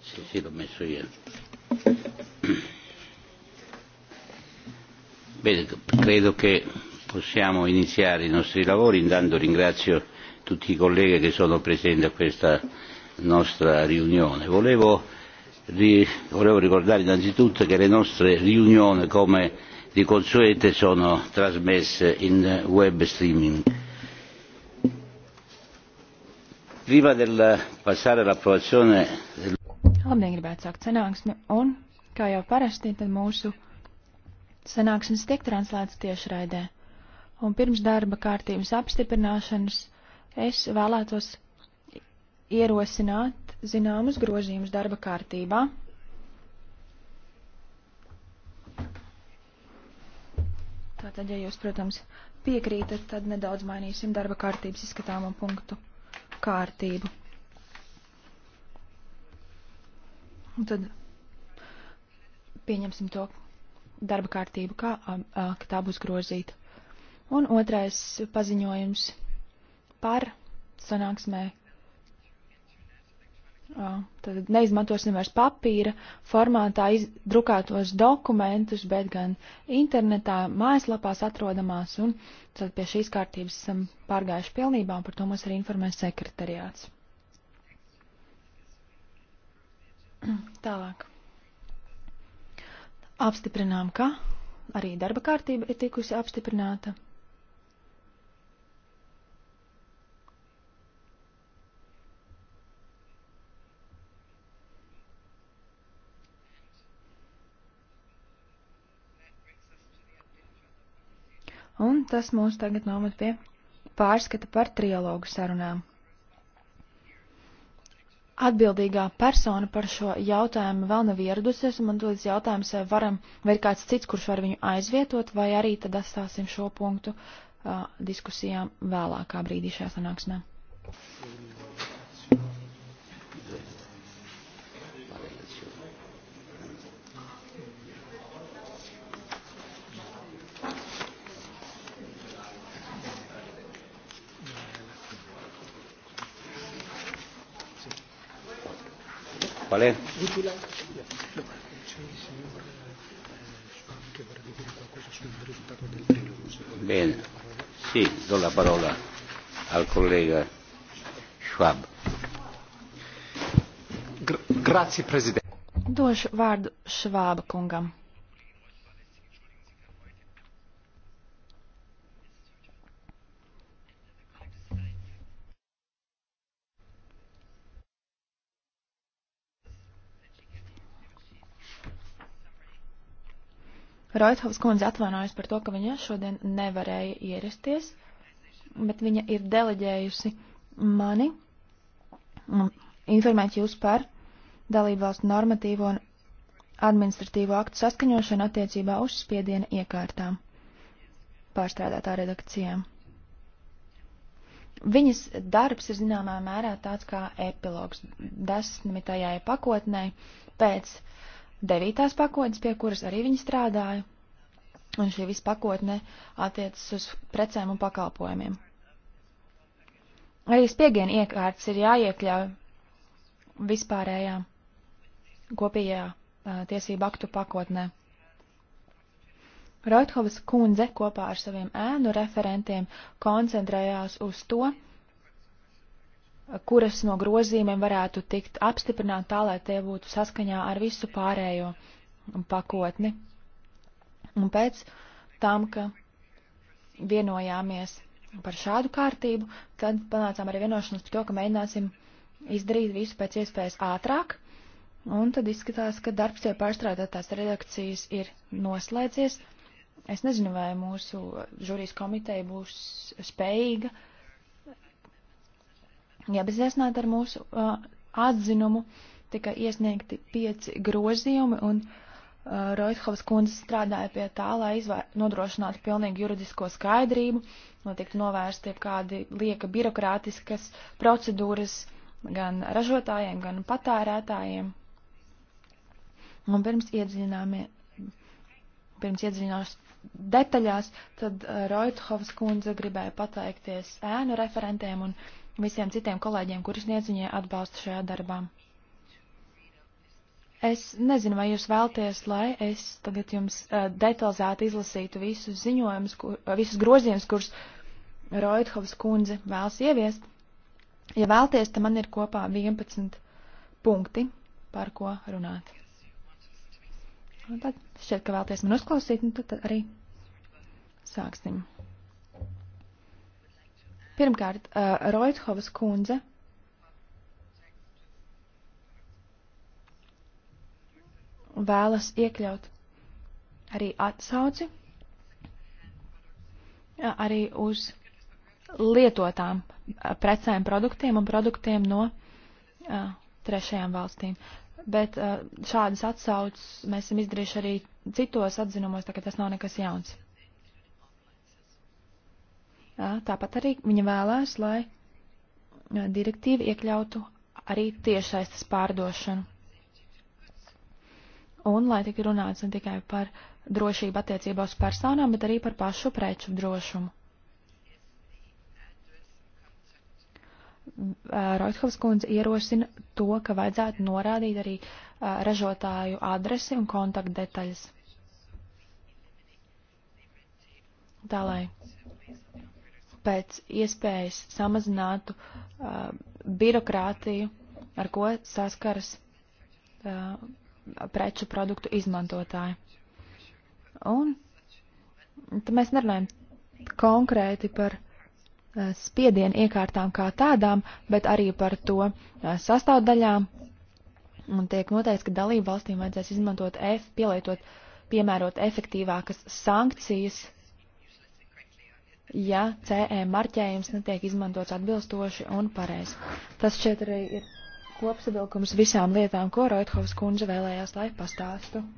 Sì, sì, l'ho messo io. Bene, credo che possiamo iniziare i nostri lavori. Intanto ringrazio tutti i colleghi che sono presenti a questa nostra riunione. Volevo, ri, volevo ricordare innanzitutto che le nostre riunioni, come di consuete sono trasmesse in web streaming. Prima del passare all'approvazione del... Labdien, gribētu sākt sanāksmi un, kā jau parasti, tad mūsu sanāksmes tiek translētas tiešraidē. Un pirms darba kārtības apstiprināšanas es vēlētos ierosināt zināmus grozījumus darba kārtībā. Tātad, ja jūs, protams, piekrītat, tad nedaudz mainīsim darba kārtības izskatāmo punktu kārtību. Un tad pieņemsim to darba kārtību, kā, ka tā būs grozīta. Un otrais paziņojums par sanāksmē Tad neizmantosim vairs papīra formātā izdrukātos dokumentus, bet gan internetā, mājaslapās atrodamās, un tad pie šīs kārtības esam pārgājuši pilnībā, un par to mums arī informē sekretariāts. Tālāk. Apstiprinām, ka arī darba kārtība ir tikusi apstiprināta. Un tas mūs tagad nomet pie pārskata par trialogu sarunām. Atbildīgā persona par šo jautājumu vēl nav ieradusies, un man dodas jautājums, vai varam, vai ir kāds cits, kurš var viņu aizvietot, vai arī tad atstāsim šo punktu uh, diskusijām vēlākā brīdī šajā sanāksmē. Mm. qual è? Bene, sì, do la parola al collega Schwab. Gra grazie Presidente. Došu vārdu Švāba kungam. Roithovas kundze atvainojas par to, ka viņa šodien nevarēja ierasties, bet viņa ir deleģējusi mani mm, informēt jūs par dalībvalstu normatīvo un administratīvo aktu saskaņošanu attiecībā uz spiediena iekārtām pārstrādātā redakcijā. Viņas darbs ir zināmā mērā tāds kā epilogs desmitajai pakotnei pēc devītās pakotnes, pie kuras arī viņa strādāja un šī visa pakotne attiecas uz precēm un pakalpojumiem. Arī spiegienu iekārtas ir jāiekļauj vispārējā kopējā uh, tiesību aktu pakotnē. Roithovas kundze kopā ar saviem ēnu referentiem koncentrējās uz to, kuras no grozīmēm varētu tikt apstiprināt tā, lai tie būtu saskaņā ar visu pārējo pakotni. Un pēc tam, ka vienojāmies par šādu kārtību, tad panācām arī vienošanos par to, ka mēģināsim izdarīt visu pēc iespējas ātrāk. Un tad izskatās, ka darbs pie pārstrādātās redakcijas ir noslēdzies. Es nezinu, vai mūsu žūrijas komiteja būs spējīga iepazīstināt ar mūsu uh, atzinumu. Tika iesniegti pieci grozījumi, un uh, Eh, Roithovas kundze strādāja pie tā, lai izvēr, nodrošinātu pilnīgu juridisko skaidrību, lai tiktu novērsti kādi lieka birokrātiskas procedūras gan ražotājiem, gan patērētājiem. Un pirms iedzināmies, pirms iedzināšos detaļās, tad eh, Roithovas kundze gribēja pateikties ēnu referentiem un visiem citiem kolēģiem, kuri sniedz viņai atbalstu šajā darbā. Es nezinu, vai jūs vēlties, lai es tagad jums uh, detalizēti izlasītu visus ziņojumus, kur, visus grozījumus, kurus Roithovas kundze vēlas ieviest. Ja vēlties, tad man ir kopā 11 punkti, par ko runāt. Un tad šķiet, ka vēlties man uzklausīt, nu tad, tad arī sāksim. Pirmkārt, uh, Roithovas kundze vēlas iekļaut arī atsauci arī uz lietotām precēm, produktiem un produktiem no trešajām valstīm. Bet šādas atsaucas mēs esam izdarījuši arī citos atzinumos, tā ka tas nav nekas jauns. Tāpat arī viņa vēlēs, lai direktīva iekļautu arī tiešsaistes pārdošanu un lai tik runāts ne tikai par drošību attiecībā uz personām, bet arī par pašu preču drošumu. Eh, Roithovs kundze ierosina to, ka vajadzētu norādīt arī eh, ražotāju adresi un kontaktdetaļas. Tā lai pēc iespējas samazinātu uh, birokrātiju, ar ko saskaras uh, preču produktu izmantotāji. Un mēs nerunājam konkrēti par eh, spiedienu iekārtām kā tādām, bet arī par to eh, sastāvdaļām. Un tiek noteikts, ka dalību valstīm vajadzēs izmantot, F, pielietot, piemērot efektīvākas sankcijas, ja CE marķējums netiek izmantots atbilstoši un pareizi. Tas šeit arī ir kopsavilkums visām lietām, ko Roithovs kundze vēlējās, lai pastāstu.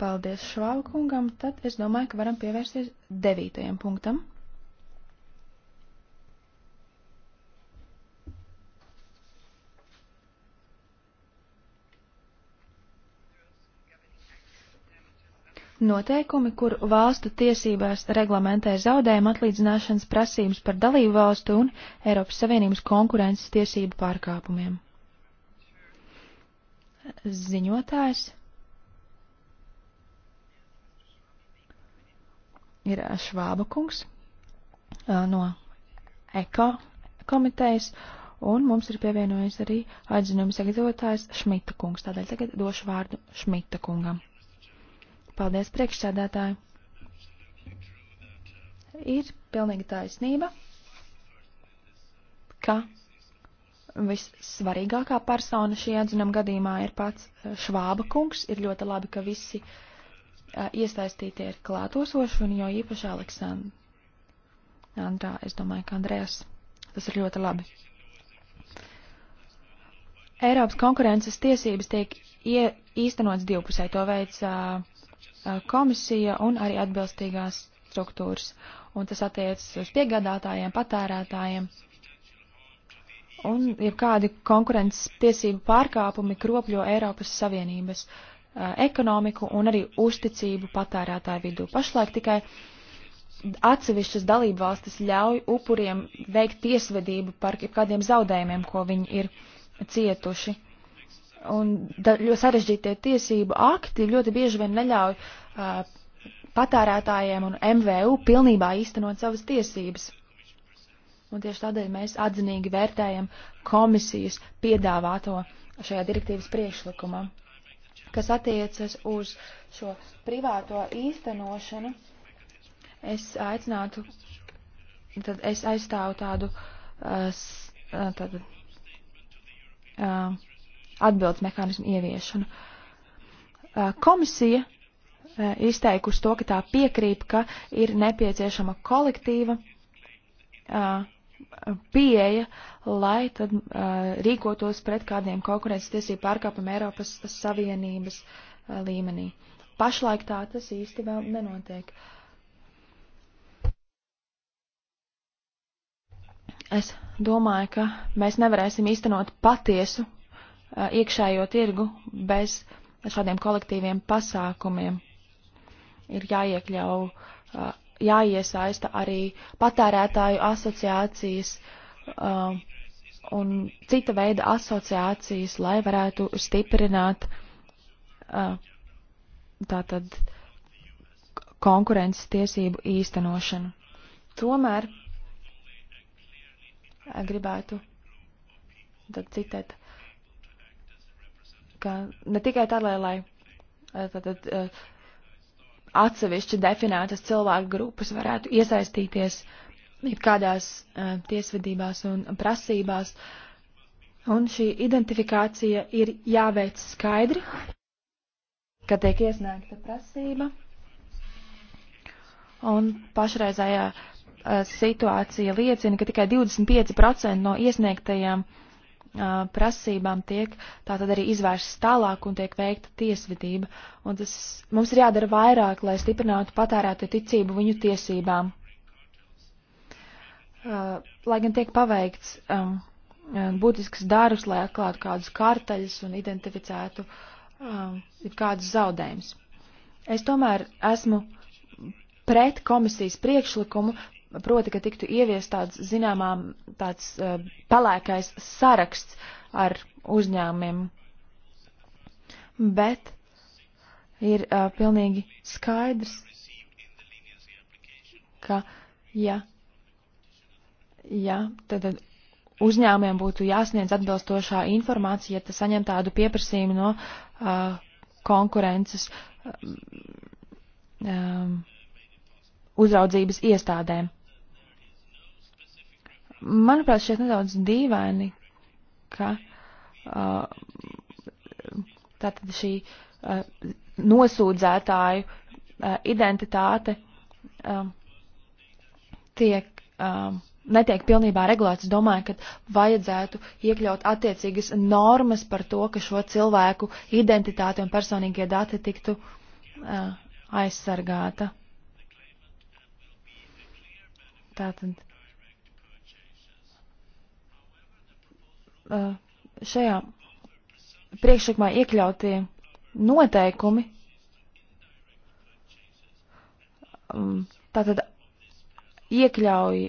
Paldies Švālkungam. Tad es domāju, ka varam pievērsties devītajam punktam. Noteikumi, kur valstu tiesībās reglamentē zaudējuma atlīdzināšanas prasības par dalību valstu un Eiropas Savienības konkurences tiesību pārkāpumiem. Ziņotājs ir eh, Švāba kungs eh, no ECO komitejas, un mums ir pievienojis arī atzinuma sagatavotājs Šmita kungs. Tādēļ tagad došu vārdu Šmita kungam. Paldies priekšsēdētāju. Ir pilnīga taisnība, ka vissvarīgākā persona šī atzinuma gadījumā ir pats eh, Švāba kungs. Ir ļoti labi, ka visi uh, iesaistītie ir klātosoši un jau īpaši Aleksandra. Andrā, es domāju, ka Andrēs. Tas ir ļoti labi. Eiropas konkurences tiesības tiek ie, īstenots divpusē. To veic uh, komisija un arī atbilstīgās struktūras. Un tas attiecas uz piegādātājiem, patērētājiem. Un ir kādi konkurences tiesību pārkāpumi kropļo Eiropas Savienības uh, ekonomiku un arī uzticību patērētāju vidū. Pašlaik tikai atsevišķas dalību valstis ļauj upuriem veikt tiesvedību par kādiem zaudējumiem, ko viņi ir cietuši. Un da, ļoti sarežģītie tiesību akti ļoti bieži vien neļauj uh, patērētājiem un MVU pilnībā īstenot savas tiesības. Un tieši tādēļ mēs atzinīgi vērtējam komisijas piedāvāto šajā direktīvas priekšlikumā kas attiecas uz šo privāto īstenošanu, es aicinātu, tad es aizstāvu tādu, uh, uh, tādu uh, atbildes mehānismu ieviešanu. Komisija izteikusi to, ka tā piekrīt, ka ir nepieciešama kolektīva pieeja, lai tad uh, rīkotos pret kādiem konkurences tiesību pārkāpumiem Eiropas Savienības uh, līmenī. Pašlaik tā tas īsti vēl nenotiek. Es domāju, ka mēs nevarēsim īstenot patiesu uh, iekšējo tirgu bez šādiem kolektīviem pasākumiem. Ir jāiekļau uh, jāiesaista arī patērētāju asociācijas uh, un cita veida asociācijas, lai varētu stiprināt uh, tātad konkurences tiesību īstenošanu. Tomēr eh, gribētu tad citēt, ka ne tikai tādēļ, lai eh, tātad. Uh, atsevišķi definētas cilvēku grupas varētu iesaistīties kādās uh, eh, tiesvedībās un prasībās. Un šī identifikācija ir jāveic skaidri, kad tiek iesniegta prasība. Un pašreizējā uh, situācija liecina, ka tikai 25% no iesniegtajām uh, prasībām tiek tātad arī izvērstas tālāk un tiek veikta tiesvedība. Un tas mums ir jādara vairāk, lai stiprinātu patērētu ticību viņu tiesībām. Uh, lai gan tiek paveikts um, būtisks darbs, lai atklātu kādus kārtaļus un identificētu um, kādus zaudējumus. Es tomēr esmu pret komisijas priekšlikumu proti, ka tiktu ieviest tāds, zināmām, tāds uh, pelēkais saraksts ar uzņēmumiem. Bet ir uh, pilnīgi skaidrs, ka, ja, ja tad, tad uzņēmumiem būtu jāsniedz atbilstošā informācija, ja tas saņem tādu pieprasījumu no uh, konkurences um, uzraudzības iestādēm manuprāt, šeit nedaudz dīvaini, ka uh, tātad šī uh, nosūdzētāju uh, identitāte um, tiek, um, netiek pilnībā regulēts. Domāju, ka vajadzētu iekļaut attiecīgas normas par to, ka šo cilvēku identitāte un personīgie dati tiktu aizsargāta. Tātad Uh, šajā priekšlikumā iekļautie noteikumi um, tātad iekļauj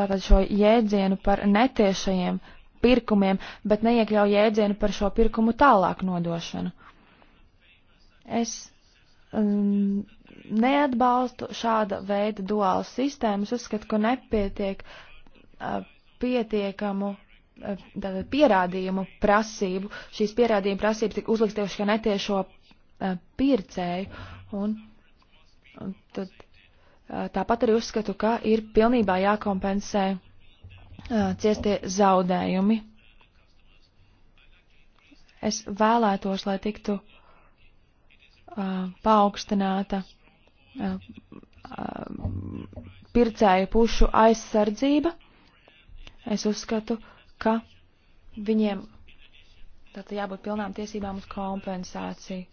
tātad šo jēdzienu par netiešajiem pirkumiem, bet neiekļauj jēdzienu par šo pirkumu tālāk nodošanu. Es um, neatbalstu šāda veida duālas sistēmas, uzskatu, ka nepietiek uh, pietiekamu Eh, tātad pierādījumu prasību. Šīs pierādījuma prasības tika uzlikts tieši kā netiešo eh, pircēju. Un, un tad, eh, tāpat arī uzskatu, ka ir pilnībā jākompensē ciestie zaudējumi. Es vēlētos, lai tiktu uh, paaugstināta uh, uh, pircēju pušu aizsardzība. Es uzskatu, uh, ka viņiem tātad jābūt pilnām tiesībām uz kompensāciju.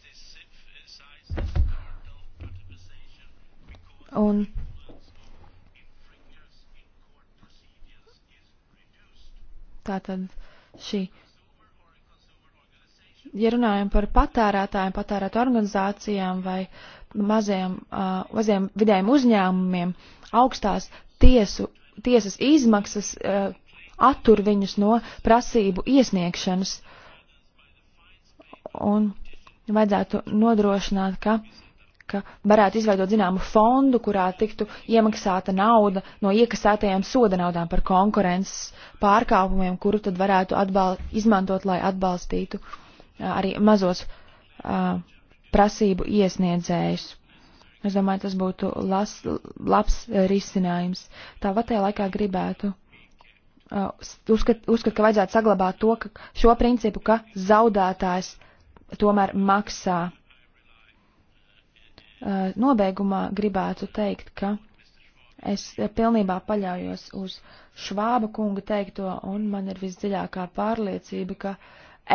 Un tātad šī ja runājam par patērētājiem, patērētu organizācijām vai maziem, uh, maziem vidējiem uzņēmumiem, augstās tiesu, tiesas izmaksas uh, attur viņus no prasību iesniegšanas. Un vajadzētu nodrošināt, ka, ka varētu izveidot zināmu fondu, kurā tiktu iemaksāta nauda no iekasētajām soda naudām par konkurences pārkāpumiem, kuru tad varētu atbal, izmantot, lai atbalstītu arī mazos uh, prasību iesniedzējus. Es domāju, tas būtu las, labs risinājums. Tāpat tajā laikā gribētu Uh, uzskata, uzskat, ka vajadzētu saglabāt to, ka šo principu, ka zaudētājs tomēr maksā. Uh, nobeigumā gribētu teikt, ka es pilnībā paļaujos uz Švāba kunga teikto, un man ir visdziļākā pārliecība, ka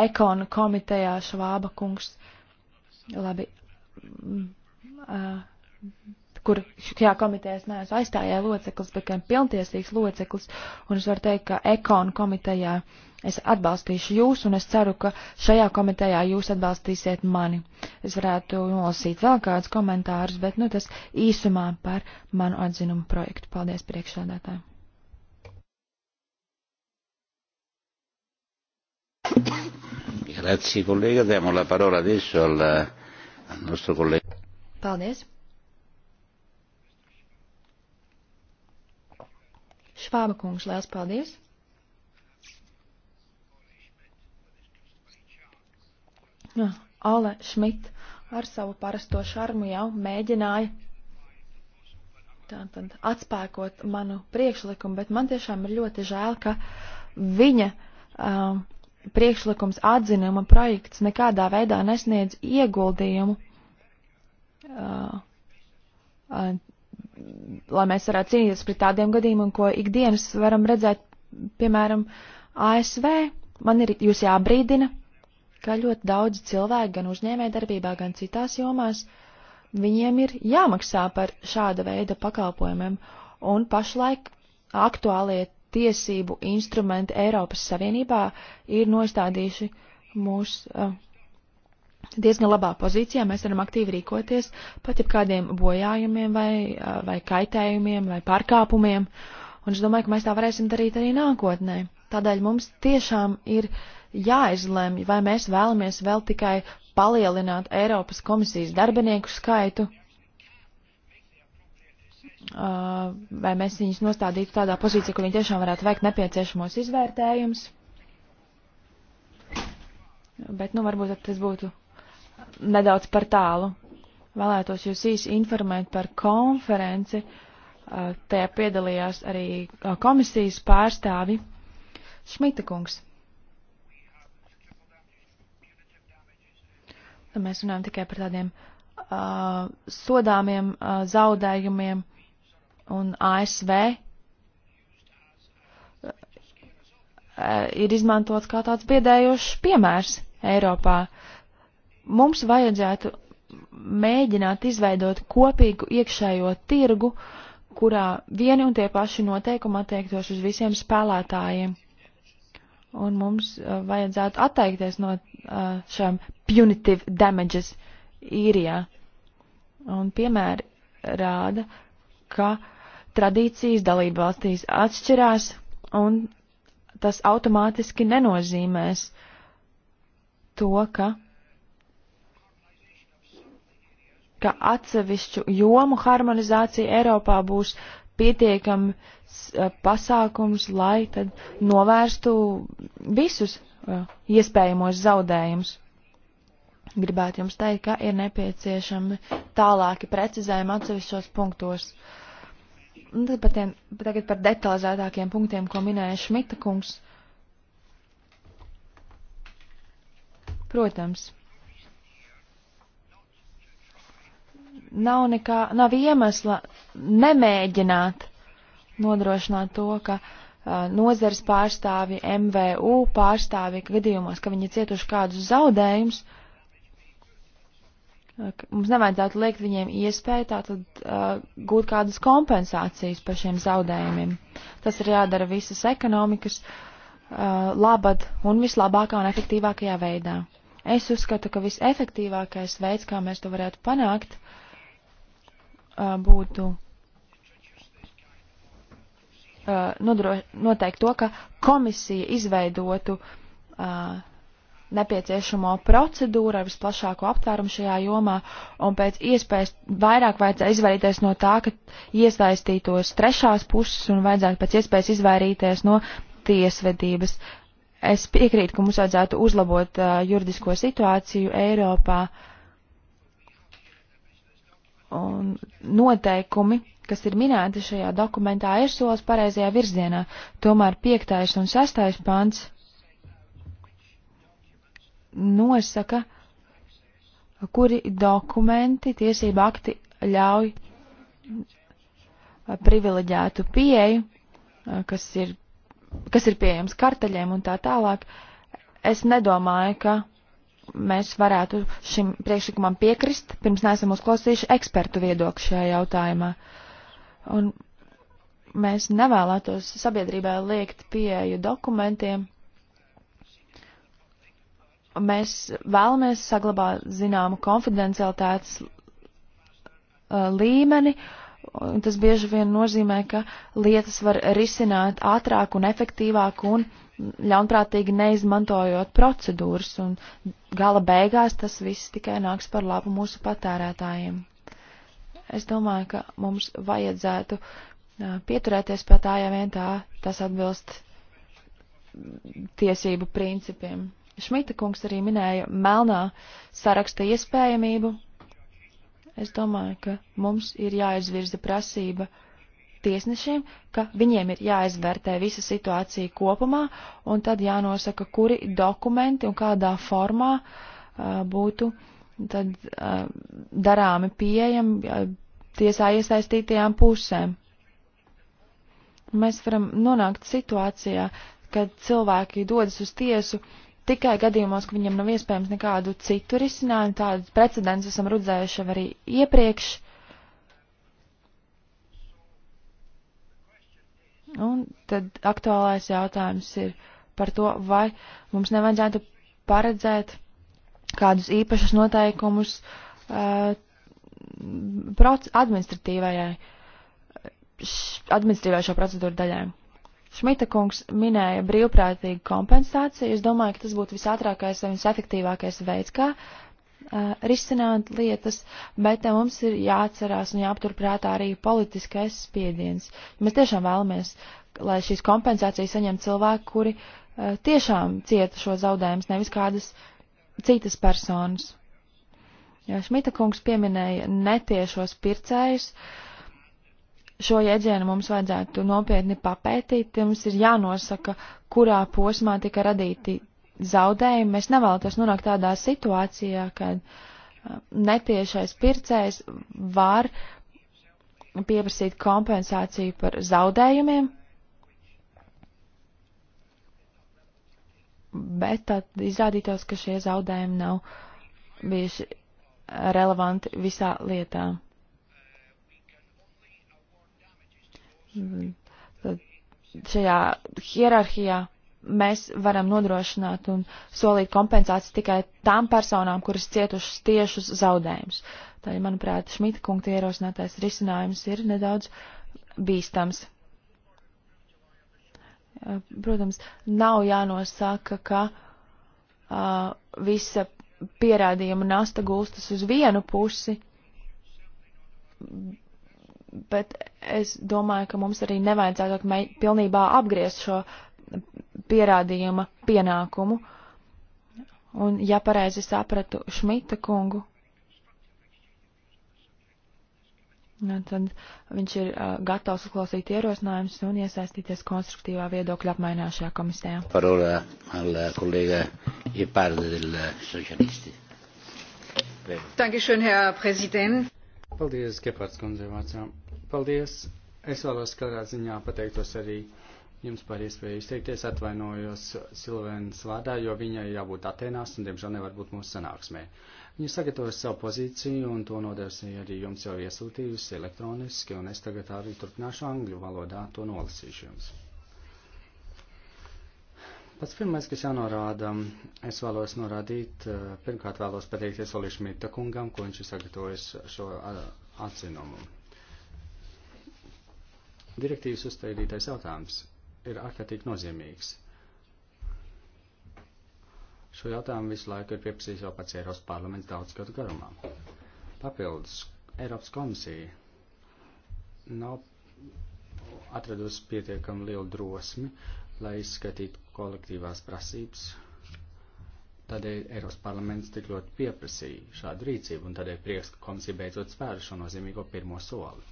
ekona komitejā Švāba kungs labi mm, uh, kur šajā komitejā es neesmu aizstājēja loceklis, bet gan pilntiesīgs loceklis, un es varu teikt, ka ekonu komitejā es atbalstīšu jūs, un es ceru, ka šajā komitejā jūs atbalstīsiet mani. Es varētu nolasīt vēl kādus komentārus, bet, nu, tas īsumā par manu atzinumu projektu. Paldies priekšsādātājiem! Grazie collega, diamo la parola adesso al, al nostro collega. Paldies. Švāba kungs, liels paldies! Ja, Ale Šmit ar savu parasto šarmu jau mēģināja tātad atspēkot manu priekšlikumu, bet man tiešām ir ļoti žēl, ka viņa um, priekšlikums atzinuma projekts nekādā veidā nesniedz ieguldījumu uh, uh, lai mēs varētu cīnīties pret tādiem gadījumiem, ko ikdienas varam redzēt, piemēram, ASV. Man ir jūs jābrīdina, ka ļoti daudz cilvēku gan uzņēmē darbībā, gan citās jomās, viņiem ir jāmaksā par šāda veida pakalpojumiem, un pašlaik aktuālie tiesību instrumenti Eiropas Savienībā ir nostādījuši mūs. Uh, diezgan labā pozīcijā, mēs varam aktīvi rīkoties pat jau kādiem bojājumiem vai, vai kaitējumiem vai pārkāpumiem, un es domāju, ka mēs tā varēsim darīt arī nākotnē. Tādēļ mums tiešām ir jāizlemj, vai mēs vēlamies vēl tikai palielināt Eiropas komisijas darbinieku skaitu, vai mēs viņus nostādītu tādā pozīcijā, ka viņi tiešām varētu veikt nepieciešamos izvērtējumus. Bet, nu, varbūt tas būtu nedaudz par tālu. Vēlētos jūs īsi informēt par konferenci. Tajā piedalījās arī komisijas pārstāvi Šmita kungs. Mēs runājam tikai par tādiem uh, sodāmiem uh, zaudējumiem un ASV ir izmantots kā tāds biedējošs piemērs Eiropā mums vajadzētu mēģināt izveidot kopīgu iekšējo tirgu, kurā vieni un tie paši noteikumi attiektos uz visiem spēlētājiem. Un mums uh, vajadzētu atteikties no uh, šiem punitive damages īrijā. Un piemēri rāda, ka tradīcijas dalība valstīs atšķirās, un tas automātiski nenozīmēs to, ka ka atsevišķu jomu harmonizācija Eiropā būs pietiekami eh, pasākums, lai tad novērstu visus eh, iespējamos zaudējumus. Gribētu jums teikt, ka ir nepieciešami tālāki precizējumi atsevišķos punktos. Un tad par tiem, tagad par detalizētākiem punktiem, ko minēja Šmita kungs. Protams, nav nekā, nav iemesla nemēģināt nodrošināt to, ka uh, nozars pārstāvi, MVU pārstāvi, ka gadījumos, ka viņi cietuši kādus zaudējumus, mums nevajadzētu liekt viņiem iespēju tātad uh, gūt kādas kompensācijas par šiem zaudējumiem. Tas ir jādara visas ekonomikas uh, labad un vislabākā un efektīvākajā veidā. Es uzskatu, ka visefektīvākais veids, kā mēs to varētu panākt, uh, būtu nodro, noteikt to, ka komisija izveidotu nepieciešamo procedūru ar visplašāko aptvērumu šajā jomā, un pēc iespējas vairāk vajadzētu izvairīties no tā, ka iesaistītos trešās puses un vajadzētu pēc iespējas izvairīties no tiesvedības. Es piekrītu, ka mums vajadzētu uzlabot uh, juridisko situāciju Eiropā uh, un noteikumi, kas ir minēti šajā dokumentā, ir solis pareizajā virzienā. Tomēr piektais un sastais pants nosaka, kuri dokumenti, tiesība akti ļauj privileģētu pieeju, kas ir, kas ir pieejams kartaļiem un tā tālāk. Es nedomāju, ka mēs varētu šim priekšlikumam piekrist, pirms neesam uzklausījuši ekspertu viedokli šajā jautājumā. Un mēs nevēlētos sabiedrībai liekt pieeju dokumentiem. Mēs vēlamies saglabāt zināmu konfidencialitātes uh, līmeni, uh, Un tas bieži vien nozīmē, ka lietas var risināt ātrāk un efektīvāk un ļaunprātīgi neizmantojot procedūras, un gala beigās tas viss tikai nāks par labu mūsu patērētājiem. Es domāju, ka mums vajadzētu pieturēties pie tā, ja vien tā tas atbilst tiesību principiem. Šmita kungs arī minēja melnā saraksta iespējamību, Es domāju, ka mums ir jāizvirza prasība tiesnešiem, ka viņiem ir jāizvērtē visa situācija kopumā, un tad jānosaka, kuri dokumenti un kādā formā uh, būtu tad uh, darāmi pieejami uh, tiesā iesaistītajām pusēm. Mēs varam nonākt situācijā, kad cilvēki dodas uz tiesu tikai gadījumos, ka viņam nav iespējams nekādu citu risinājumu, tādu precedentu esam rudzējuši arī iepriekš. Un tad aktuālais jautājums ir par to, vai mums nevajadzētu paredzēt kādus īpašus noteikumus uh, administratīvajai, administratīvajai šo procedūru daļai. Šmita kungs minēja brīvprātīgu kompensāciju. Es domāju, ka tas būtu visātrākais un visefektīvākais veids, kā uh, risināt lietas, bet uh, mums ir jāatcerās un jāapturprātā arī politiskais spiediens. Mēs tiešām vēlamies, lai šīs kompensācijas saņem cilvēki, kuri uh, tiešām cieta šo zaudējumus, nevis kādas citas personas. Jā, Šmita kungs pieminēja netiešos pircējus. Uh, šo jēdzienu mums vajadzētu nopietni papētīt, mums ir jānosaka, kurā posmā tika radīti zaudējumi. Mēs nevēlamies nonākt tādā situācijā, kad uh, netiešais pircējs var pieprasīt kompensāciju par zaudējumiem, bet tad izrādītos, ka šie zaudējumi nav bijuši relevanti visā lietā. Tad šajā hierarhijā mēs varam nodrošināt un solīt kompensāciju tikai tām personām, kuras cietušas tiešus zaudējumus. Tā, manuprāt, Šmita kunga ierosinātais risinājums ir nedaudz bīstams. Protams, nav jānosaka, ka uh, visa pierādījuma nasta gulstas uz vienu pusi, bet es domāju, ka mums arī nevajadzētu pilnībā apgriezt šo pierādījuma pienākumu. Un, ja pareizi sapratu Šmita kungu, nu, tad viņš ir uh, gatavs uzklausīt ierosinājumus un iesaistīties konstruktīvā viedokļa apmaiņā šajā komisijā. Parola al kolēga Ieparde del socialisti. Dankeschön, Herr Präsident. Paldies, Gepards kundze, vācām. Paldies. Es vēlos kādā ziņā pateiktos arī jums par iespēju izteikties. Atvainojos Silvēnas vārdā, jo viņai jābūt Atenās un, diemžēl, nevar būt mūsu sanāksmē. Viņa sagatavoja savu pozīciju un to nodevsīja arī jums jau iesūtījusi elektroniski, un es tagad arī turpināšu angļu valodā to nolasīšu jums. Pats pirmais, kas jānorāda, es vēlos norādīt, eh, pirmkārt vēlos pateikties Oli Šmita kungam, ko viņš ir sagatavojis šo eh, atzinumu. Direktīvas uzstādītais jautājums ir ārkārtīgi nozīmīgs. Šo jautājumu visu laiku ir pieprasījis jau pats Eiropas parlaments daudz gadu garumā. Papildus Eiropas komisija nav atradusi pietiekami lielu drosmi, lai izskatītu kolektīvās prasības. Tādēļ Eiropas parlaments tik ļoti pieprasīja šādu rīcību, un tādēļ prieks, ka komisija beidzot spēra šo nozīmīgo pirmo soli.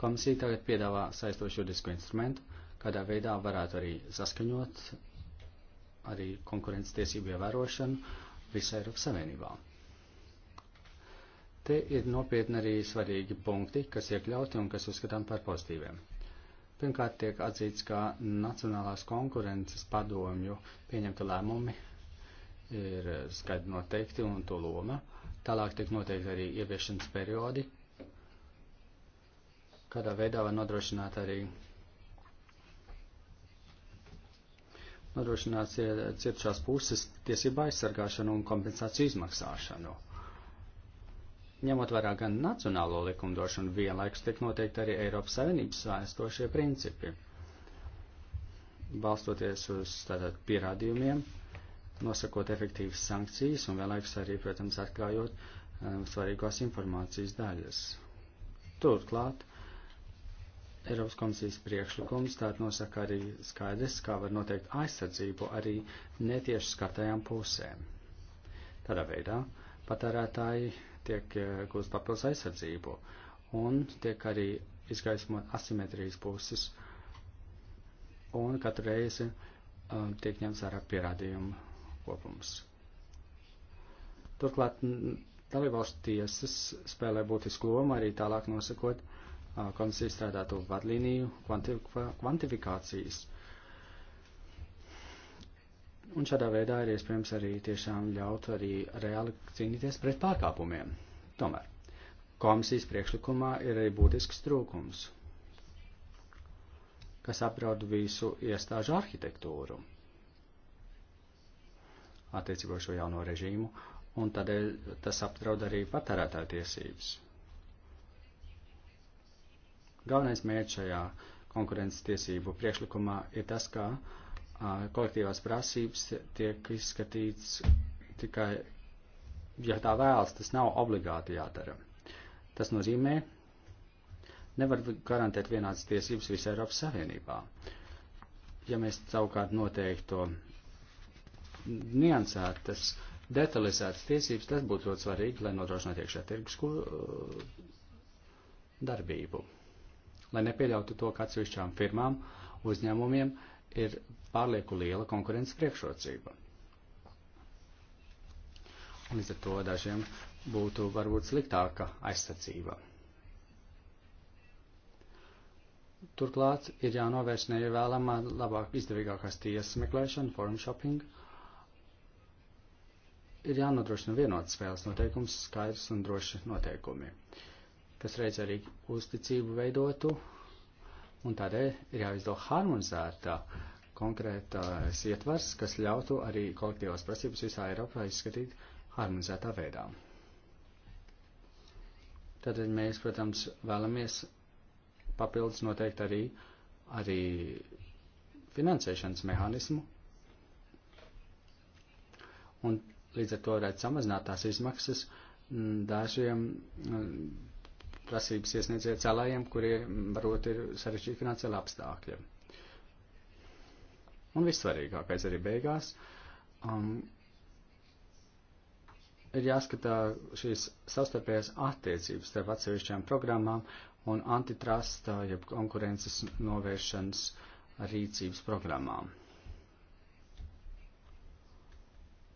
Komisija tagad piedāvā saistošu juridisku instrumentu, kādā veidā varētu arī saskaņot arī konkurences tiesību ievērošanu visā Eiropas Savienībā. Te ir nopietni arī svarīgi punkti, kas iekļauti un kas uzskatām par pozitīviem. Pirmkārt, tiek atzīts, ka Nacionālās konkurences padomju pieņemta lēmumi ir skaidri noteikti un to loma. Tālāk tiek noteikti arī ieviešanas periodi, kādā veidā var nodrošināt arī nodrošināt cietušās puses tiesību aizsargāšanu un kompensāciju izmaksāšanu ņemot vērā gan nacionālo likumdošanu, vienlaikus tiek noteikti arī Eiropas Savienības saistošie principi. Balstoties uz tātad pierādījumiem, nosakot efektīvas sankcijas un vienlaikus arī, protams, atklājot um, svarīgās informācijas daļas. Turklāt, Eiropas komisijas priekšlikums tātad nosaka arī skaidrs, kā var noteikt aizsardzību arī netieši skatajām pusēm. Tādā veidā patērētāji tiek eh, gūst papildus aizsardzību un tiek arī izgaismot asimetrijas puses un katru reizi um, tiek ņemts vērā pierādījumu kopums. Turklāt dalībvalstu tiesas spēlē būtisku lomu arī tālāk nosakot uh, komisijas strādāto vadlīniju kvantifikācijas. Uh, Un šādā veidā ir iespējams arī tiešām ļaut arī reāli cīnīties pret pārkāpumiem. Tomēr komisijas priekšlikumā ir arī būtisks trūkums, kas apdraud visu iestāžu arhitektūru attiecībā šo jauno režīmu, un tādēļ tas apdraud arī patērētāju tiesības. Galvenais mērķis šajā konkurences tiesību priekšlikumā ir tas, ka uh, kolektīvās prasības tiek izskatīts tikai, ja tā vēlas, tas nav obligāti jādara. Tas nozīmē, nevar garantēt vienādas tiesības visā Eiropas Savienībā. Ja mēs savukārt noteikto niansētas, detalizētas tiesības, tas būtu ļoti svarīgi, lai nodrošinātu iekšā tirgus darbību. Lai nepieļautu to, ka atsevišķām firmām, uzņēmumiem ir pārlieku liela konkurences priekšrocība. Līdz ar to dažiem būtu varbūt sliktāka aizsacība. Turklāt ir jānovērš neievēlamā labāk izdevīgākās tiesas meklēšana, forum shopping. Ir jānodrošina vienotas spēles noteikums, skaidrs un droši noteikumi, kas reiz arī uzticību veidotu, un tādēļ ir jāizdo harmonizētā uh, konkrētais ietvars, kas ļautu arī kolektīvās prasības visā Eiropā izskatīt harmonizētā veidā. Tad mēs, protams, vēlamies papildus noteikti arī, arī finansēšanas mehānismu. Un līdz ar to varētu samazināt tās izmaksas dažiem prasības iesniedzēju cēlājiem, kuriem varbūt ir sarežģīti finansiāli apstākļi. Un vissvarīgākais arī beigās um, ir jāskatā šīs sastarpējās attiecības starp atsevišķām programmām un antitrusta, uh, jeb konkurences novēršanas rīcības programmām.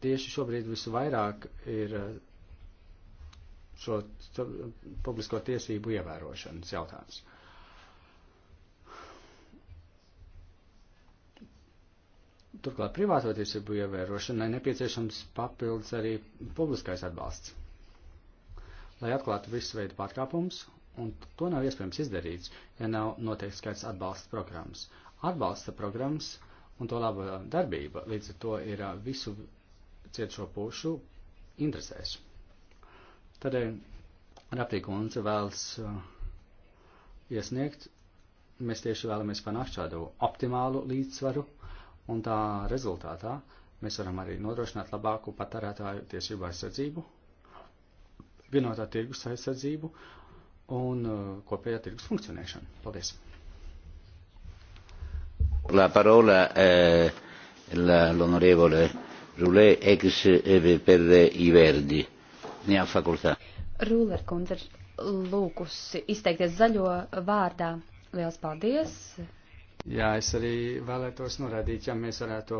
Tieši šobrīd visvairāk ir uh, šo publisko tiesību ievērošanas jautājums. Uh, Turklāt privāto tiesību ievērošanai nepieciešams papildus arī publiskais atbalsts, lai atklātu visu veidu pārkāpumus, un to nav iespējams izdarīt, ja nav noteikts skaits atbalsta programmas. Atbalsta programmas un to laba darbība līdz ar to ir visu cietušo pušu interesēs. Tādēļ Raptīkundze vēlas iesniegt, mēs tieši vēlamies panākt šādu optimālu līdzsvaru un tā rezultātā mēs varam arī nodrošināt labāku patērētāju tiesību aizsardzību, vienotā tirgus aizsardzību un uh, kopējā tirgus funkcionēšanu. Paldies! La parola eh, l'onorevole Roulet, ex eh, per i Verdi. Ne ha facoltà. Rūler kundze ir lūkusi izteikties zaļo vārdā. Liels paldies! Jā, es arī vēlētos norādīt, ja mēs varētu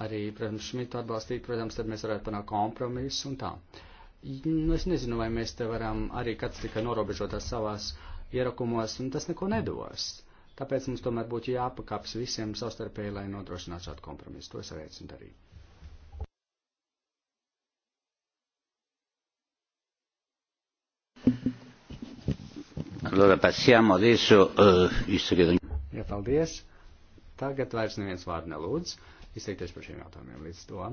arī, protams, Šmitu atbalstīt, protams, tad mēs varētu panākt kompromisu un tā. Nu, es nezinu, vai mēs te varam arī kāds tikai norobežotās savās ierakumos, un tas neko nedos. Tāpēc mums tomēr būtu jāpakaps visiem savstarpēji, lai nodrošinātu šādu kompromisu. To es arī aicinu darīt. Allora passiamo adesso, uh, visto che... Jā, paldies. Tagad vairs neviens vārdu nelūdz izteikties par šiem jautājumiem. Līdz to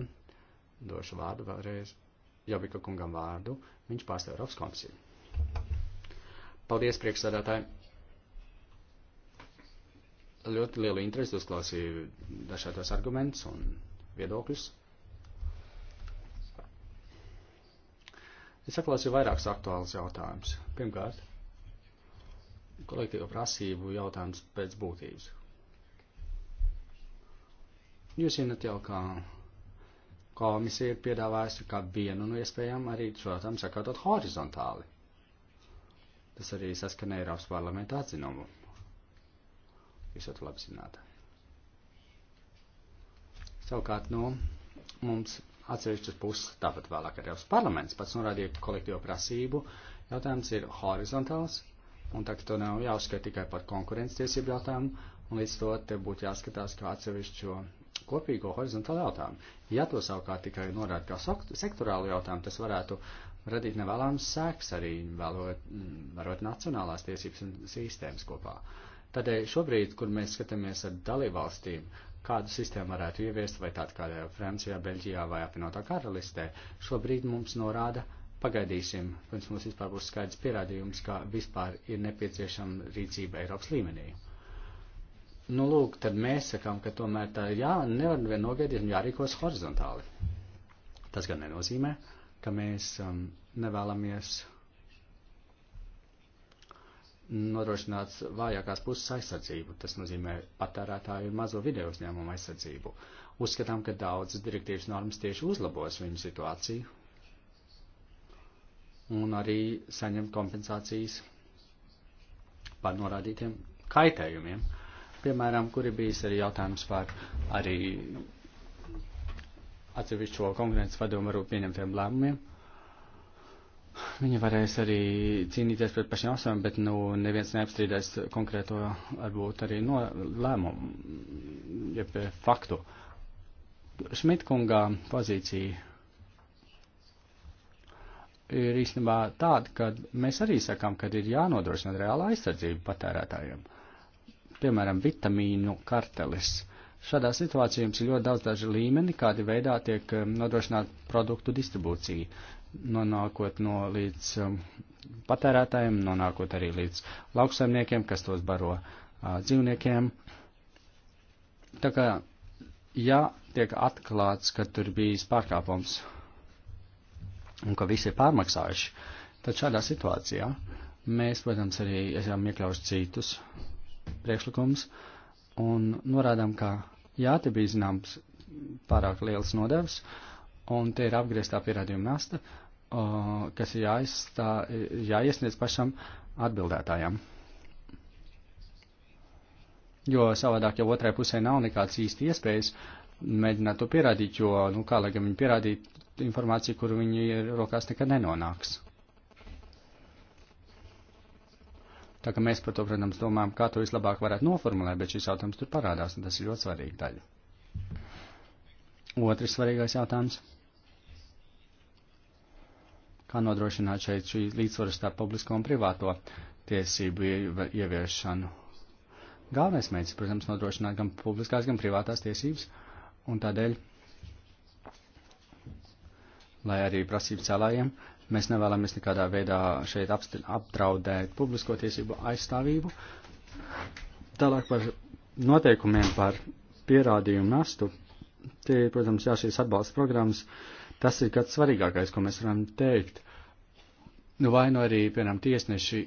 došu vārdu vēlreiz Jobika kungam vārdu. Viņš pārstāv Eiropas komisiju. Paldies, priekšsēdētāji. Ļoti lielu interesi uzklausīju dažādos argumentus un viedokļus. Es atklāšu vairākus aktuālus jautājumus. Pirmkārt, kolektīvo prasību jautājums pēc būtības. Jūs zinat jau, kā komisija ir piedāvājusi kā vienu no iespējām arī, protams, sakārtot horizontāli. Tas arī saskanēja Eiropas parlamenta atzinumu. Jūs to labi zināt. Savukārt, nu, mums atsevišķas puses, tāpat vēlāk arī Eiropas parlaments pats norādīja kolektīvo prasību. Jautājums ir horizontāls Un tā, ka to nav jāuzskata tikai par konkurences tiesību jautājumu, un līdz to te būtu jāskatās kā atsevišķo kopīgo horizontālu jautājumu. Ja to savukārt tikai norāda kā sektorālu jautājumu, tas varētu radīt nevēlams sēks arī vēlot, varot nacionālās tiesības un sistēmas kopā. Tādēļ šobrīd, kur mēs skatāmies ar dalībvalstīm, kādu sistēmu varētu ieviest, vai tādu kādā Francijā, Beļģijā vai apvienotā karalistē, šobrīd mums norāda, uh, Pagaidīsim, pirms mums vispār būs skaidrs pierādījums, ka vispār ir nepieciešama rīcība Eiropas līmenī. Nu, lūk, tad mēs sakām, ka tomēr tā jā, nevar vien nogaidīt un jārīkos horizontāli. Tas gan nenozīmē, ka mēs um, nevēlamies nodrošināts vājākās puses aizsardzību. Tas nozīmē patērētāju mazo video uzņēmumu aizsardzību. Uzskatām, ka daudzas direktīvas normas tieši uzlabos viņu situāciju un arī saņemt kompensācijas par norādītiem kaitējumiem. Piemēram, kur ir bijis arī jautājums par arī atsevišķo konkurences padomu varu pieņemtiem lēmumiem. Viņi varēs arī cīnīties pret pašiem saviem, bet nu, neviens neapstrīdēs konkrēto varbūt arī no lēmumu, jeb faktu. Šmitkungā pozīcija ir īstenībā tāda, ka mēs arī sakām, ka ir jānodrošina reāla aizsardzība patērētājiem. Piemēram, vitamīnu kartelis. Šādā situācijā jums ir ļoti daudz daži līmeni, kādi veidā tiek um, nodrošināta produktu distribūcija. Nonākot no līdz um, patērētājiem, nonākot arī līdz lauksaimniekiem, kas tos baro uh, dzīvniekiem. Tā kā, ja tiek atklāts, ka tur bijis pārkāpums un ka visi ir pārmaksājuši, tad šādā situācijā mēs, protams, arī esam iekļaujuši citus priekšlikumus un norādām, ka jā, te bija zināms pārāk liels nodevs, un te ir apgrieztā pierādījuma nasta, kas ir jāizstā, jāiesniedz pašam atbildētājam. Jo savādāk jau otrai pusē nav nekāds īsti iespējas uh, mēģināt to pierādīt, jo, nu, kā lai gan viņi pierādītu informāciju, kur viņi ir rokās nekad nenonāks. Tā ka mēs par to, protams, domājam, kā to vislabāk varētu noformulēt, bet šis jautājums tur parādās, un tas ir ļoti svarīga daļa. Otrs svarīgais jautājums. Kā nodrošināt šeit šī līdzsvaru starp publisko un privāto tiesību ieviešanu? Galvenais mērķis, protams, nodrošināt gan publiskās, gan privātās tiesības Un tādēļ, lai arī prasību cēlājiem, mēs nevēlamies nekādā veidā šeit apdraudēt publisko tiesību aizstāvību. Tālāk par noteikumiem par pierādījumu nastu. Tie, protams, jā, šīs atbalsta programmas, tas ir kāds svarīgākais, ko mēs varam teikt. Nu, vai nu arī, piemēram, tiesneši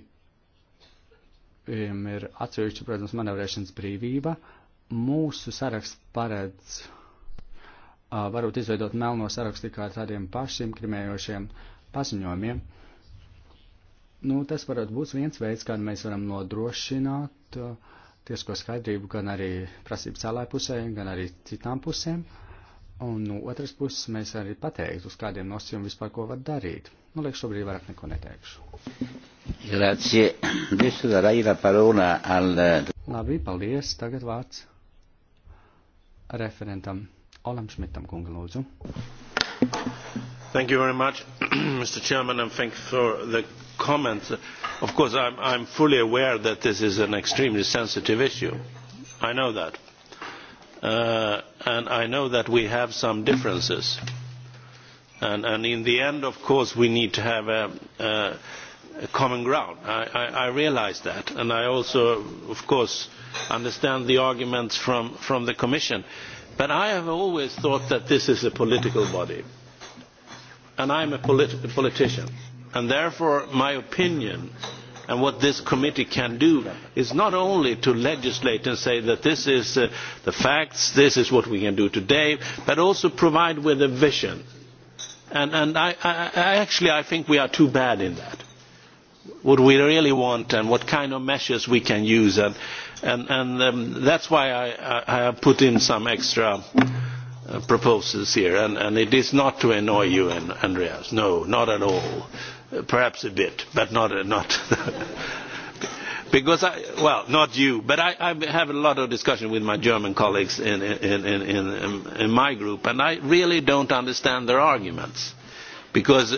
ir atsevišķi, protams, manevrēšanas brīvība. Mūsu saraksts paredz varbūt izveidot melno sarakstu kā tādiem pašinkrimējošiem paziņojumiem. Nu, tas varētu būt viens veids, kā mēs varam nodrošināt tiesko skaidrību gan arī prasību cēlāju pusē, gan arī citām pusēm. Un no nu, otras puses mēs arī pateiktu, uz kādiem nosacījumiem vispār ko var darīt. Nu, liekas, šobrīd vairāk neko neteikšu. Grazie. Visu darai la parola al... Labi, paldies. Tagad vārds referentam. Olam Šmitam kunga lūdzu. Thank you very much, Mr. Chairman, and thank you for the comments. Of course, I'm, I'm fully aware that this is an extremely sensitive issue. I know that. Uh, and I know that we have some differences. And, and in the end, of course, we need to have a, a, a common ground. I, I, I realize that. And I also, of course, understand the arguments from, from the Commission. Uh, But I have always thought that this is a political body. And I'm a polit- a politician. And therefore, my opinion and what this committee can do is not only to legislate and say that this is uh, the facts, this is what we can do today, but also provide with a vision. And, and I, I, I actually, I think we are too bad in that. What we really want and what kind of measures we can use. And, uh, and, and um, that's why I, I have put in some extra uh, proposals here, and, and it is not to annoy you, and, Andreas. No, not at all. Uh, perhaps a bit, but not uh, not. because I, well, not you, but I, I have a lot of discussion with my German colleagues in, in, in, in, in my group, and I really don't understand their arguments. Because,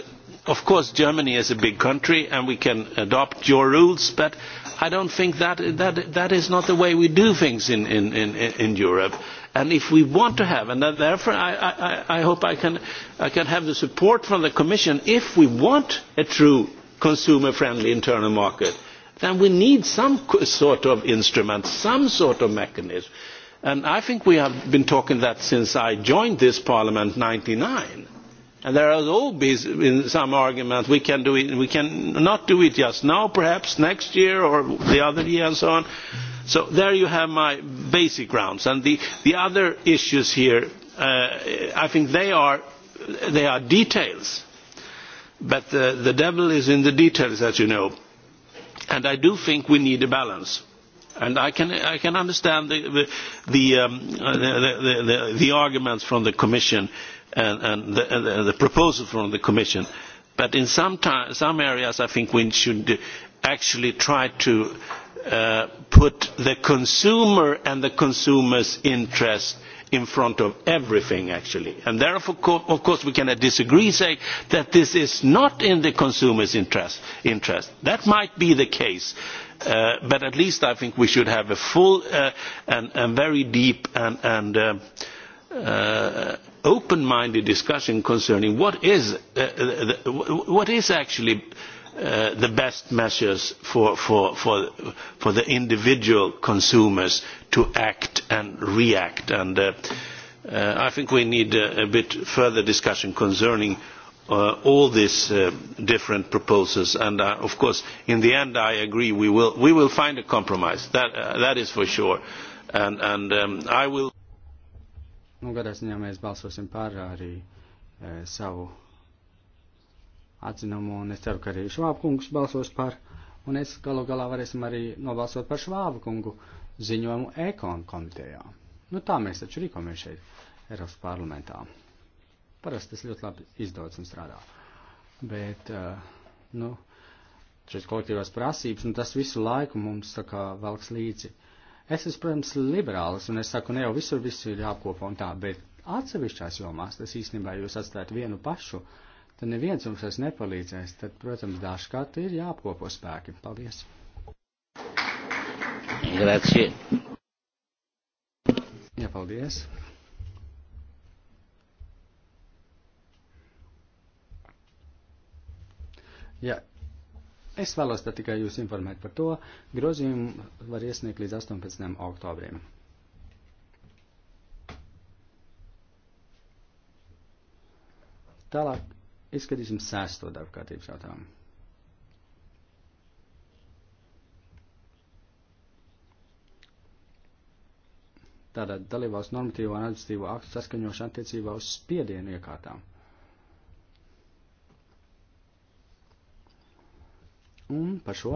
of course, Germany is a big country, and we can adopt your rules, but I don't think that, that, that is not the way we do things in, in, in, in Europe. And if we want to have, and that therefore I, I, I hope I can, I can have the support from the Commission, if we want a true consumer-friendly internal market, then we need some sort of instrument, some sort of mechanism. And I think we have been talking that since I joined this Parliament in 1999 and there has always been some argument we can do it we can not do it just now perhaps next year or the other year and so on so there you have my basic grounds and the, the other issues here uh, I think they are they are details but the, the devil is in the details as you know and I do think we need a balance and I can I can understand the the the, um, the, the, the, the arguments from the Commission uh, and, and, the, and the, the proposal from the Commission. But in some, time, some areas, I think we should actually try to uh, put the consumer and the consumer's interest in front of everything, actually. And therefore, of course, we can disagree, say that this is not in the consumer's interest. interest. That might be the case. Uh, but at least I think we should have a full uh, and, and very deep and, and um, uh, uh, open-minded discussion concerning what is, uh, uh, the, what is actually uh, the best measures for, for, for, for the individual consumers to act and react. And uh, uh, I think we need a, uh, a bit further discussion concerning uh, all these uh, different proposals. And uh, of course, in the end, I agree we will, we will find a compromise. That, uh, that is for sure. And, and um, I will. Nu, gadā ziņā mēs balsosim par arī e, savu atzinumu, un es ceru, ka arī Švābkungs balsos par, un es galu galā varēsim arī nobalsot par Švābkungu ziņojumu ekonu komitejā. Nu, tā mēs taču rīkojamies šeit Eiropas parlamentā. Parasti tas ļoti labi izdodas un strādā. Bet, e, nu, šeit kolektīvās prasības, un tas visu laiku mums tā kā velks līdzi. Es esmu, protams, liberālis, un es saku, ne jau visur viss ir jāapkopo un tā, bet atsevišķās jomās, tas īstenībā jūs atstājat vienu pašu, tad neviens jums tas nepalīdzēs, tad, protams, dažkārt ir jāapkopo spēki. Paldies! Grazie! Jā, paldies! Jā, Es vēlos te tikai jūs informēt par to. Grozījumu var iesniegt līdz 18. oktobrim. Tālāk izskatīsim sesto darba kārtības jautājumu. Tātad dalībās normatīvo un administratīvo aktu saskaņošana attiecībā uz spiedienu iekārtām. Un par šo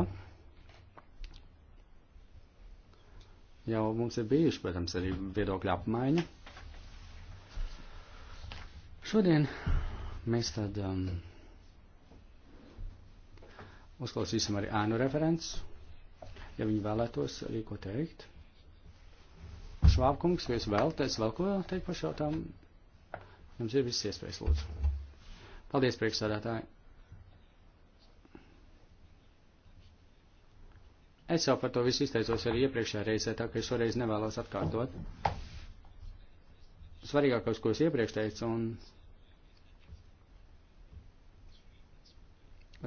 jau mums ir bijuši, protams, arī viedokļa apmaiņa. Šodien mēs tad um, uzklausīsim arī ēnu referents, ja viņi vēlētos arī ko teikt. Švābkungs, vai jūs vēlaties vēl ko teikt par šo tām? Jums ir viss iespējas, lūdzu. Paldies, priekšsādātāji! Es jau par to visu izteicos arī iepriekšējā reizē, tā ka es šoreiz nevēlos atkārtot. Svarīgākais, ko es iepriekš teicu, un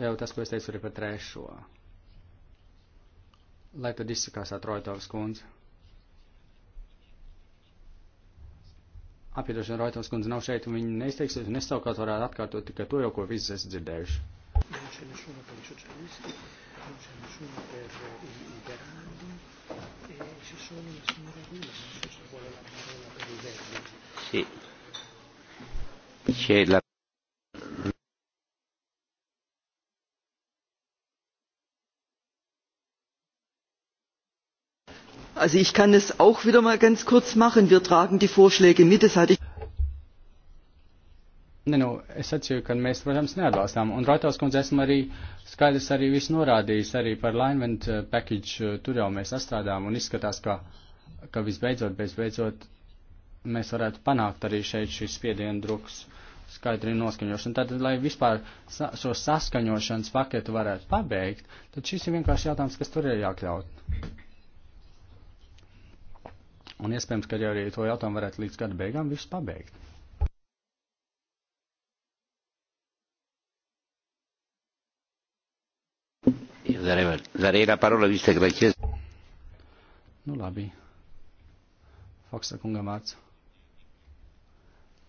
jau tas, ko es teicu arī par trešo. Lai tad izsakās atrojtovs kundze. Apiedošana Roitovs kundze nav šeit, un viņi neizteiksies, un es savukārt varētu atkārtot tikai to jau, ko visi esat dzirdējuši non c'è nessuno per eh, i, i Verdi e eh, c'è solo la signora Gula, non so se vuole la parola per i Verdi. Sì. C'è la Also ich kann es auch wieder mal ganz kurz machen. Wir tragen die Vorschläge mit. Das hatte ich Ne, nu, es atceru, ka mēs, protams, neatbalstām. Un Rotās kundze esmu arī skaidrs arī visu norādījis arī par alignment eh, package. Eh, tur jau mēs astrādām un izskatās, ka, ka visbeidzot, beidzot, mēs varētu panākt arī šeit šis spiedienu druks skaidri noskaņošanu. Tad, lai vispār sa šo saskaņošanas paketu varētu pabeigt, tad šis ir vienkārši jautājums, kas tur ir jākļaut. Un iespējams, ka arī to jautājumu varētu līdz gada beigām visu pabeigt. darei la parola visto che l'ha chiesto. Nu labi. Faksa kungam vārds.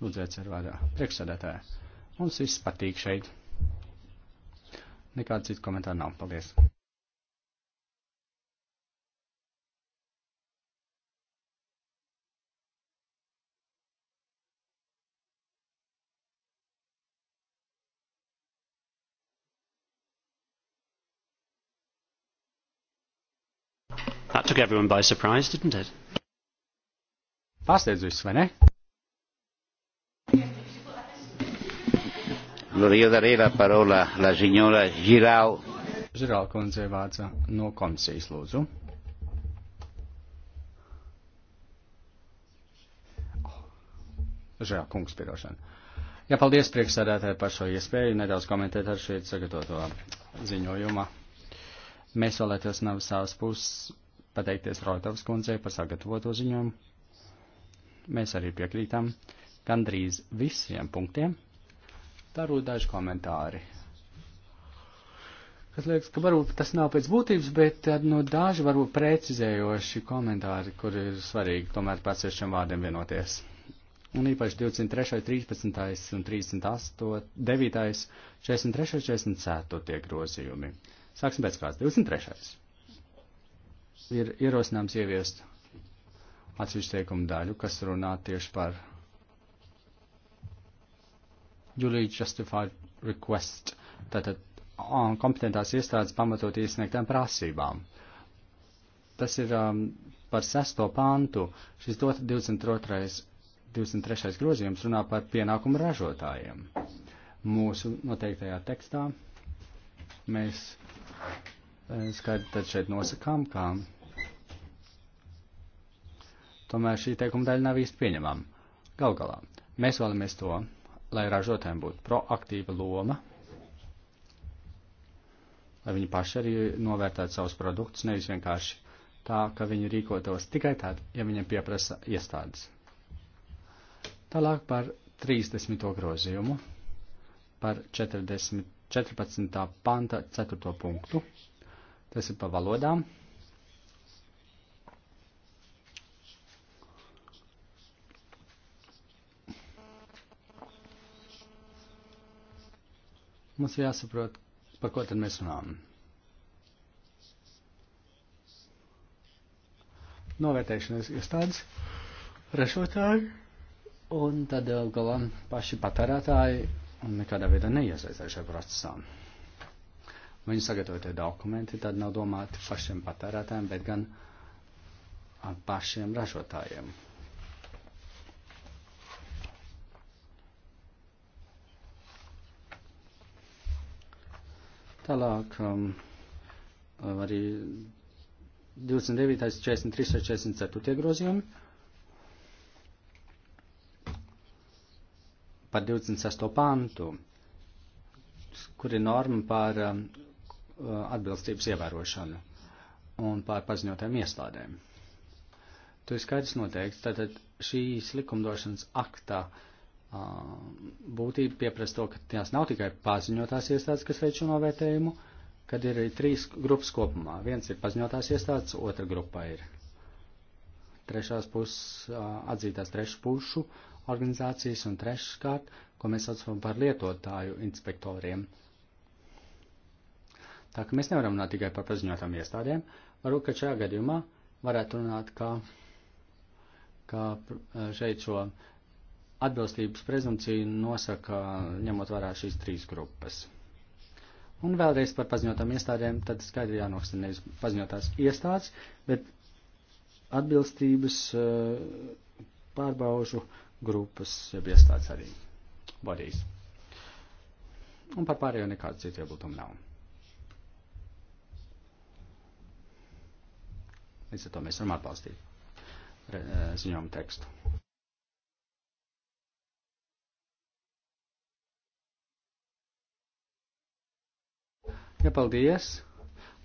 Lūdzu, cer vārdā. Priekšsēdētāja. Mums viss patīk šeit. Nekāds cits komentāri nav. Paldies. took everyone by surprise, didn't it? Pārsteidz visus, vai ne? Volevo dare la parola alla signora Girau. Girau kundze vārds no komisijas lūdzu. Žēl, kungs, piedošana. Jā, paldies priekšsēdētāji par šo iespēju nedaudz komentēt ar šeit sagatavoto ziņojumu. Mēs vēlētos no savas puses pateikties Rotovas kundzei par sagatavoto ziņojumu. Mēs arī piekrītam gandrīz visiem punktiem. Darot daži komentāri. Kas liekas, ka varbūt tas nav pēc būtības, bet no nu, daži varbūt precizējoši komentāri, kur ir svarīgi tomēr par sevišķiem vārdiem vienoties. Un īpaši 23, 13 un 38, 9, 43, 44 tie grozījumi. Sāksim pēc kāds 23 ir ierosināms ieviest atsevišķu teikumu daļu, kas runā tieši par duly justified request, tātad kompetentās iestādes pamatot iesniegtām prasībām. Tas ir um, par sesto pantu, šis 22. 23. grozījums runā par pienākumu ražotājiem. Mūsu noteiktajā tekstā mēs eh, skaidri tad šeit nosakām, kā tomēr šī teikuma daļa nav īsti pieņemama. Gal galā, mēs vēlamies to, lai ražotājiem būtu proaktīva loma, lai viņi paši arī novērtētu savus produktus, nevis vienkārši tā, ka viņi rīkotos tikai tad, ja viņiem pieprasa iestādes. Tālāk par 30. grozījumu, par 40, 14. panta 4. punktu. Tas ir pa valodām. Mums ir jāsaprot, par ko tad mēs runājam. Novērtēšanas iestādes, ražotāji un tad eh, galā paši patērētāji nekādā veidā neiesaistās šajā procesā. Viņi sagatavotie dokumenti tad nav domāti pašiem patērētājiem, bet gan eh, pašiem ražotājiem. Tālāk um, um arī 29, 43, 44 grozījumi. Par 26. pantu, kur ir norma par um, atbilstības ievērošanu un par paziņotēm iestādēm. Tu ir skaidrs noteikts, tātad šīs likumdošanas aktā uh, būtība pieprasa to, ka tās nav tikai paziņotās iestādes, kas veic šo novērtējumu, kad ir arī trīs grupas kopumā. Viens ir paziņotās iestādes, otra grupa ir trešās puses, atzītās trešu pušu organizācijas un treškārt, ko mēs saucam par lietotāju inspektoriem. Tā ka mēs nevaram runāt tikai par paziņotām iestādēm, varbūt, ka šajā gadījumā varētu runāt, ka, ka šeit šo atbilstības prezumciju nosaka, ņemot vērā šīs trīs grupas. Un vēlreiz par paziņotām iestādēm, tad skaidri jānoksina nevis paziņotās iestādes, bet atbilstības eh, pārbaužu grupas, jeb iestādes arī vadīs. Un par pārējo nekādu citu iebildumu nav. Līdz ar to mēs varam atbalstīt eh, ziņojumu tekstu. Ja paldies!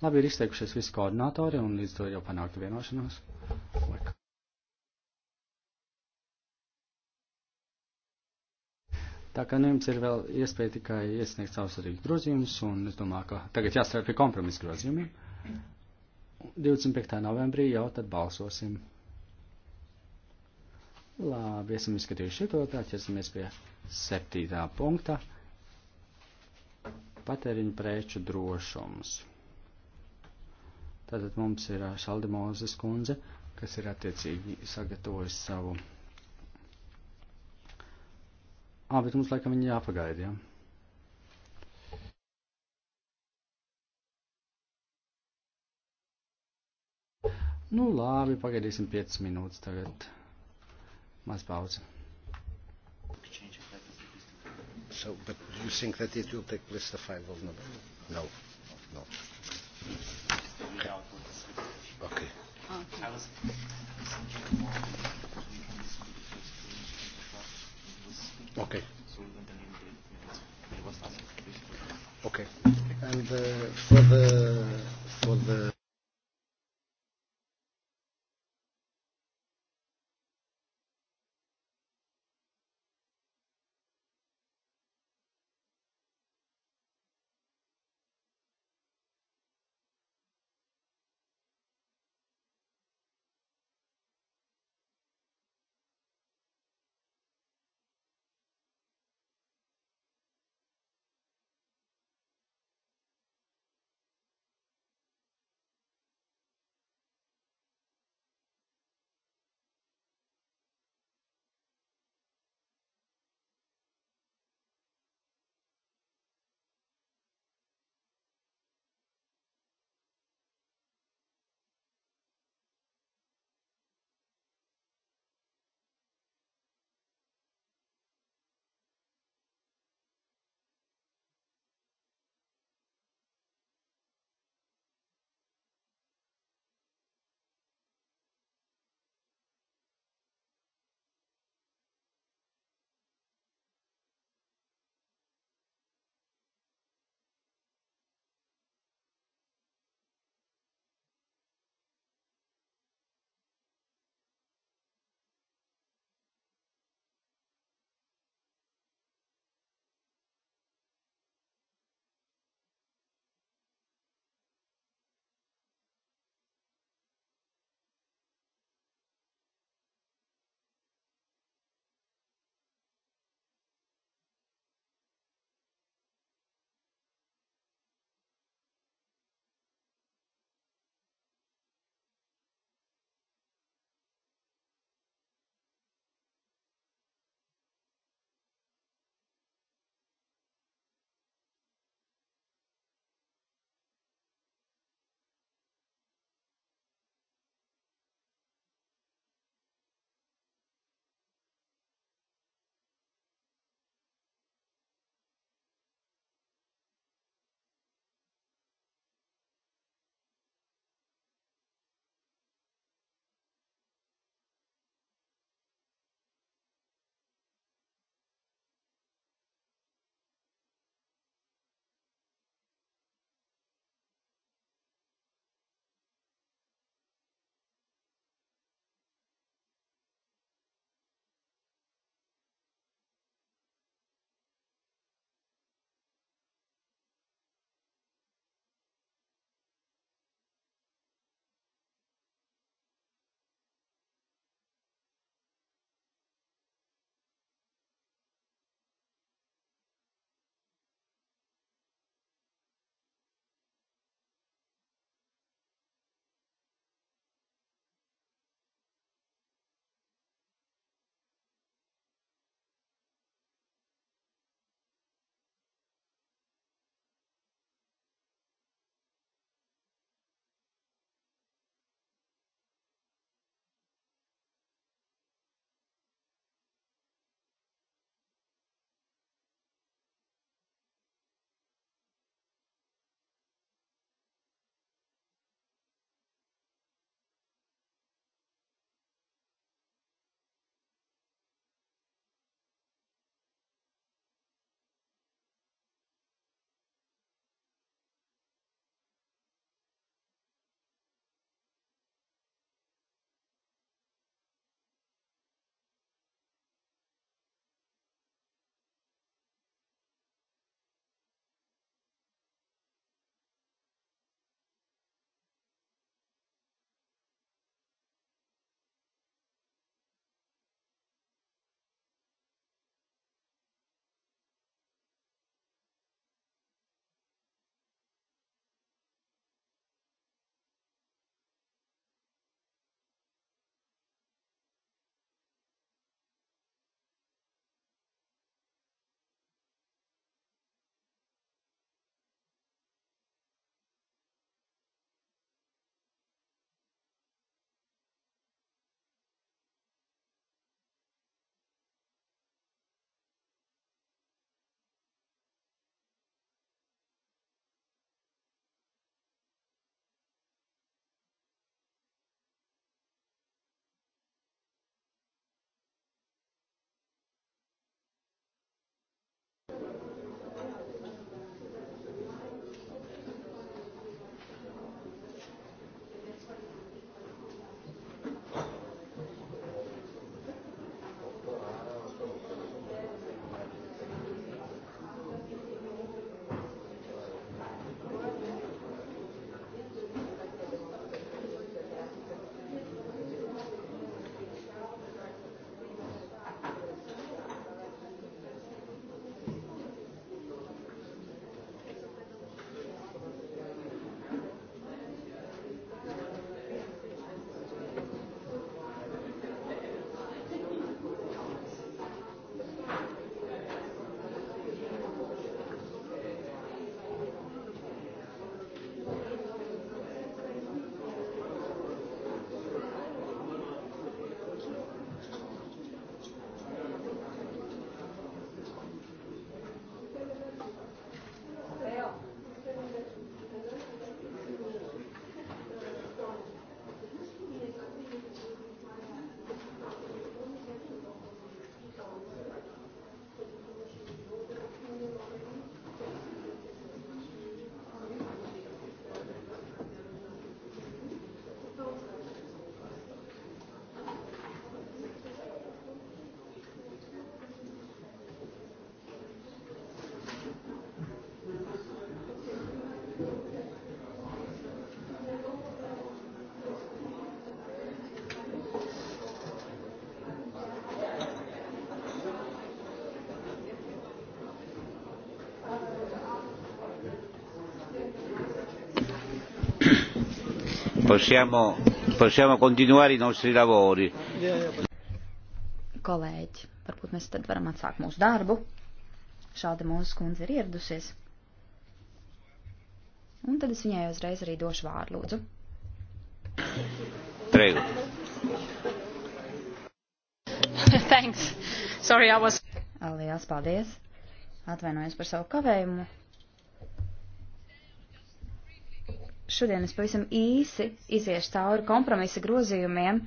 Labi, ir izteikušies visi koordinātori un līdz to jau panāktu vienošanos. Tā kā nu jums ir vēl iespēja tikai iesniegt savus arī grozījumus, un es domāju, ka tagad jāstrādā pie kompromisa grozījumiem. 25. novembrī jau tad balsosim. Labi, esam izskatījuši šito, tā ķersimies pie 7. punkta patēriņu preču drošums. Tātad mums ir Šaldi Mozes kundze, kas ir attiecīgi sagatavojis savu. Ā, bet mums laikam viņa jāpagaida, jā. Ja? Nu, labi, pagaidīsim 5 minūtes tagad. Maz pauze. So, but do you think that it will take place the final number? No, no. Okay. okay. Okay. Okay. And uh, for the for the Possiamo, possiamo continuare i nostri lavori. Kolēģi, varbūt mēs tad varam atsākt mūsu darbu. Šāda mūsu skundze ir ieradusies. Un tad es viņai uzreiz arī došu vārdu, lūdzu. Prego. Thanks. Sorry, I was. Liels paldies. Atvainojos par savu kavējumu. šodien es pavisam īsi iziešu cauri kompromisa grozījumiem,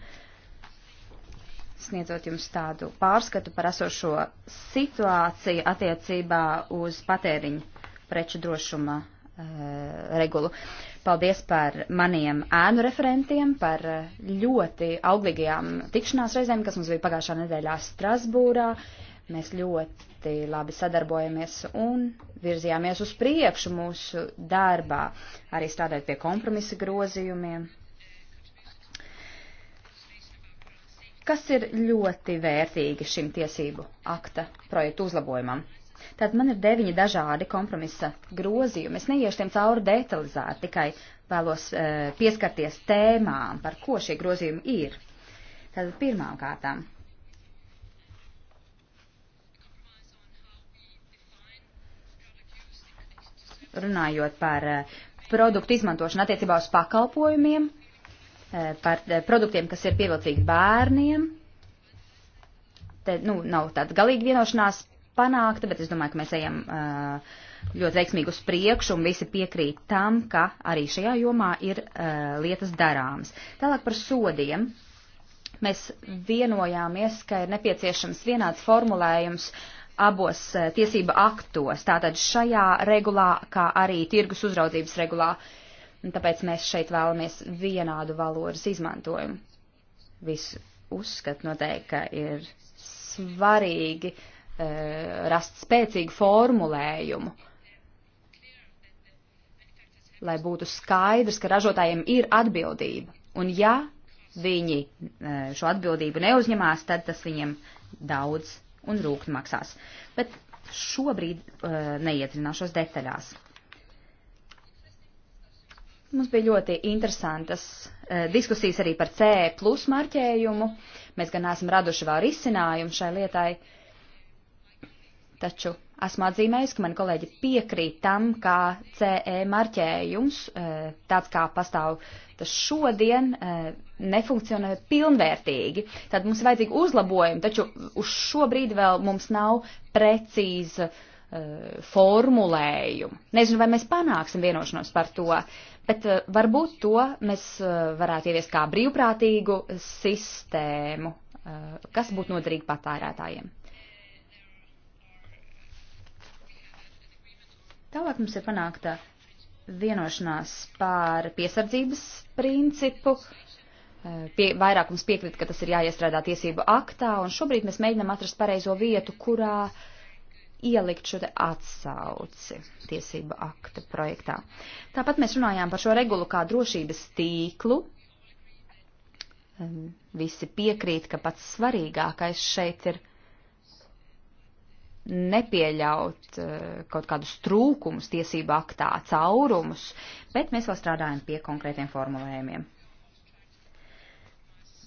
sniedzot jums tādu pārskatu par esošo situāciju attiecībā uz patēriņu preču drošuma uh, regulu. Paldies par maniem ēnu referentiem, par ļoti auglīgajām tikšanās reizēm, kas mums bija pagājušā nedēļā Strasbūrā. Mēs ļoti labi sadarbojamies un virzījāmies uz priekšu mūsu darbā, arī stādēt pie kompromisa grozījumiem. Kas ir ļoti vērtīgi šim tiesību akta projektu uzlabojumam? Tad man ir deviņi dažādi kompromisa grozījumi. Es neiešu tiem cauri detalizēt, tikai vēlos e, pieskarties tēmām, par ko šie grozījumi ir. Tātad pirmām kārtām runājot par eh, produktu izmantošanu attiecībā uz pakalpojumiem, eh, par eh, produktiem, kas ir pievilcīgi bērniem. Te, nu, nav tāda galīga vienošanās panākta, bet es domāju, ka mēs ejam ļoti veiksmīgi uz priekšu un visi piekrīt tam, ka arī šajā jomā ir lietas darāmas. Tālāk par sodiem mēs vienojāmies, ka ir nepieciešams vienāds formulējums abos eh, tiesība aktos, tātad šajā regulā, kā arī tirgus uzraudzības regulā. Un tāpēc mēs šeit vēlamies vienādu valodas izmantojumu. Visu uzskatu noteikti, ka ir svarīgi e, rast spēcīgu formulējumu, lai būtu skaidrs, ka ražotājiem ir atbildība. Un ja viņi e, šo atbildību neuzņemās, tad tas viņiem daudz un rūkt maksās. Bet šobrīd uh, neietrināšos detaļās. Mums bija ļoti interesantas uh, diskusijas arī par C plus marķējumu. Mēs gan esam raduši vēl risinājumu šai lietai, taču Esmu atzīmējis, ka mani kolēģi piekrīt tam, ka CE marķējums, eh, tāds kā pastāv tas šodien, eh, nefunkcionē pilnvērtīgi. Tad mums ir vajadzīgi uzlabojumi, taču uz šo brīdi vēl mums nav precīza eh, formulējumu. Nezinu, vai mēs panāksim vienošanos par to, bet varbūt to mēs varētu ieviest kā brīvprātīgu sistēmu, kas būtu noderīgi patērētājiem. Tālāk mums ir panākta vienošanās pār piesardzības principu. Pie, vairākums piekrīt, ka tas ir jāiestrādā tiesību aktā, un šobrīd mēs mēģinām atrast pareizo vietu, kurā ielikt šo te atsauci tiesību akta projektā. Tāpat mēs runājām par šo regulu kā drošības tīklu. Visi piekrīt, ka pats svarīgākais šeit ir nepieļaut eh, kaut kādus trūkumus tiesību aktā, caurumus, bet mēs vēl strādājam pie konkrētiem formulējumiem.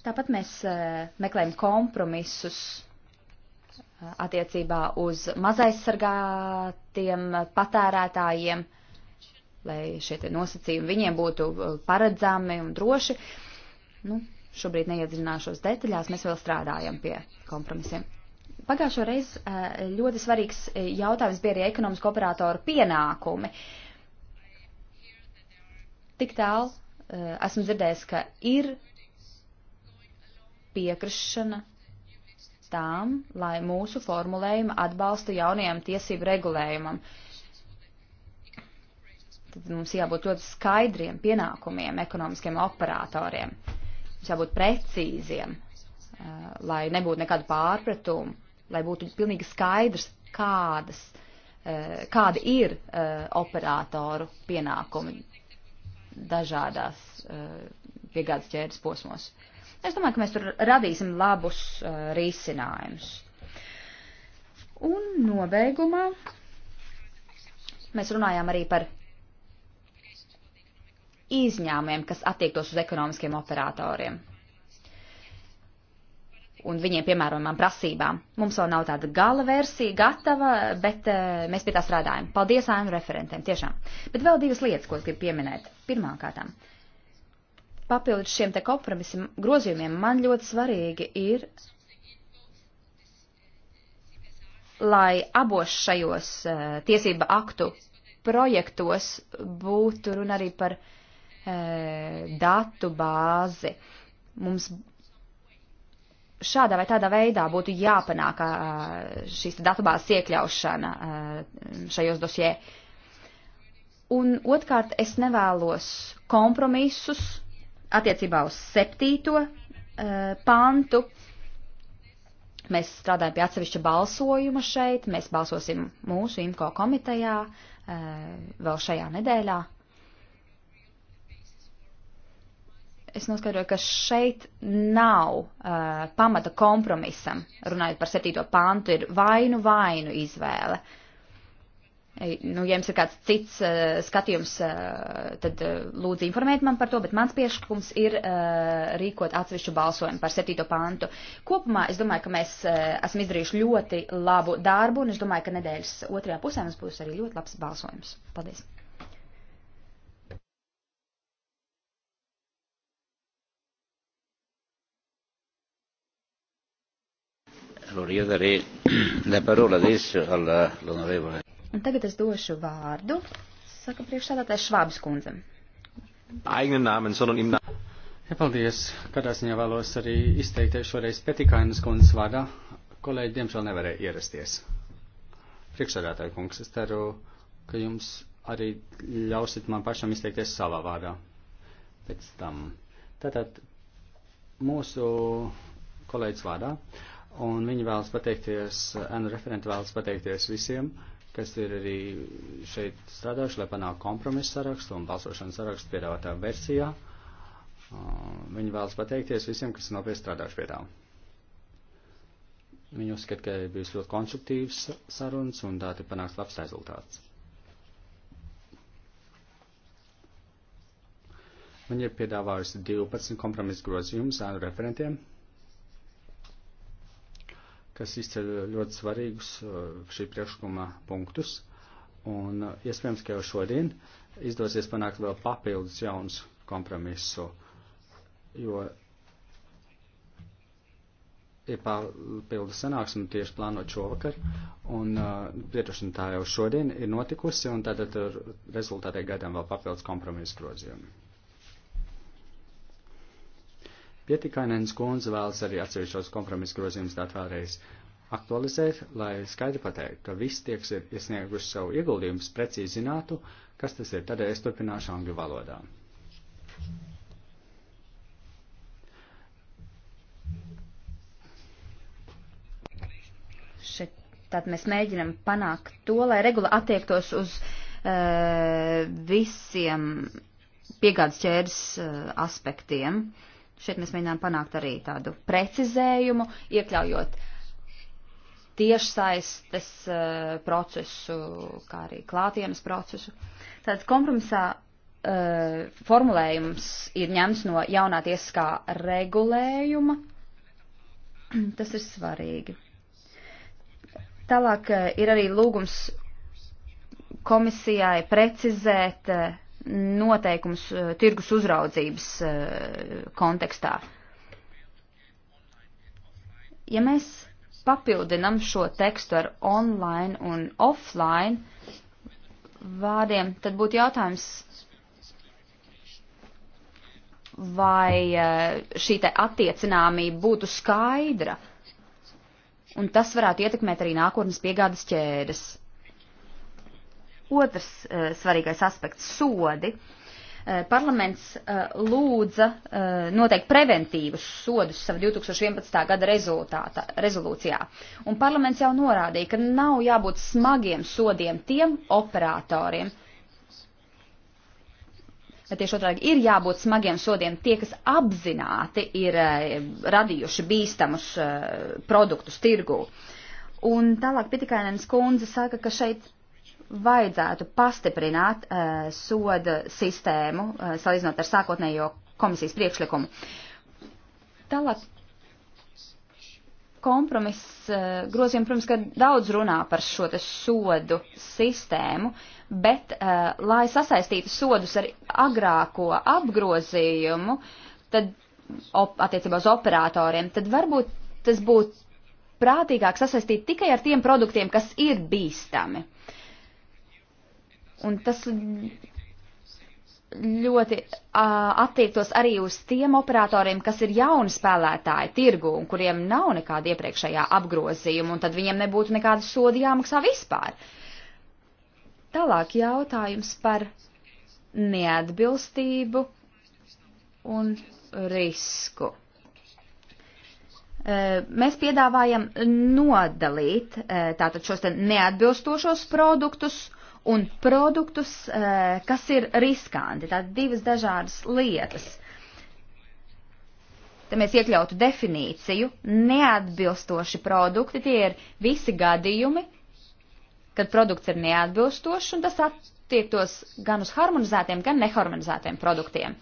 Tāpat mēs eh, meklējam kompromisus eh, attiecībā uz mazaizsargātiem patērētājiem, lai šie nosacījumi viņiem būtu paredzami un droši. Nu, šobrīd neiedziļināšos detaļās, mēs vēl strādājam pie kompromisiem. Pagājušo reizi eh, ļoti svarīgs eh, jautājums bija arī ekonomisko operātoru pienākumi. Tik tālu eh, esmu dzirdējis, ka ir piekrišana tām, lai mūsu formulējuma atbalstu jaunajam tiesību regulējumam. Tad mums jābūt ļoti skaidriem pienākumiem ekonomiskiem operatoriem. Mums jābūt precīziem, lai nebūtu nekādu pārpratumu lai būtu pilnīgi skaidrs, kādas, eh, kādi ir eh, operātoru pienākumi dažādās eh, piegādes ķēdes posmos. Es domāju, ka mēs tur radīsim labus risinājumus. Un nobeigumā mēs runājām arī par izņēmumiem, kas attiektos uz ekonomiskiem operatoriem un viņiem piemērojumām prasībām. Mums vēl nav tāda gala versija gatava, bet uh, mēs pie tā strādājam. Paldies ANU referentiem, tiešām. Bet vēl divas lietas, ko es gribu pieminēt. Pirmkārtām, papildus šiem te kompromisiem grozījumiem man ļoti svarīgi ir, lai abos šajos uh, tiesība aktu projektos būtu runa arī par uh, datu bāzi. Mums šādā vai tādā veidā būtu jāpanāk šīs datubāzes iekļaušana šajos dosjē. Un otrkārt, es nevēlos kompromisus attiecībā uz septīto pantu. Mēs strādājam pie atsevišķa balsojuma šeit, mēs balsosim mūsu IMCO komitejā vēl šajā nedēļā. es noskaidroju, ka šeit nav uh, pamata kompromisam. Runājot par septīto pantu, ir vainu vainu izvēle. Nu, ja jums ir kāds cits uh, skatījums, uh, tad uh, lūdzu informēt man par to, bet mans pieškums ir uh, rīkot atsevišķu balsojumu par septīto pantu. Kopumā es domāju, ka mēs uh, esam izdarījuši ļoti labu darbu, un es domāju, ka nedēļas otrajā pusē mums būs arī ļoti labs balsojums. Paldies! Allora io darei la parola adesso all'onorevole. Un tagad es došu vārdu, saka priekšsādātājs Švābs kundzem. Eigenen Namen, sondern im Namen. Ja, paldies. Kādā ziņā vēlos arī izteikties šoreiz Petikainas kundzes vārdā. Kolēģi, diemžēl nevarēja ierasties. Priekšsādātāja kungs, es ceru, ka jums arī ļausit man pašam izteikties savā vārdā. Pēc tam. Tātad mūsu kolēģis vārdā Un viņi vēlas pateikties, Anu referenti vēlas pateikties visiem, kas ir arī šeit strādājuši, lai panāktu kompromisu sarakstu un balsošanas sarakstu piedāvātā versijā. Viņi vēlas pateikties visiem, kas ir nopietni strādājuši pie tā. Viņi uzskata, ka ir bijis ļoti konstruktīvs sarunas un tā ir panāks labs rezultāts. Viņi ir piedāvājusi 12 kompromisu grozījumus ānu referentiem kas izceļ ļoti svarīgus uh, šī priekšlikuma punktus. Un uh, iespējams, ka jau šodien izdosies panākt vēl papildus jaunus kompromisu, jo ir papildu sanāksmi tieši plānot šovakar, un uh, pietošana tā jau šodien ir notikusi, un tātad rezultātē gaidām vēl papildus kompromisu grozījumi. Pietikainēns kundze vēlas arī atsevišķos kompromisu grozījumus tā vēlreiz aktualizēt, lai skaidri pateiktu, ka viss tieks ir iesnieguši savu ieguldījumus, precīzi zinātu, kas tas ir, tādēļ es turpināšu angļu valodā. Šeit, tad mēs mēģinam panākt to, lai regula attiektos uz uh, visiem piegādes ķēdes uh, aspektiem. Uh, Šeit mēs mēģinām panākt arī tādu precizējumu, iekļaujot tiešsaistes uh, procesu, kā arī klātienes procesu. Tātad kompromisā uh, formulējums ir ņemts no jaunā tiesiskā regulējuma. Tas ir svarīgi. Tālāk uh, ir arī lūgums komisijai precizēt uh, noteikums eh, tirgus uzraudzības eh, kontekstā. Ja mēs papildinam šo tekstu ar online un offline vārdiem, tad būtu jautājums, vai eh, šī te attiecināmība būtu skaidra, un tas varētu ietekmēt arī nākotnes piegādes ķēdes. Otrs eh, svarīgais aspekts - sodi. Eh, parlaments eh, lūdza noteikt preventīvus sodus savu 2011. gada rezultātā, rezolūcijā. Un parlaments jau norādīja, ka nav jābūt smagiem sodiem tiem operatoriem, bet tieši otrādi ir jābūt smagiem sodiem tie, kas apzināti ir radījuši bīstamus produktus tirgū. Un tālāk Pitikainens kundze saka, ka šeit vajadzētu pastiprināt uh, soda sistēmu, uh, salīdzinot ar sākotnējo komisijas priekšlikumu. Tālāk kompromiss uh, grozījumi, protams, ka daudz runā par šo te sodu sistēmu, bet, uh, lai sasaistītu sodus ar agrāko apgrozījumu, tad op, attiecībā uz operatoriem, tad varbūt tas būtu prātīgāk sasaistīt tikai ar tiem produktiem, kas ir bīstami. Uh, Un tas ļoti uh, attiektos arī uz tiem operatoriem, kas ir jauni spēlētāji tirgu un kuriem nav nekāda iepriekšējā apgrozījuma, un tad viņiem nebūtu nekāda soda jāmaksā vispār. Tālāk jautājums par neatbilstību un risku. Mēs piedāvājam nodalīt tātad šos neatbilstošos produktus un produktus, eh, kas ir riskanti. Tātad divas dažādas lietas. Te mēs iekļautu definīciju neatbilstoši produkti, tie ir visi gadījumi, kad produkts ir neatbilstošs, un tas attiektos gan uz harmonizētiem, gan neharmonizētiem produktiem.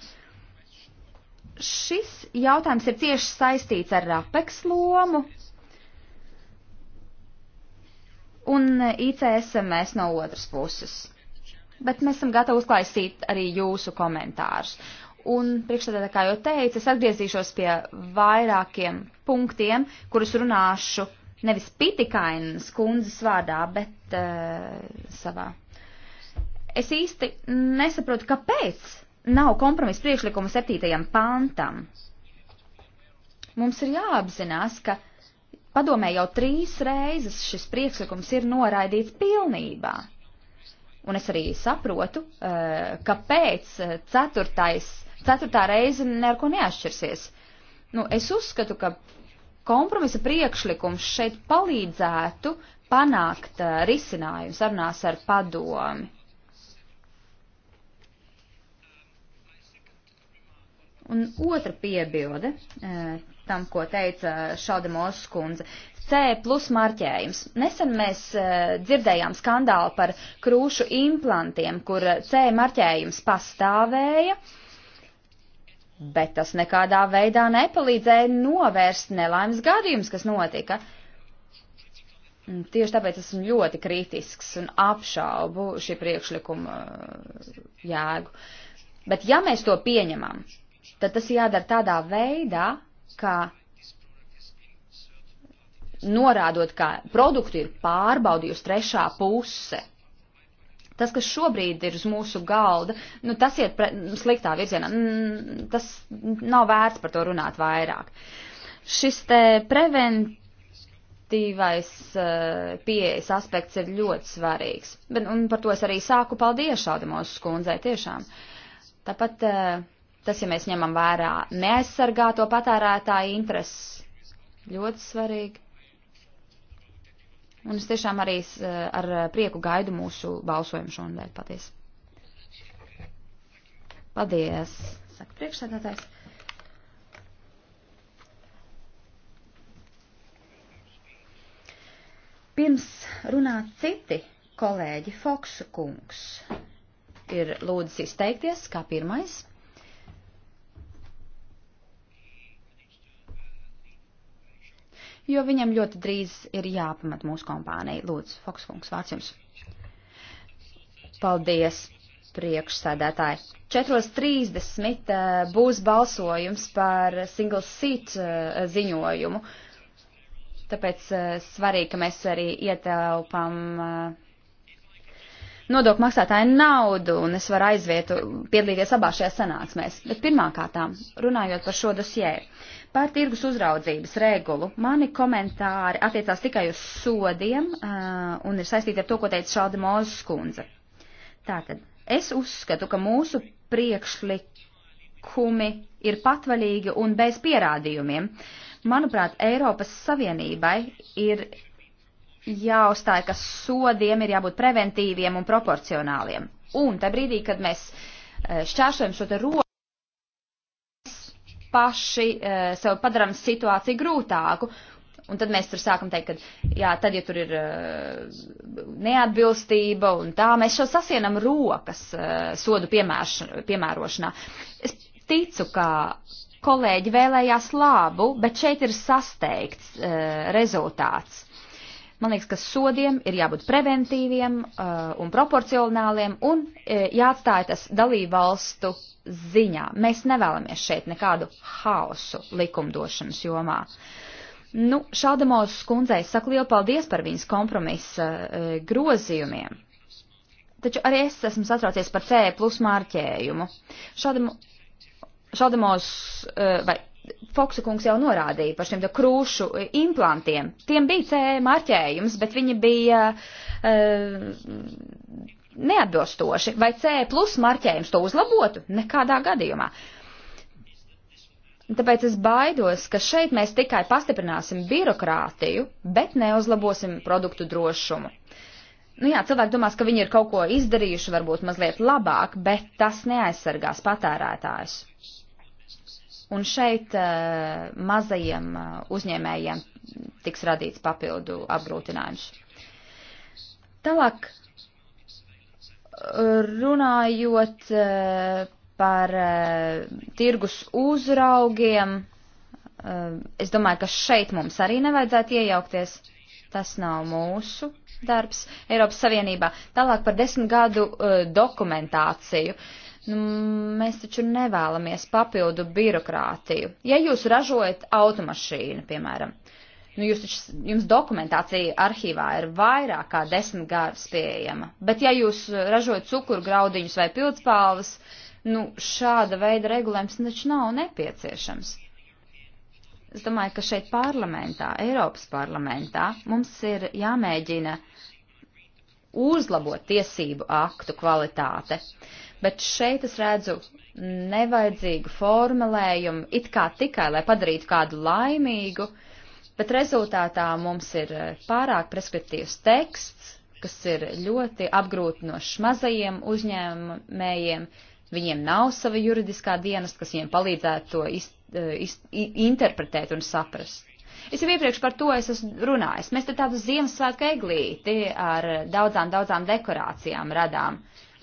Šis jautājums ir cieši saistīts ar rapeks lomu, un e, ICSMS no otras puses. Bet mēs esam gatavi uzklausīt arī jūsu komentārus. Un priekšstādā, kā jau teicu, es atgriezīšos pie vairākiem punktiem, kurus runāšu nevis Pitikainas kundzes vārdā, bet uh, savā. Es īsti nesaprotu, kāpēc nav kompromisa priekšlikuma septītajam pantam. Mums ir jāapzinās, ka uh, Padomē jau trīs reizes šis priekšlikums ir noraidīts pilnībā. Un es arī saprotu, eh, kāpēc eh, ceturtais, ceturtā reize neko neatšķirsies. Nu, es uzskatu, ka kompromisa priekšlikums šeit palīdzētu panākt eh, risinājumu sarunās ar padomi. Un otra piebilde eh, tam, ko teica Šaldemos skundze. C plus marķējums. Nesen mēs eh, dzirdējām skandālu par krūšu implantiem, kur eh, C marķējums pastāvēja, bet tas nekādā veidā nepalīdzēja novērst nelaimes gadījumus, kas notika. Tieši tāpēc esmu ļoti kritisks un apšaubu šī priekšlikuma jēgu. Bet ja mēs to pieņemam, tad tas jādara tādā veidā, ka norādot, ka produktu ir pārbaudījusi trešā puse. Tas, kas šobrīd ir uz mūsu galda, nu, tas iet pre, sliktā virzienā. Mm, tas nav vērts par to runāt vairāk. Šis te preventīvais uh, pieejas aspekts ir ļoti svarīgs. Bet, un par to es arī sāku paldies šādamos skundzei tiešām. Tāpat uh, Tas, ja mēs ņemam vērā neaizsargāto patērētāju intereses, ļoti svarīgi. Un es tiešām arī eh, ar prieku gaidu mūsu balsojumu šonadēļ. Paldies! Paldies! Saka priekšsēdētājs. Pirms runā citi kolēģi Foksu kungs ir lūdzis izteikties kā pirmais. jo viņam ļoti drīz ir jāpamat mūsu kompānija. Lūdzu, Fokskungs, vārds jums. Paldies, priekšsēdētāji. 4.30 eh, būs balsojums par single seat eh, ziņojumu, tāpēc eh, svarīgi, ka mēs arī ietaupām nodokļu maksātāju naudu, un es varu aizvietu, piedalīties abās šajās sanāksmēs. Bet pirmkārtām, runājot par šo dosjē, par tirgus uzraudzības regulu, mani komentāri attiecās tikai uz sodiem uh, un ir saistīti ar to, ko teica Šalda Mozes kundze. Tātad, es uzskatu, ka mūsu priekšlikumi ir patvaļīgi un bez pierādījumiem. Manuprāt, Eiropas Savienībai ir jāuzstāja, ka sodiem ir jābūt preventīviem un proporcionāliem. Un tajā brīdī, kad mēs eh, šķēršojam šo te robu, paši eh, sev padaram situāciju grūtāku, Un tad mēs tur sākam teikt, ka jā, tad, ja tur ir uh, neatbilstība un tā, mēs šo sasienam rokas uh, sodu piemērš, piemērošanā. Es ticu, ka kolēģi vēlējās labu, bet šeit ir sasteigts uh, rezultāts. Man liekas, ka sodiem ir jābūt preventīviem uh, un proporcionāliem un uh, jāatstāja tas dalību valstu ziņā. Mēs nevēlamies šeit nekādu haosu likumdošanas jomā. Nu, Šaldemos skundzei saku lielu paldies par viņas kompromisa uh, grozījumiem. Taču arī es esmu satraucies par C plus mārķējumu. Šaldemos, šaldemos uh, vai Foksa kungs jau norādīja par šiem krūšu e, implantiem. Tiem bija CE marķējums, bet viņi bija uh, neatbilstoši. Vai CE plus marķējums to uzlabotu? Nekādā gadījumā. Tāpēc es baidos, ka šeit mēs tikai pastiprināsim birokrātiju, bet neuzlabosim produktu drošumu. Nu jā, cilvēki domās, ka viņi ir kaut ko izdarījuši, varbūt mazliet labāk, bet tas neaizsargās patērētājus. Un šeit eh, mazajiem eh, uzņēmējiem tiks radīts papildu apgrūtinājums. Tālāk runājot eh, par tirgus uzraugiem, es domāju, ka šeit mums arī nevajadzētu iejaukties. Tas nav mūsu darbs Eiropas Savienībā. Tālāk par desmit gadu dokumentāciju. Uh, Nu, mēs taču nevēlamies papildu birokrātiju. Ja jūs ražojat automašīnu, piemēram, nu, jūs taču, jums dokumentācija arhīvā ir vairāk kā desmit gadus pieejama, bet ja jūs ražojat cukuru graudiņus vai pildspalvas, nu, šāda veida regulējums taču nav nepieciešams. Es domāju, ka šeit parlamentā, Eiropas parlamentā, mums ir jāmēģina uh, uzlabot tiesību aktu kvalitāte. Bet šeit es redzu nevajadzīgu formulējumu, it kā tikai, lai padarītu kādu laimīgu, bet rezultātā mums ir eh, pārāk preskriptīvs teksts, kas ir ļoti apgrūtinošs mazajiem uzņēmējiem. Viņiem nav sava juridiskā dienas, kas viņiem palīdzētu to iz, eh, iz, interpretēt un saprast. Es jau iepriekš par to es esmu runājis. Mēs te tādu Ziemassvētku eglīti ar daudzām, daudzām dekorācijām radām,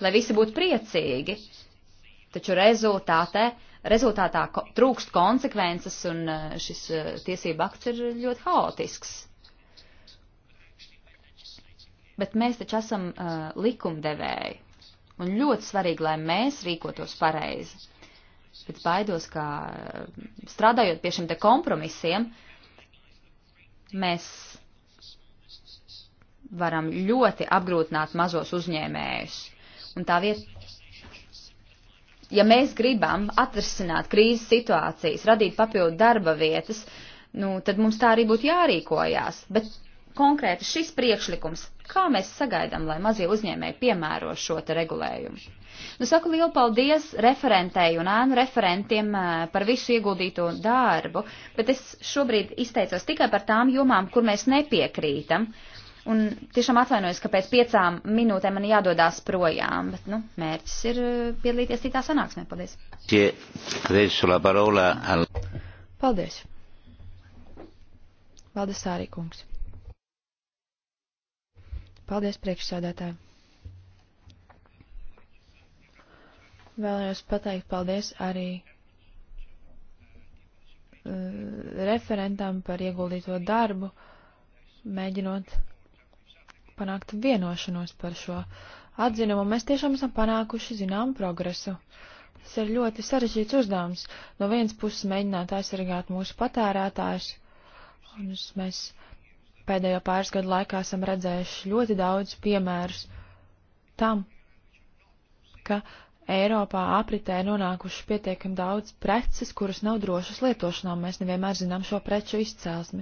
lai visi būtu priecīgi. Taču rezultātē, rezultātā ko, trūkst konsekvences un eh, šis eh, tiesība akts ir ļoti haotisks. Bet mēs taču esam uh, likumdevēji. Un ļoti svarīgi, lai mēs rīkotos pareizi. Bet baidos, ka strādājot pie šiem te kompromisiem, uh, Mēs varam ļoti apgrūtināt mazos uzņēmējus. Un tā vieta, ja mēs gribam atrisināt krīzes situācijas, radīt papildu darba vietas, nu, tad mums tā arī būtu jārīkojās. Bet konkrēti šis priekšlikums, kā mēs sagaidām, lai mazie uzņēmēji piemēro šo te regulējumu? Nu, saku lielu paldies referentēju un ēnu referentiem eh, par visu ieguldīto darbu, bet es šobrīd izteicos tikai par tām jomām, kur mēs nepiekrītam. Un tiešām atvainojos, ka pēc piecām minūtēm man jādodās projām, bet, nu, mērķis ir eh, piedalīties citā sanāksmē. Paldies. Paldies. Valdes Sārī kungs. Paldies priekšsādātāji. Vēlējos pateikt paldies arī uh, referentam par ieguldīto darbu, mēģinot panākt vienošanos par šo atzinumu. Mēs tiešām esam panākuši zinām progresu. Tas ir ļoti sarežģīts uzdevums. No vienas puses mēģināt aizsargāt mūsu patērētājus, un mēs pēdējo pāris gadu laikā esam redzējuši ļoti daudz piemērus tam, ka Eiropā apritē nonākuši pietiekami daudz preces, kuras nav drošas lietošanām. Mēs nevienmēr zinām šo preču izcelsmi.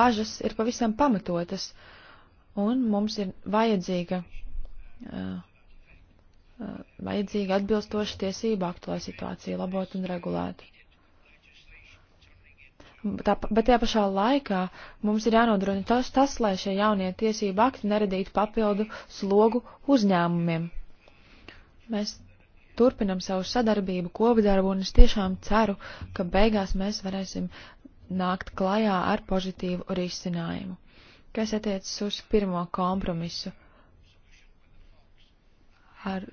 Bažas ir pavisam pamatotas, un mums ir vajadzīga, uh, uh, vajadzīga atbilstoša tiesība aktu, lai situāciju labotu un regulētu. Tā, bet tajā pašā laikā mums ir jānodrošina tas, tas, lai šie jaunie tiesība akti neradītu papildu slogu uzņēmumiem Mēs turpinam savu sadarbību, kopdarbu, un es tiešām ceru, ka beigās mēs varēsim nākt klajā ar pozitīvu risinājumu. Kas attiecas uz pirmo kompromisu? Ar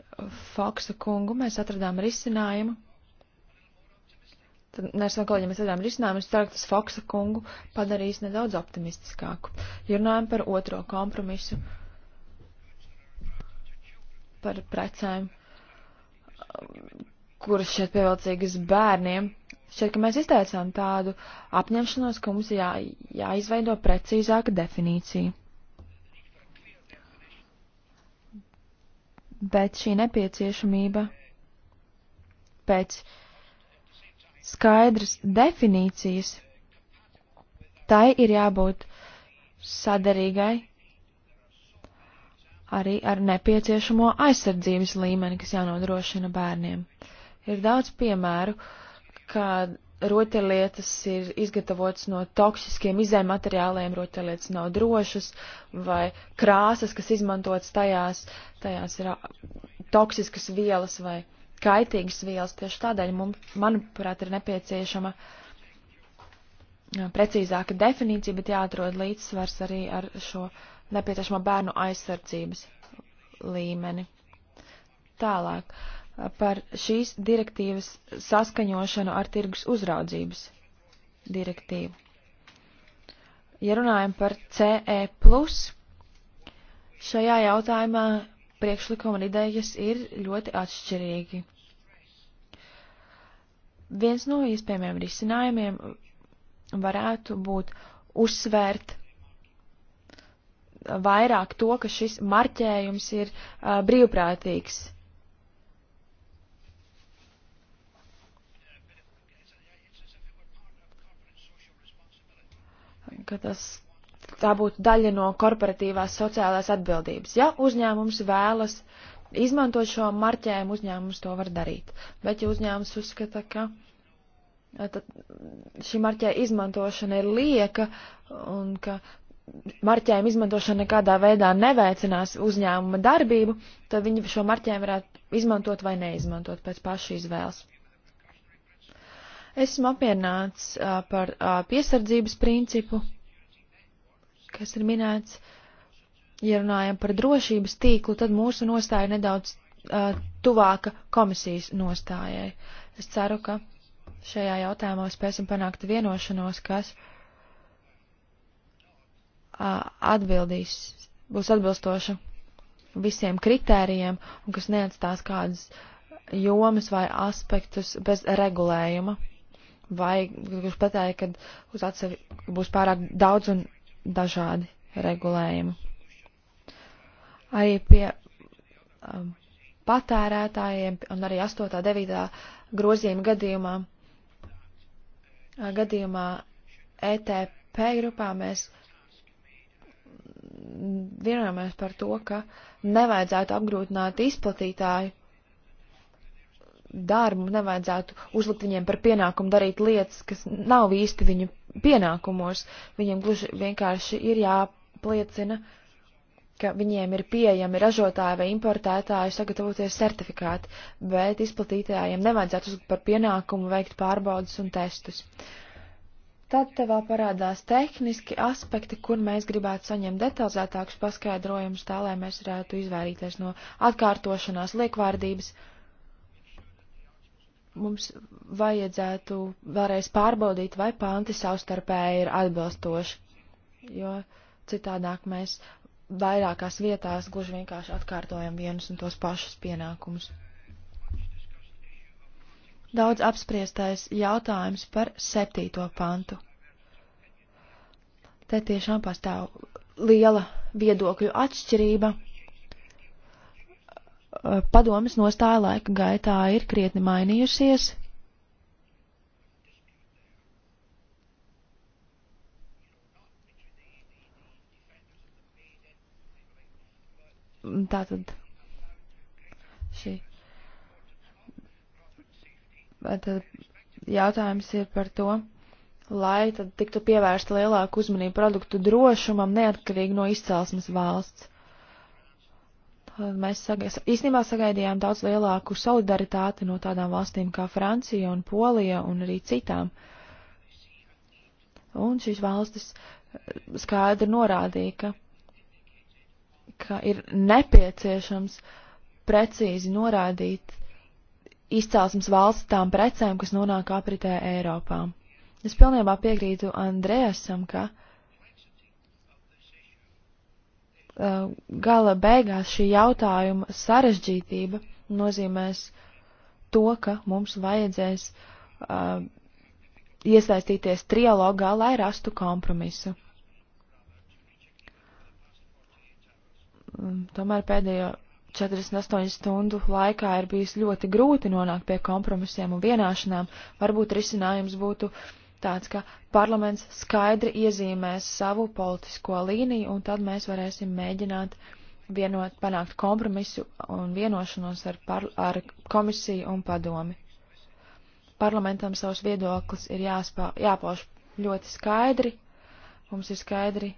Foksa kungu mēs atradām risinājumu. Tad mēs vēl kaut ja mēs atradām risinājumu, es ceru, ka tas Foksa kungu padarīs nedaudz optimistiskāku. Ja runājam par otro kompromisu, par precēm kuras šeit pievilcīgas bērniem. Šķiet, ka mēs izteicām tādu apņemšanos, ka mums jā, jāizveido precīzāka definīcija. Bet šī nepieciešamība pēc skaidras definīcijas, tai ir jābūt sadarīgai arī ar nepieciešamo aizsardzības līmeni, kas jānodrošina bērniem. Ir daudz piemēru, kad rotaļlietas ir izgatavotas no toksiskiem izējumateriāliem, rotaļlietas nav drošas, vai krāsas, kas izmantotas tajās, tajās ir toksiskas vielas vai kaitīgas vielas. Tieši tādēļ mums, manuprāt, ir nepieciešama precīzāka definīcija, bet jāatrod līdzsvars arī ar šo uh, nepieciešamo bērnu aizsardzības līmeni. Tālāk par šīs direktīvas saskaņošanu ar tirgus uzraudzības direktīvu. Ja runājam par CE, šajā jautājumā priekšlikuma idejas ir ļoti atšķirīgi. Viens no iespējamiem risinājumiem varētu būt uzsvērt vairāk to, ka šis marķējums ir uh, brīvprātīgs. Ka tas tā būtu daļa no korporatīvās sociālās atbildības. Ja uzņēmums vēlas izmantot šo marķējumu, uzņēmums to var darīt. Bet ja uzņēmums uzskata, ka tad šī marķē izmantošana ir lieka un ka marķējuma izmantošana nekādā veidā neveicinās uzņēmuma darbību, tad viņi šo marķējumu varētu izmantot vai neizmantot pēc pašu izvēles. Esmu apmierināts uh, par uh, piesardzības principu, kas ir minēts. Ja runājam par drošības tīklu, tad mūsu nostāja nedaudz uh, tuvāka komisijas nostājai. Es ceru, ka šajā jautājumā spēsim panākt vienošanos, kas uh, atbildīs, būs atbilstoša visiem kritērijiem un kas neatstās kādas jomas vai aspektus bez regulējuma. Vai kurš patēja, ka uz atsevi būs pārāk daudz un dažādi regulējumi. Arī pie um, patērētājiem un arī 8. 9. grozījuma gadījumā, gadījumā ETP grupā mēs vienojamies par to, ka nevajadzētu apgrūtināt izplatītāju darbu, nevajadzētu uzlikt viņiem par pienākumu darīt lietas, kas nav īsti viņu pienākumos. Viņiem gluži vienkārši ir jāpliecina, ka viņiem ir pieejami ražotāji vai importētāji sagatavoties certifikāti, bet izplatītājiem nevajadzētu uzlikt par pienākumu veikt pārbaudas un testus. Uh, Tad tev vēl parādās tehniski aspekti, kur mēs gribētu saņemt detalizētākus paskaidrojumus, tā lai mēs varētu izvairīties no atkārtošanās liekvārdības. Mums vajadzētu vēlreiz pārbaudīt, vai panti savstarpēji ir atbilstoši, jo citādāk mēs vairākās vietās gluži vienkārši atkārtojam vienus un tos pašus pienākumus daudz apspriestais jautājums par septīto pantu. Te tiešām pastāv liela viedokļu atšķirība. Eh, Padomas nostāja laika gaitā ir krietni mainījusies. Tātad Tad jautājums ir par to, lai tad tiktu pievērsta lielāka uzmanība produktu drošumam neatkarīgi no izcelsmes valsts. Tad mēs sagaidījām, īstenībā sagaidījām daudz lielāku solidaritāti no tādām valstīm kā Francija un Polija un arī citām. Un šīs valstis skaidri norādīja, ka, ka ir nepieciešams precīzi norādīt izcelsmes valsts tām precēm, kas nonāk apritē Eiropā. Es pilnībā piekrītu Andrejasam, ka uh, gala beigās šī jautājuma sarežģītība nozīmēs to, ka mums vajadzēs uh, iesaistīties trialogā, lai rastu kompromisu. Tomēr pēdējo 48 stundu laikā ir bijis ļoti grūti nonākt pie kompromisiem un vienāšanām. Varbūt risinājums būtu tāds, ka parlaments skaidri iezīmēs savu politisko līniju, un tad mēs varēsim mēģināt vienot, panākt kompromisu un vienošanos ar, par, ar komisiju un padomi. Parlamentam savs viedoklis ir jāspā, jāpauž ļoti skaidri, mums ir skaidri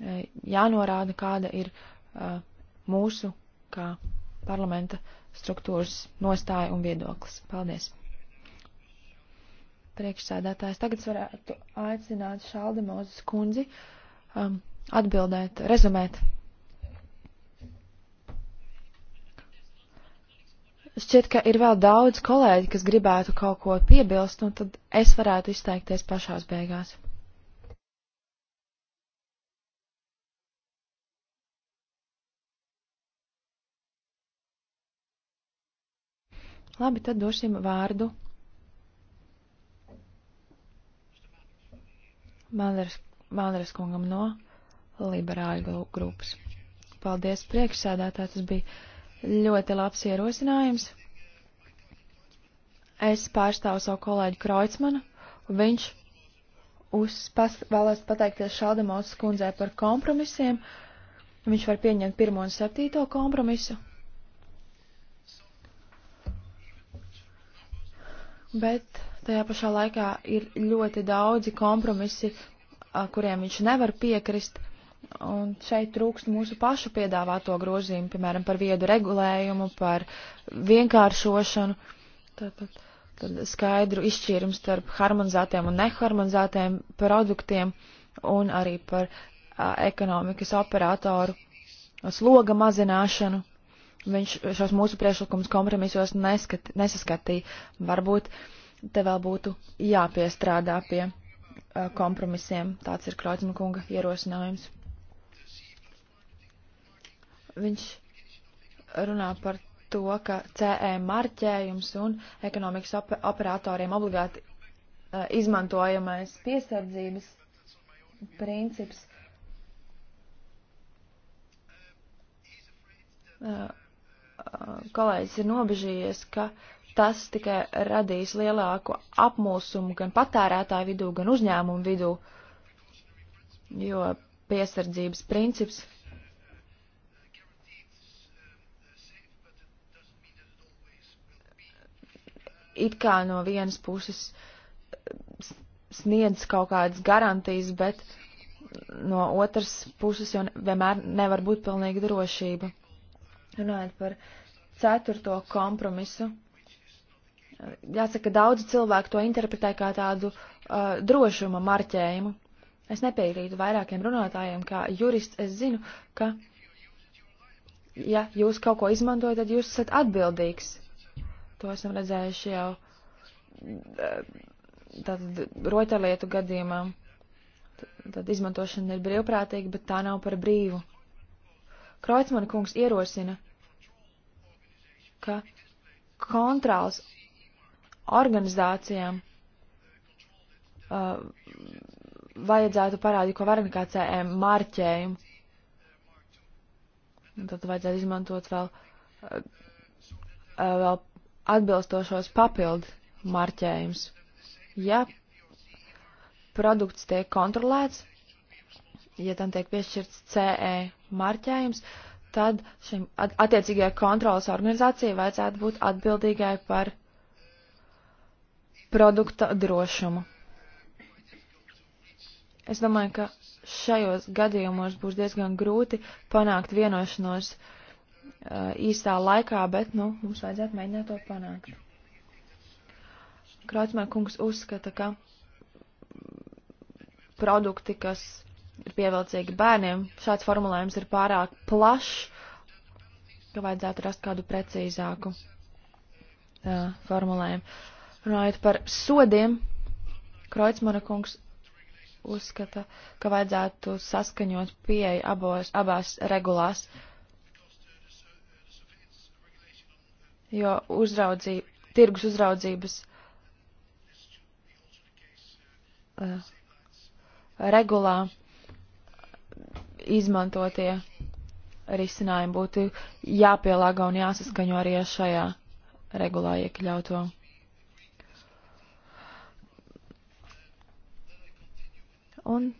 e, jānorāda, kāda ir uh, mūsu kā parlamenta struktūras nostāja un viedoklis. Paldies! Priekšsēdētājs tagad varētu aicināt Šaldemozes kundzi um, atbildēt, rezumēt. Šķiet, ka ir vēl daudz kolēģi, kas gribētu kaut ko piebilst, un tad es varētu izteikties pašās beigās. Labi, tad došim vārdu. Māneres kungam no liberāļu grupas. Paldies priekšsēdētā, tas bija ļoti labs ierosinājums. Es pārstāvu savu kolēģi Kreutzmanu, un viņš uz, pas, vēlēs pateikties Šaldemautas kundzei par kompromisiem. Viņš var pieņemt pirmo un septīto kompromisu, bet tajā pašā laikā ir ļoti daudzi kompromisi, kuriem viņš nevar piekrist. Un šeit trūkst mūsu pašu piedāvāto grozījumu, piemēram, par viedu regulējumu, par vienkāršošanu, tātad, tad skaidru izšķīrumu starp harmonizētiem un neharmonizētiem produktiem un arī par a, ekonomikas operatoru sloga mazināšanu viņš šos mūsu priekšlikumus kompromisos neskat, nesaskatīja. Varbūt te vēl būtu jāpiestrādā pie uh, kompromisiem. Tāds ir Kroķina kunga ierosinājums. Viņš runā par to, ka CE marķējums un ekonomikas op operatoriem obligāti uh, izmantojamais piesardzības princips. Uh, kolēģis ir nobežījies, ka tas tikai radīs lielāku apmūsumu gan patērētāju vidū, gan uzņēmumu vidū, jo piesardzības princips. It kā no vienas puses sniedz kaut kādas garantijas, bet no otras puses jau vienmēr nevar būt pilnīga drošība. Runājot par ceturto kompromisu, jāsaka, daudzi cilvēki to interpretē kā tādu uh, drošuma marķējumu. Es nepiekrītu vairākiem runātājiem, kā jurists es zinu, ka, ja jūs kaut ko izmantojat, tad jūs esat atbildīgs. To esam redzējuši jau uh, tātad rotaļlietu gadījumā. Tad izmantošana ir brīvprātīga, bet tā nav par brīvu. Kreutzmana kungs ierosina, ka kontrols organizācijām uh, vajadzētu parādīt, ko varam kā CM marķējumu. Un tad vajadzētu izmantot vēl, uh, uh, vēl atbilstošos papildu marķējumus. Ja produkts tiek kontrolēts, ja tam tiek piešķirts CE marķējums, tad šim attiecīgajai kontrolas organizācijai vajadzētu būt atbildīgai par produkta drošumu. Es domāju, ka šajos gadījumos būs diezgan grūti panākt vienošanos uh, īstā laikā, bet, nu, mums vajadzētu mēģināt to panākt. Krautsmēr kungs uzskata, ka produkti, kas ir pievilcīgi bērniem. Šāds formulējums ir pārāk plašs, ka vajadzētu rast kādu precīzāku uh, formulējumu. Runājot par sodiem, Kreutzmana kungs uzskata, ka vajadzētu saskaņot pieeja abos, abās regulās, jo uzraudzība, tirgus uzraudzības uh, regulā izmantotie risinājumi būtu jāpielāgo un jāsaskaņo arī ar šajā regulā iekļauto. Un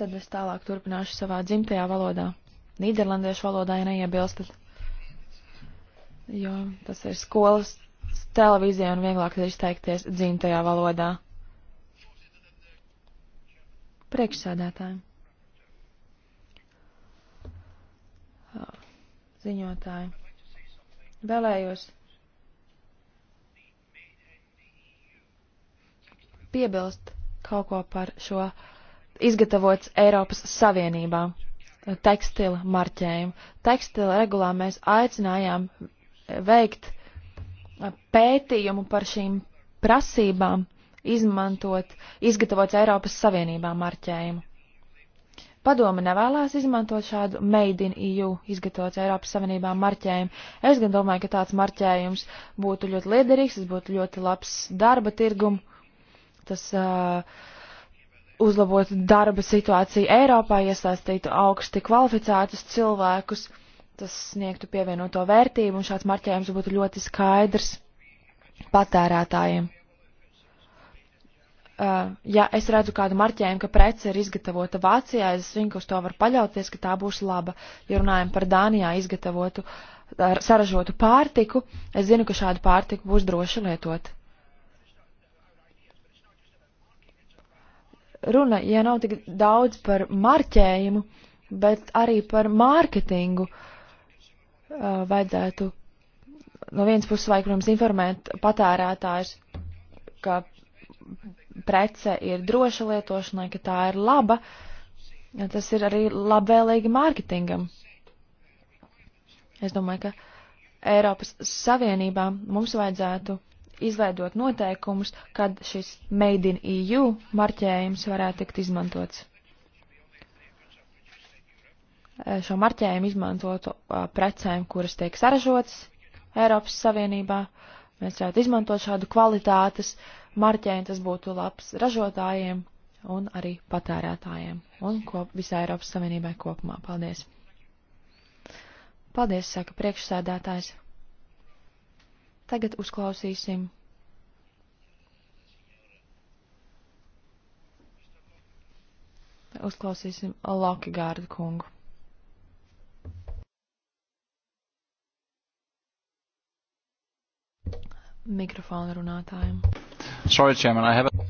tad es tālāk turpināšu savā dzimtajā valodā. Nīderlandiešu valodā ja neiebilstat, jo tas ir skolas televīzija un vieglāk ir izteikties dzimtajā valodā. Priekšsēdētājiem. ziņotāji. Vēlējos piebilst kaut ko par šo izgatavots Eiropas Savienībā tekstila marķējumu. Tekstila regulā mēs aicinājām veikt pētījumu par šīm prasībām izmantot izgatavots Eiropas Savienībā marķējumu. Padome nevēlās izmantot šādu Made in EU izgatavots Eiropas Savienībā marķējumu. Es gan domāju, ka tāds marķējums būtu ļoti liederīgs, tas būtu ļoti labs darba tirgumu. Tas uh, uzlabotu darba situāciju Eiropā, iesaistītu augsti kvalificētus cilvēkus, tas sniegtu pievienoto vērtību un šāds marķējums būtu ļoti skaidrs patērētājiem. Uh, ja es redzu kādu marķējumu, ka prece ir izgatavota Vācijā, es zinu, ka uz to var paļauties, ka tā būs laba. Ja runājam par Dānijā izgatavotu, saražotu pārtiku, es zinu, ka šādu pārtiku būs droši lietot. Runa, ja nav tik daudz par marķējumu, bet arī par mārketingu uh, vajadzētu no vienas puses vajag, protams, informēt patērētājus, ka prece ir droša lietošanai, ka tā ir laba, tas ir arī labvēlīgi mārketingam. Es domāju, ka Eiropas Savienībā mums vajadzētu izveidot noteikumus, kad šis Made in EU marķējums varētu tikt izmantots. Šo marķējumu izmantotu precēm, kuras tiek saražotas Eiropas Savienībā. Mēs varētu izmantot šādu kvalitātes uh, marķējumu, tas būtu labs ražotājiem un arī patērētājiem un kop, visai Eiropas Savienībai kopumā. Paldies! Paldies, saka priekšsēdētājs. Tagad uzklausīsim. Uzklausīsim Lokigārdu kungu. Mikrofonu runātājiem. Sorry, Chairman, I have a...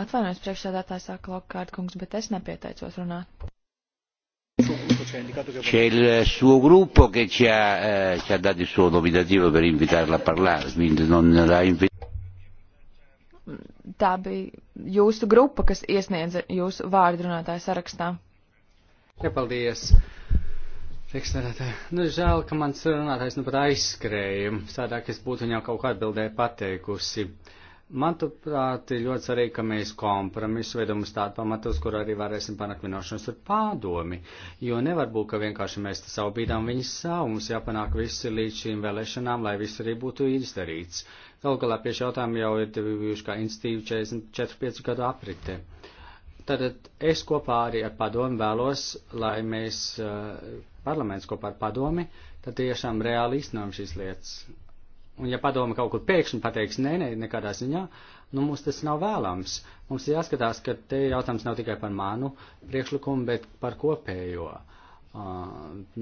Atvainojos priekšsēdētājs saka Lokkārt kungs, bet es nepieteicos runāt. C'è il suo gruppo che ci ha, eh, ci ha dato il suo nominativo per invitarla a parlare, quindi non la invitiamo. Tā bija jūsu grupa, kas iesniedza jūsu vārdu runātāju sarakstā. Jā, paldies. Priekšstādātāji, nu žēl, ka mans runātājs nu pat aizskrēja, sādāk es būtu viņam kaut kā atbildēju pateikusi. Uh, Manuprāt, ir ļoti svarīgi, ka mēs kompromisu veidam uz tādu pamatu, uz kur arī varēsim panākt vienošanos ar pārdomi, jo nevar būt, ka vienkārši mēs te savu bīdām viņas savu, mums jāpanāk visi līdz šīm vēlēšanām, lai viss arī būtu izdarīts. Galu galā pie šī jautājuma jau ir bijuši kā institīva 44 gadu aprite. Tātad es kopā arī ar padomi vēlos, lai mēs, eh, parlaments kopā ar padomi, tad tiešām reāli iznām šīs lietas Un ja padoma kaut kur pēkšņi pateiks, nē, nē, nekādā ziņā, nu mums tas nav vēlams. Mums ir jāskatās, ka te jautājums nav tikai par manu priekšlikumu, bet par kopējo uh,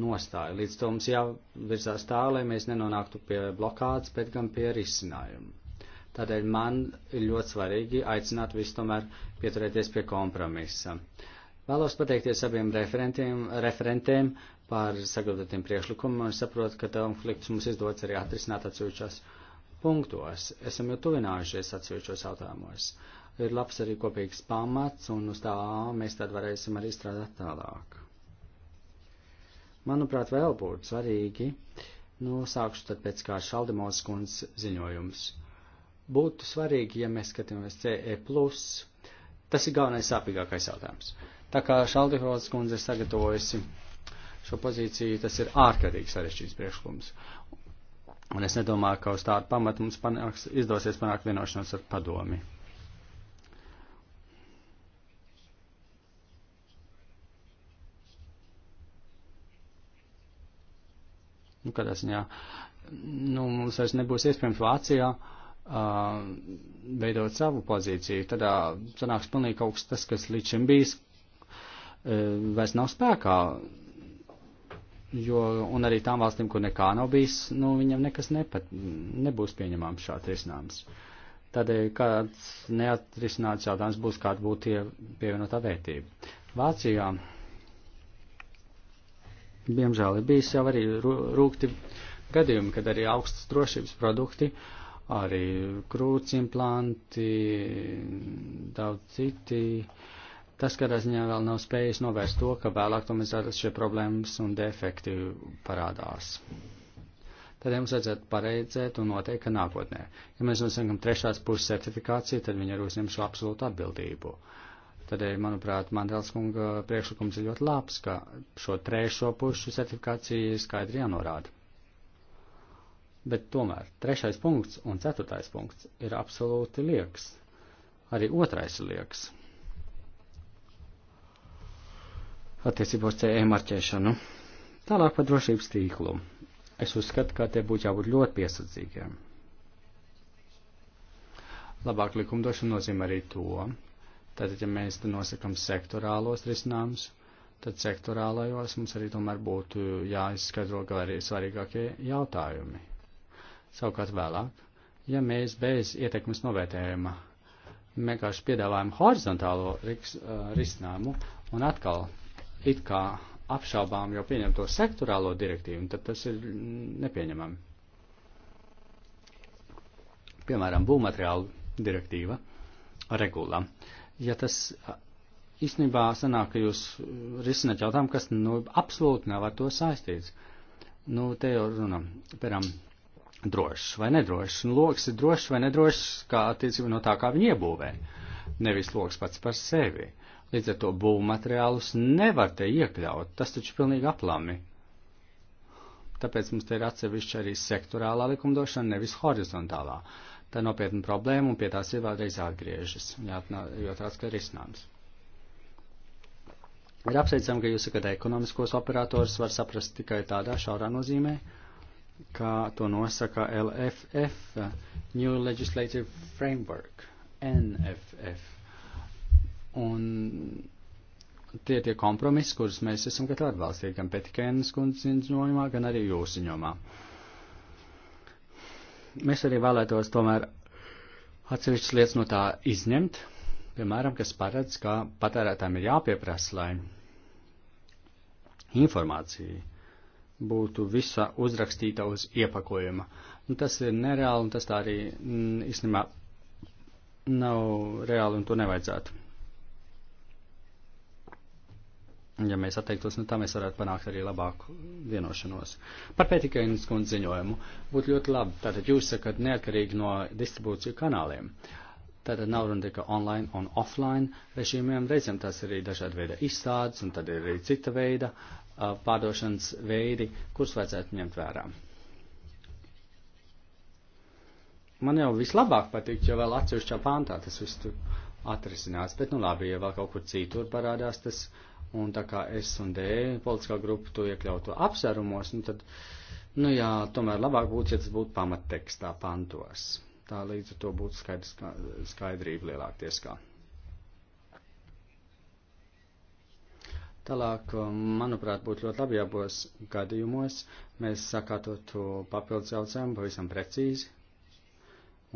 nostāju. Līdz to mums jāvirzās tā, lai mēs nenonāktu pie blokādes, bet gan pie risinājuma. Tādēļ man ir ļoti svarīgi aicināt visu tomēr pieturēties pie kompromisa. Vēlos pateikties abiem referentiem, referentiem par sagatavotiem priekšlikumiem. Es saprotu, ka konflikts mums izdodas arī atrisināt atsevišķos punktos. Esam jau tuvinājušies atsevišķos jautājumos. Ir labs arī kopīgs pamats, un uz tā mēs tad varēsim arī strādāt tālāk. Manuprāt, vēl būtu svarīgi, nu, sākšu tad pēc kā Šaldemos kundas ziņojums. Būtu svarīgi, ja mēs skatāmies CE+, tas ir galvenais sāpīgākais jautājums. Tā kā Šaldemos kundze ir sagatavojusi šo pozīciju, tas ir ārkārtīgi sarežģīts priekšlikums. Un es nedomāju, ka uz tādu pamatu mums panāks, izdosies panākt vienošanos ar padomi. Nu, kādā ziņā, nu, mums vairs nebūs iespējams Vācijā uh, veidot savu pozīciju. Tad sanāks pilnīgi kaut kas tas, kas līdz šim bijis, uh, vairs nav spēkā. Uh, jo, un arī tām valstīm, kur nekā nav bijis, nu, viņam nekas nepat, nebūs pieņemams šāds risinājums. Tādēļ kāds neatrisināts jautājums būs, kāda būtu pievienotā vērtība. Vācijā, diemžēl, ir bijis jau arī rūkti gadījumi, kad arī augstas drošības produkti, arī krūts implanti, daudz citi. Uh, Tas, kādā ziņā vēl nav spējis novērst to, ka vēlāk tomēr šie problēmas un defekti parādās. Tad ja mums vajadzētu pareizēt un noteikt, ka nākotnē, ja mēs nosakām trešās puses certifikāciju, tad viņi ir uzņemšu absolūtu atbildību. Tādēļ, eh, manuprāt, Mandels kunga priekšlikums ir ļoti labs, ka šo trešo pušu certifikāciju skaidri jānorāda. Bet tomēr trešais punkts un ceturtais punkts ir absolūti lieks. Arī otrais ir lieks. attiecībā uz CE marķēšanu. Tālāk par drošības tīklu. Es uzskatu, ka te būtu jābūt ļoti piesardzīgiem. Labāk likumdošana nozīmē arī to, tātad, ja mēs te nosakam sektorālos risinājumus, tad sektorālajos mums arī tomēr būtu jāizskaidro vēl arī svarīgākie jautājumi. Savukārt vēlāk, ja mēs bez ietekmes novērtējuma vienkārši piedāvājam horizontālo riks, uh, risinājumu un atkal it kā apšaubām jau pieņemto sektorālo direktīvu, un tad tas ir nepieņemami. Piemēram, būvmateriālu direktīva regulā. Ja tas īstenībā sanāk, ka jūs risināt jautājumu, kas nu, absolūti nav ar to saistīts. Nu, te jau runa, piemēram, drošs vai nedrošs. Nu, loks ir drošs vai nedrošs, kā attiecībā no tā, kā viņi iebūvē. Nevis loks pats par sevi. Uh, Līdz ar to būvmateriālus nevar te iekļaut, tas taču pilnīgi aplami. Tāpēc mums te ir atsevišķa arī sektorālā likumdošana, nevis horizontālā. Tā nopietna problēma un pie tās ir vēlreiz atgriežas, jo tāds, ka ir iznāms. Ir apsveicami, ka jūs sakat, ekonomiskos operators var saprast tikai tādā šaurā nozīmē, kā to nosaka LFF, New Legislative Framework, NFF. Un tie tie kompromisi, kurus mēs esam gatavi atbalstīt, gan Petikēnas kundzes ziņojumā, gan arī jūsu ziņojumā. Mēs arī vēlētos tomēr atsevišķas lietas no tā izņemt, piemēram, kas paredz, ka patērētājiem ir jāpieprasa, lai informācija būtu visa uzrakstīta uz iepakojuma. Nu, tas ir nereāli, un tas tā arī mm, īstenībā nav reāli, un to nevajadzētu. ja mēs atteiktos, nu tā mēs varētu panākt arī labāku vienošanos. Par pētikainas kundzi ziņojumu būtu ļoti labi. Tātad jūs sakat neatkarīgi no distribūciju kanāliem. Tātad nav runa tikai online un offline režīmiem, reizēm tas ir arī dažāda veida izstādes un tad ir arī cita veida pārdošanas veidi, kurus vajadzētu ņemt vērā. Man jau vislabāk patīk, jo vēl atsevišķā pāntā tas viss tur atrisinās, bet nu labi, ja vēl kaut kur citur parādās tas. Uh, un tā kā S un D politiskā grupa to iekļautu apsvērumos, nu tad, nu jā, tomēr labāk būtu, ja tas būtu pamattekstā pantos. Tā līdz ar to būtu skaidrs, skaidrība lielākties kā. Tālāk, manuprāt, būtu ļoti labi, ja abos gadījumos mēs sakārtotu papildus jautājumu pavisam precīzi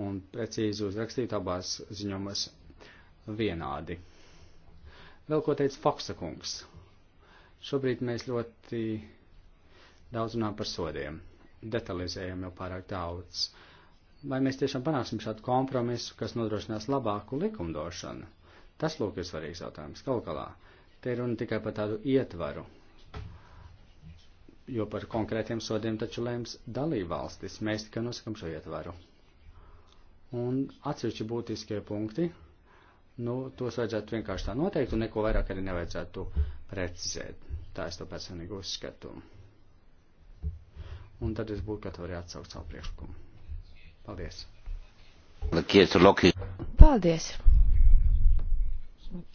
un precīzi uzrakstīt abās ziņomas vienādi. Vēl ko teica Foksa kungs. Šobrīd mēs ļoti daudz runājam par sodiem, detalizējam jau pārāk daudz. Vai mēs tiešām panāksim šādu kompromisu, kas nodrošinās labāku likumdošanu? Tas, lūk, ir svarīgs jautājums. Galu galā, te runa tikai par tādu ietvaru, jo par konkrētiem sodiem taču lēms dalībvalstis. Mēs tikai nosakam šo ietvaru. Un atsevišķi būtiskie punkti nu, tos vajadzētu vienkārši tā noteikt un neko vairāk arī nevajadzētu precizēt. Tā es to personīgi uzskatu. Un tad es būtu gatavs arī atsaukt savu priekšlikumu. Paldies! Paldies!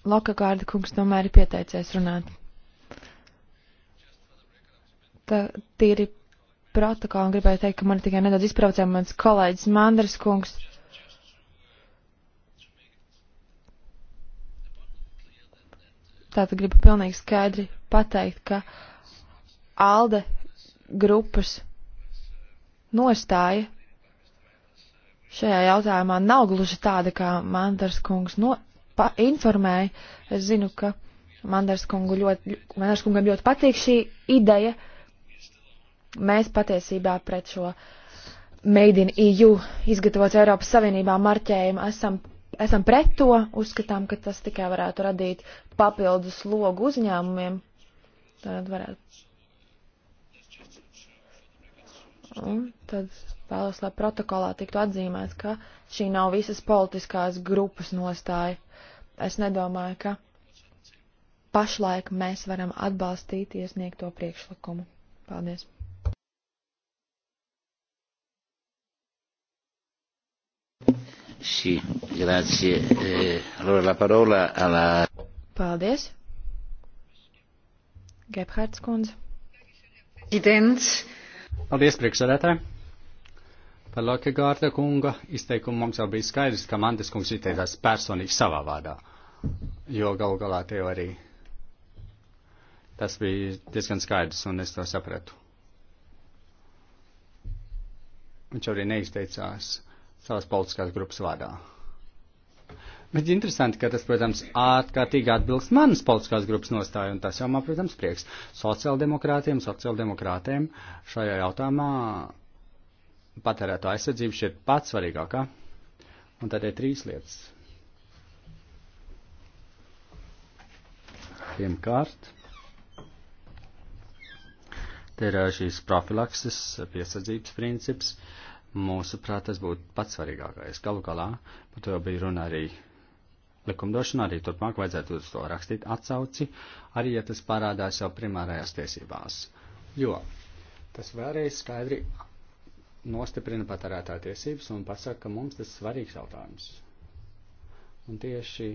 Loka kārda kungs tomēr ir pieteicies runāt. Tā tīri protokola un gribēju teikt, ka man tikai nedaudz izprovocēja mans kolēģis Mandras kungs. Tātad gribu pilnīgi skaidri pateikt, ka ALDE grupas nostāja šajā jautājumā nav gluži tāda, kā Mandars kungs no, pa, informēja. Es zinu, ka Mandars, kungu ļoti, Mandars kungam ļoti patīk šī ideja. Mēs patiesībā pret šo Made in EU izgatavots Eiropas Savienībā marķējumu esam esam pret to, uzskatām, ka tas tikai varētu radīt papildus logu uzņēmumiem. Tad varētu. Un tad vēlos, lai protokolā tiktu atzīmēts, ka šī nav visas politiskās grupas nostāja. Es nedomāju, ka pašlaik mēs varam atbalstīt iesniegto priekšlikumu. Paldies! Sì, grazie. Eh, allora la parola alla. Paldies. Gebhards kundze. Idents. Paldies, priekšsēdētāji. Par Lokegārda kunga izteikumu mums jau bija skaidrs, ka Mandes kungs izteicās personīgi savā vārdā. Jo galu galā te jau arī tas bija diezgan skaidrs un es to sapratu. Viņš arī neizteicās uh, savas politiskās grupas vārdā. Bet interesanti, ka tas, protams, ārkārtīgi atbilst manas politiskās grupas nostāju, un tas jau man, protams, prieks. Sociāldemokrātiem, sociāldemokrātiem šajā jautājumā patērēto aizsardzību šeit pats svarīgākā. Un tad ir trīs lietas. Pirmkārt, te ir šīs profilakses piesardzības princips. Uh, Mūsuprāt, tas būtu pats svarīgākais. Galu galā, par to jau bija runa arī likumdošanā, arī turpmāk vajadzētu uz to rakstīt atsauci, arī ja tas parādās jau primārajās tiesībās. Jo tas vēlreiz skaidri nostiprina patērētā tiesības un pasaka, ka mums tas svarīgs jautājums. Un tieši,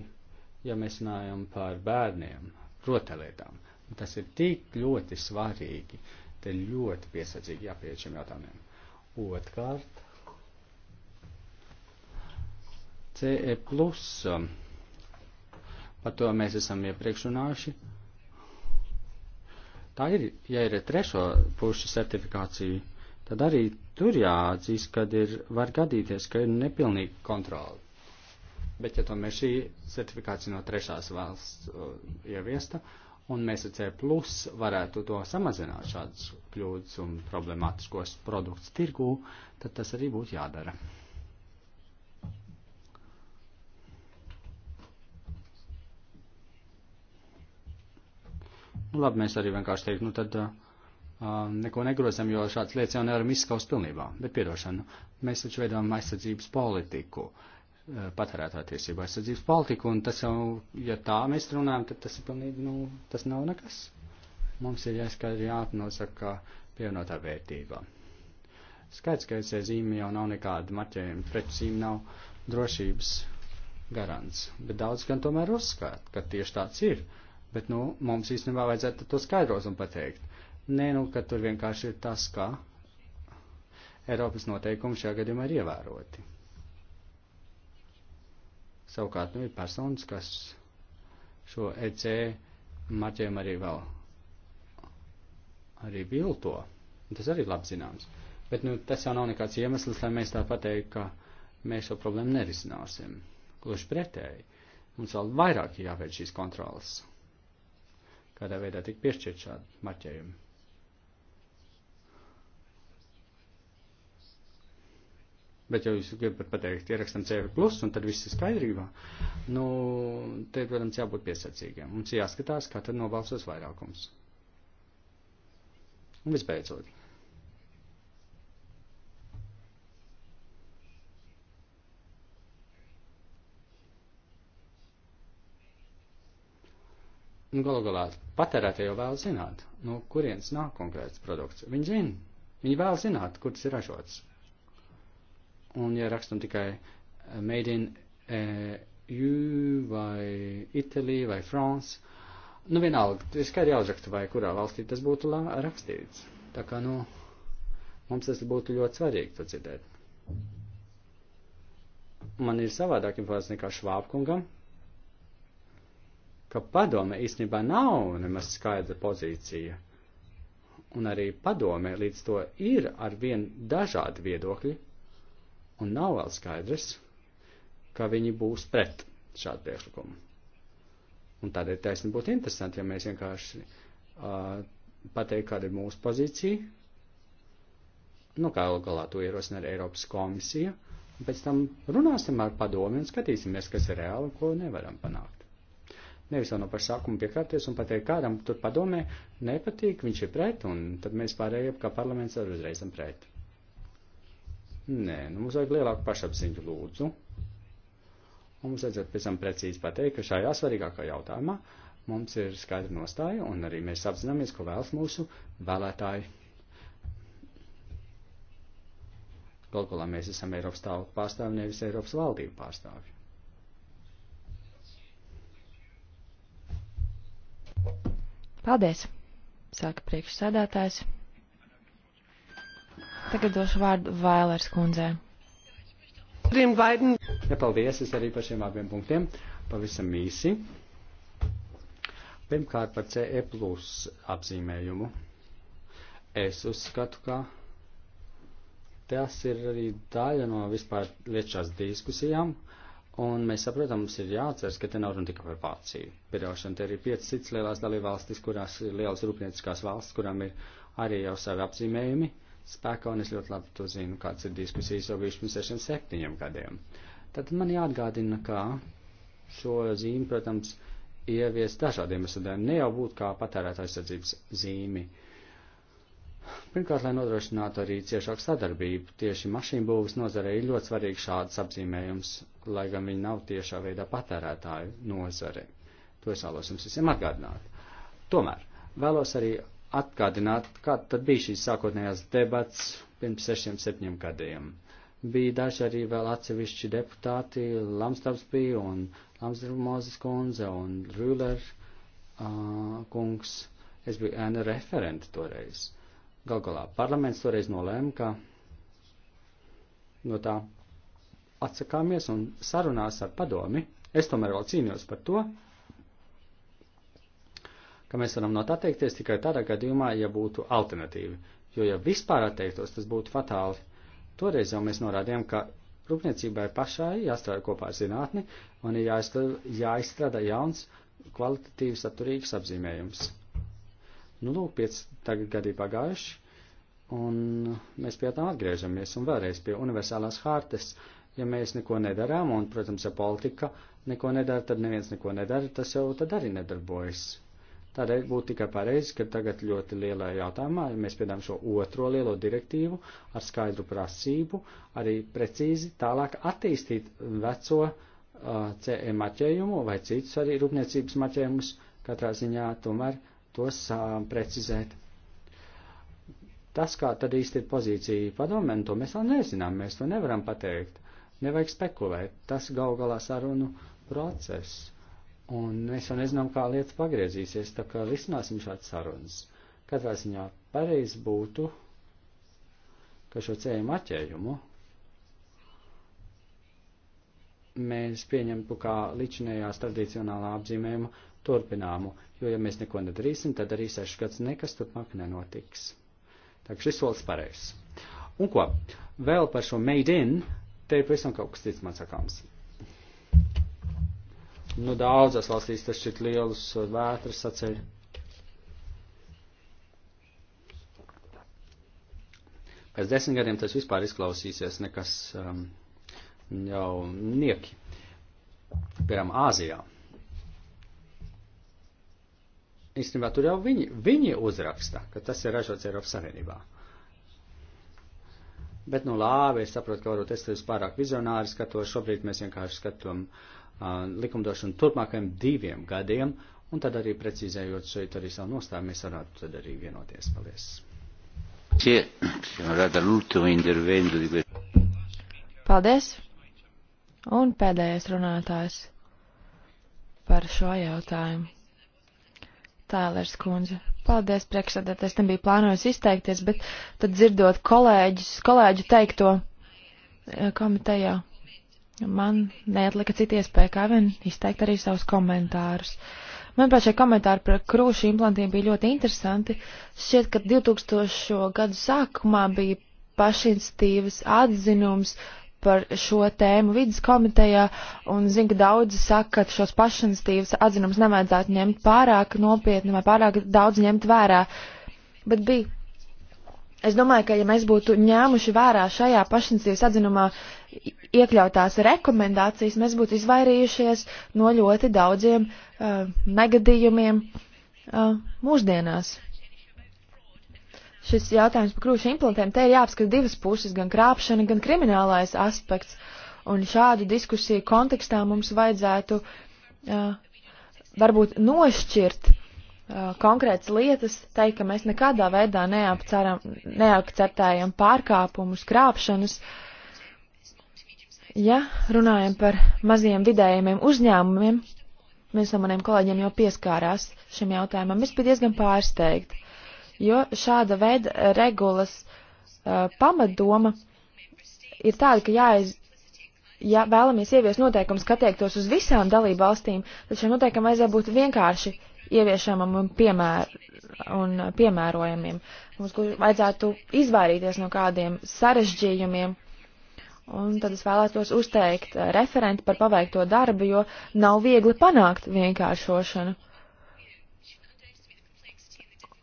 ja mēs runājam par bērniem, protelietām, tas ir tik ļoti svarīgi, te ļoti piesardzīgi jāpieiet šiem jautājumiem. Otkārt, CE plus, par to mēs esam iepriekš runājuši. Tā ir, ja ir trešo pušu certifikācija, tad arī tur jāatzīst, kad ir, var gadīties, ka ir nepilnīga kontrola. Bet, ja tomēr šī certifikācija no trešās valsts uh, ieviesta, uh, un mēs ar C plus varētu to samazināt šādus kļūdas un problemātiskos produktus tirgū, tad tas arī būtu jādara. Nu, labi, mēs arī vienkārši teikt, nu tad uh, neko negrozam, jo šāds lietas jau nevaram izskaust pilnībā, bet piedošanu. Mēs taču veidām aizsardzības politiku. Uh, patērētāju tiesību aizsardzības politiku, un tas jau, ja tā mēs runājam, tad tas ir pilnīgi, nu, tas nav nekas. Mums ir jāskaidri jāatnosaka pievienotā vērtība. Skaidrs, ka SE zīme jau nav nekāda marķējuma, preču zīme nav drošības garants, bet daudz gan tomēr uzskata, ka tieši tāds ir. Bet, nu, mums īstenībā vajadzētu to skaidros un pateikt. Nē, nu, ka tur vienkārši ir tas, ka Eiropas noteikumi šajā gadījumā ir ievēroti. Savukārt, nu, ir personas, kas šo EC marķējumu arī vēl arī vilto. Tas arī ir labi zināms. Bet, nu, tas jau nav nekāds iemesls, lai mēs tā pateiktu, ka mēs šo problēmu nerisināsim. Gluži pretēji. Mums vēl vairāk jāveic šīs kontrolas. Kādā veidā tik piešķirt šādu marķējumu. Bet, ja jūs gribat pateikt, ierakstam CV plus un tad viss ir skaidrībā, nu, te, protams, jābūt piesacīgiem. Mums jāskatās, kā tad nobalsos vairākums. Un visbeidzot. Nu, galu galā patērētāji jau vēl zināt, no kurienes nāk konkrēts produkts. Viņi zina, viņi vēl zināt, kur tas ir ražots. Un, ja rakstam tikai eh, Made in EU eh, vai Itālija vai France, nu vienalga, ir skaidri jāuzraksta, vai kurā valstī tas būtu rakstīts. Tā kā, nu, mums tas būtu ļoti svarīgi to dzirdēt. Man ir savādāk informācija nekā Švābkungam, ka padome īstenībā nav nemaz skaidra pozīcija. Un arī padome līdz to ir ar vien dažādi viedokļi Un nav vēl skaidrs, ka viņi būs pret šādu priekšlikumu. Un tādēļ taisni būtu interesanti, ja mēs vienkārši uh, pateikt, kāda ir mūsu pozīcija. Nu, kā jau galā to ierosina arī Eiropas komisija. Un pēc tam runāsim ar padomi un skatīsimies, kas ir reāli un ko nevaram panākt. Nevis jau no paša sākuma piekārties un pateikt, kādam tur padomē nepatīk, viņš ir pret, un tad mēs pārējie kā parlaments ar uzreizam pret. Nē, nu mums vajag lielāku pašapziņu lūdzu. Un mums vajadzētu pēc tam precīzi pateikt, ka šajā svarīgākā jautājumā mums ir skaidra nostāja, un arī mēs apzināmies, ko vēlas mūsu vēlētāji. Galu galā mēs esam Eiropas tautu pārstāvi, nevis Eiropas valdību pārstāvi. Paldies, saka priekšsēdētājs. Tagad došu vārdu Vailers kundzē. Ja, paldies, es arī par šiem abiem punktiem. Pavisam īsi. Pirmkārt par CE plus apzīmējumu. Es uzskatu, ka tas ir arī daļa no vispār liečās diskusijām, un mēs saprotam, mums ir jāatceras, ka te nav runa tikai par Vāciju. Pieļaušana te ir piecas cits lielās dalībvalstis, kurās ir lielas rūpnieciskās valstis, kurām ir arī jau savi apzīmējumi, spēkā, un es ļoti labi to zinu, kāds ir diskusijas jau bijuši pirms 67 gadiem. Tad man jāatgādina, ka šo zīmi, protams, ievies dažādiem iemesliem, ne jau būtu kā patērētāja aizsardzības zīmi. Pirmkārt, lai nodrošinātu arī ciešāku sadarbību, tieši mašīnu būvas nozarei ir ļoti svarīgs šāds apzīmējums, lai gan viņi nav tiešā veidā patērētāju nozare. To es vēlos jums visiem atgādināt. Tomēr vēlos arī atgādināt, kā tad bija šīs sākotnējās debats pirms sešiem, septiņiem gadiem. Bija daži arī vēl atsevišķi deputāti, Lamstāvs bija un Lamsdrumozes kundze un Rūler uh, kungs. Es biju ēna referenta toreiz. Gal galā parlaments toreiz nolēma, ka no tā atsakāmies un sarunās ar padomi. Es tomēr vēl cīnījos par to, ka mēs varam no tā atteikties tikai tādā gadījumā, ja būtu alternatīva. Jo, ja vispār atteiktos, tas būtu fatāli. Toreiz jau mēs norādījām, ka rūpniecībai pašai jāstrādā kopā ar zinātni un ir jāizstrādā jauns, kvalitatīvi saturīgs apzīmējums. Nu, lūk, piec tagad gadi pagājuši, un mēs pie tām atgriežamies, un vēlreiz pie universālās hārtes. Ja mēs neko nedarām, un, protams, ja politika neko nedara, tad neviens neko nedara, tas jau tad arī nedarbojas. Tādēļ būtu tikai pareizi, ka tagad ļoti lielā jautājumā mēs piedām šo otro lielo direktīvu ar skaidru prasību arī precīzi tālāk attīstīt veco uh, CE maķējumu vai citus arī rūpniecības maķējumus, katrā ziņā tomēr tos uh, precizēt. Tas, kā tad īsti ir pozīcija padomē, to mēs vēl nezinām, mēs to nevaram pateikt. Nevajag spekulēt, tas gal galā sarunu process Un mēs jau nezinām, kā lietas pagriezīsies, tā kā risināsim šādas sarunas. Katrā ziņā pareizi būtu, ka šo cējumu atķējumu mēs pieņemtu kā ličinējās tradicionālā apzīmējuma turpināmu, jo ja mēs neko nedarīsim, tad arī sešu gads nekas turpmāk nenotiks. Tā kā šis solis pareizs. Un ko? Vēl par šo made in, te ir pavisam kaut kas cits man sakāms. Nu, daudzas valstīs tas šķiet lielus eh, vētras saceļ. Pēc desmit gadiem tas vispār izklausīsies nekas um, jau nieki. Piemēram, Āzijā. Īstenībā tur jau viņi, viņi uzraksta, ka tas ir ražots Eiropas Savienībā. Bet, nu, labi, es saprotu, ka varbūt es tevis pārāk vizionāri skatos, šobrīd mēs vienkārši skatām uh, likumdošanu turpmākajiem diviem gadiem, un tad arī precizējot šeit arī savu nostāju, mēs varētu tad arī vienoties. Paldies! Paldies! Un pēdējais runātājs par šo jautājumu. Tēlers kundze. Paldies, priekšsēdēt, es nebiju plānojis izteikties, bet tad dzirdot kolēģis, kolēģi teikto komitejā man neatlika cita iespēja kā vien izteikt arī savus komentārus. Manuprāt, šie komentāri par krūšu implantiem bija ļoti interesanti. Šķiet, ka 2000. gadu sākumā bija pašinstīvas atzinums par šo tēmu vidas komitejā, un zinu, ka daudzi saka, ka šos pašinstīvas atzinums nevajadzētu ņemt pārāk nopietni vai pārāk daudz ņemt vērā, bet bija Es domāju, ka ja mēs būtu ņēmuši vērā šajā pašinstīvas atzinumā iekļautās rekomendācijas, mēs būtu izvairījušies no ļoti daudziem uh, negadījumiem uh, mūsdienās. Šis jautājums par krūšu implantiem, te ir jāapskata divas puses, gan krāpšana, gan kriminālais aspekts. Un šādu diskusiju kontekstā mums vajadzētu uh, varbūt nošķirt Uh, konkrētas lietas, teikt, ka mēs nekādā veidā neakceptējam pārkāpumus, krāpšanas. Ja runājam par maziem vidējiem uzņēmumiem, viens no maniem kolēģiem jau pieskārās šim jautājumam, es biju diezgan pārsteigta, jo šāda veida regulas uh, pamatdoma ir tāda, ka jāiz, ja vēlamies ieviest noteikumus, ka attiektos uz visām dalībvalstīm, tad šiem noteikumiem vajadzētu būt vienkārši ieviešamam un, piemēr, un piemērojamiem. Mums vajadzētu izvairīties no kādiem sarežģījumiem. Un tad es vēlētos uzteikt eh, referenti par paveikto darbu, jo nav viegli panākt vienkāršošanu.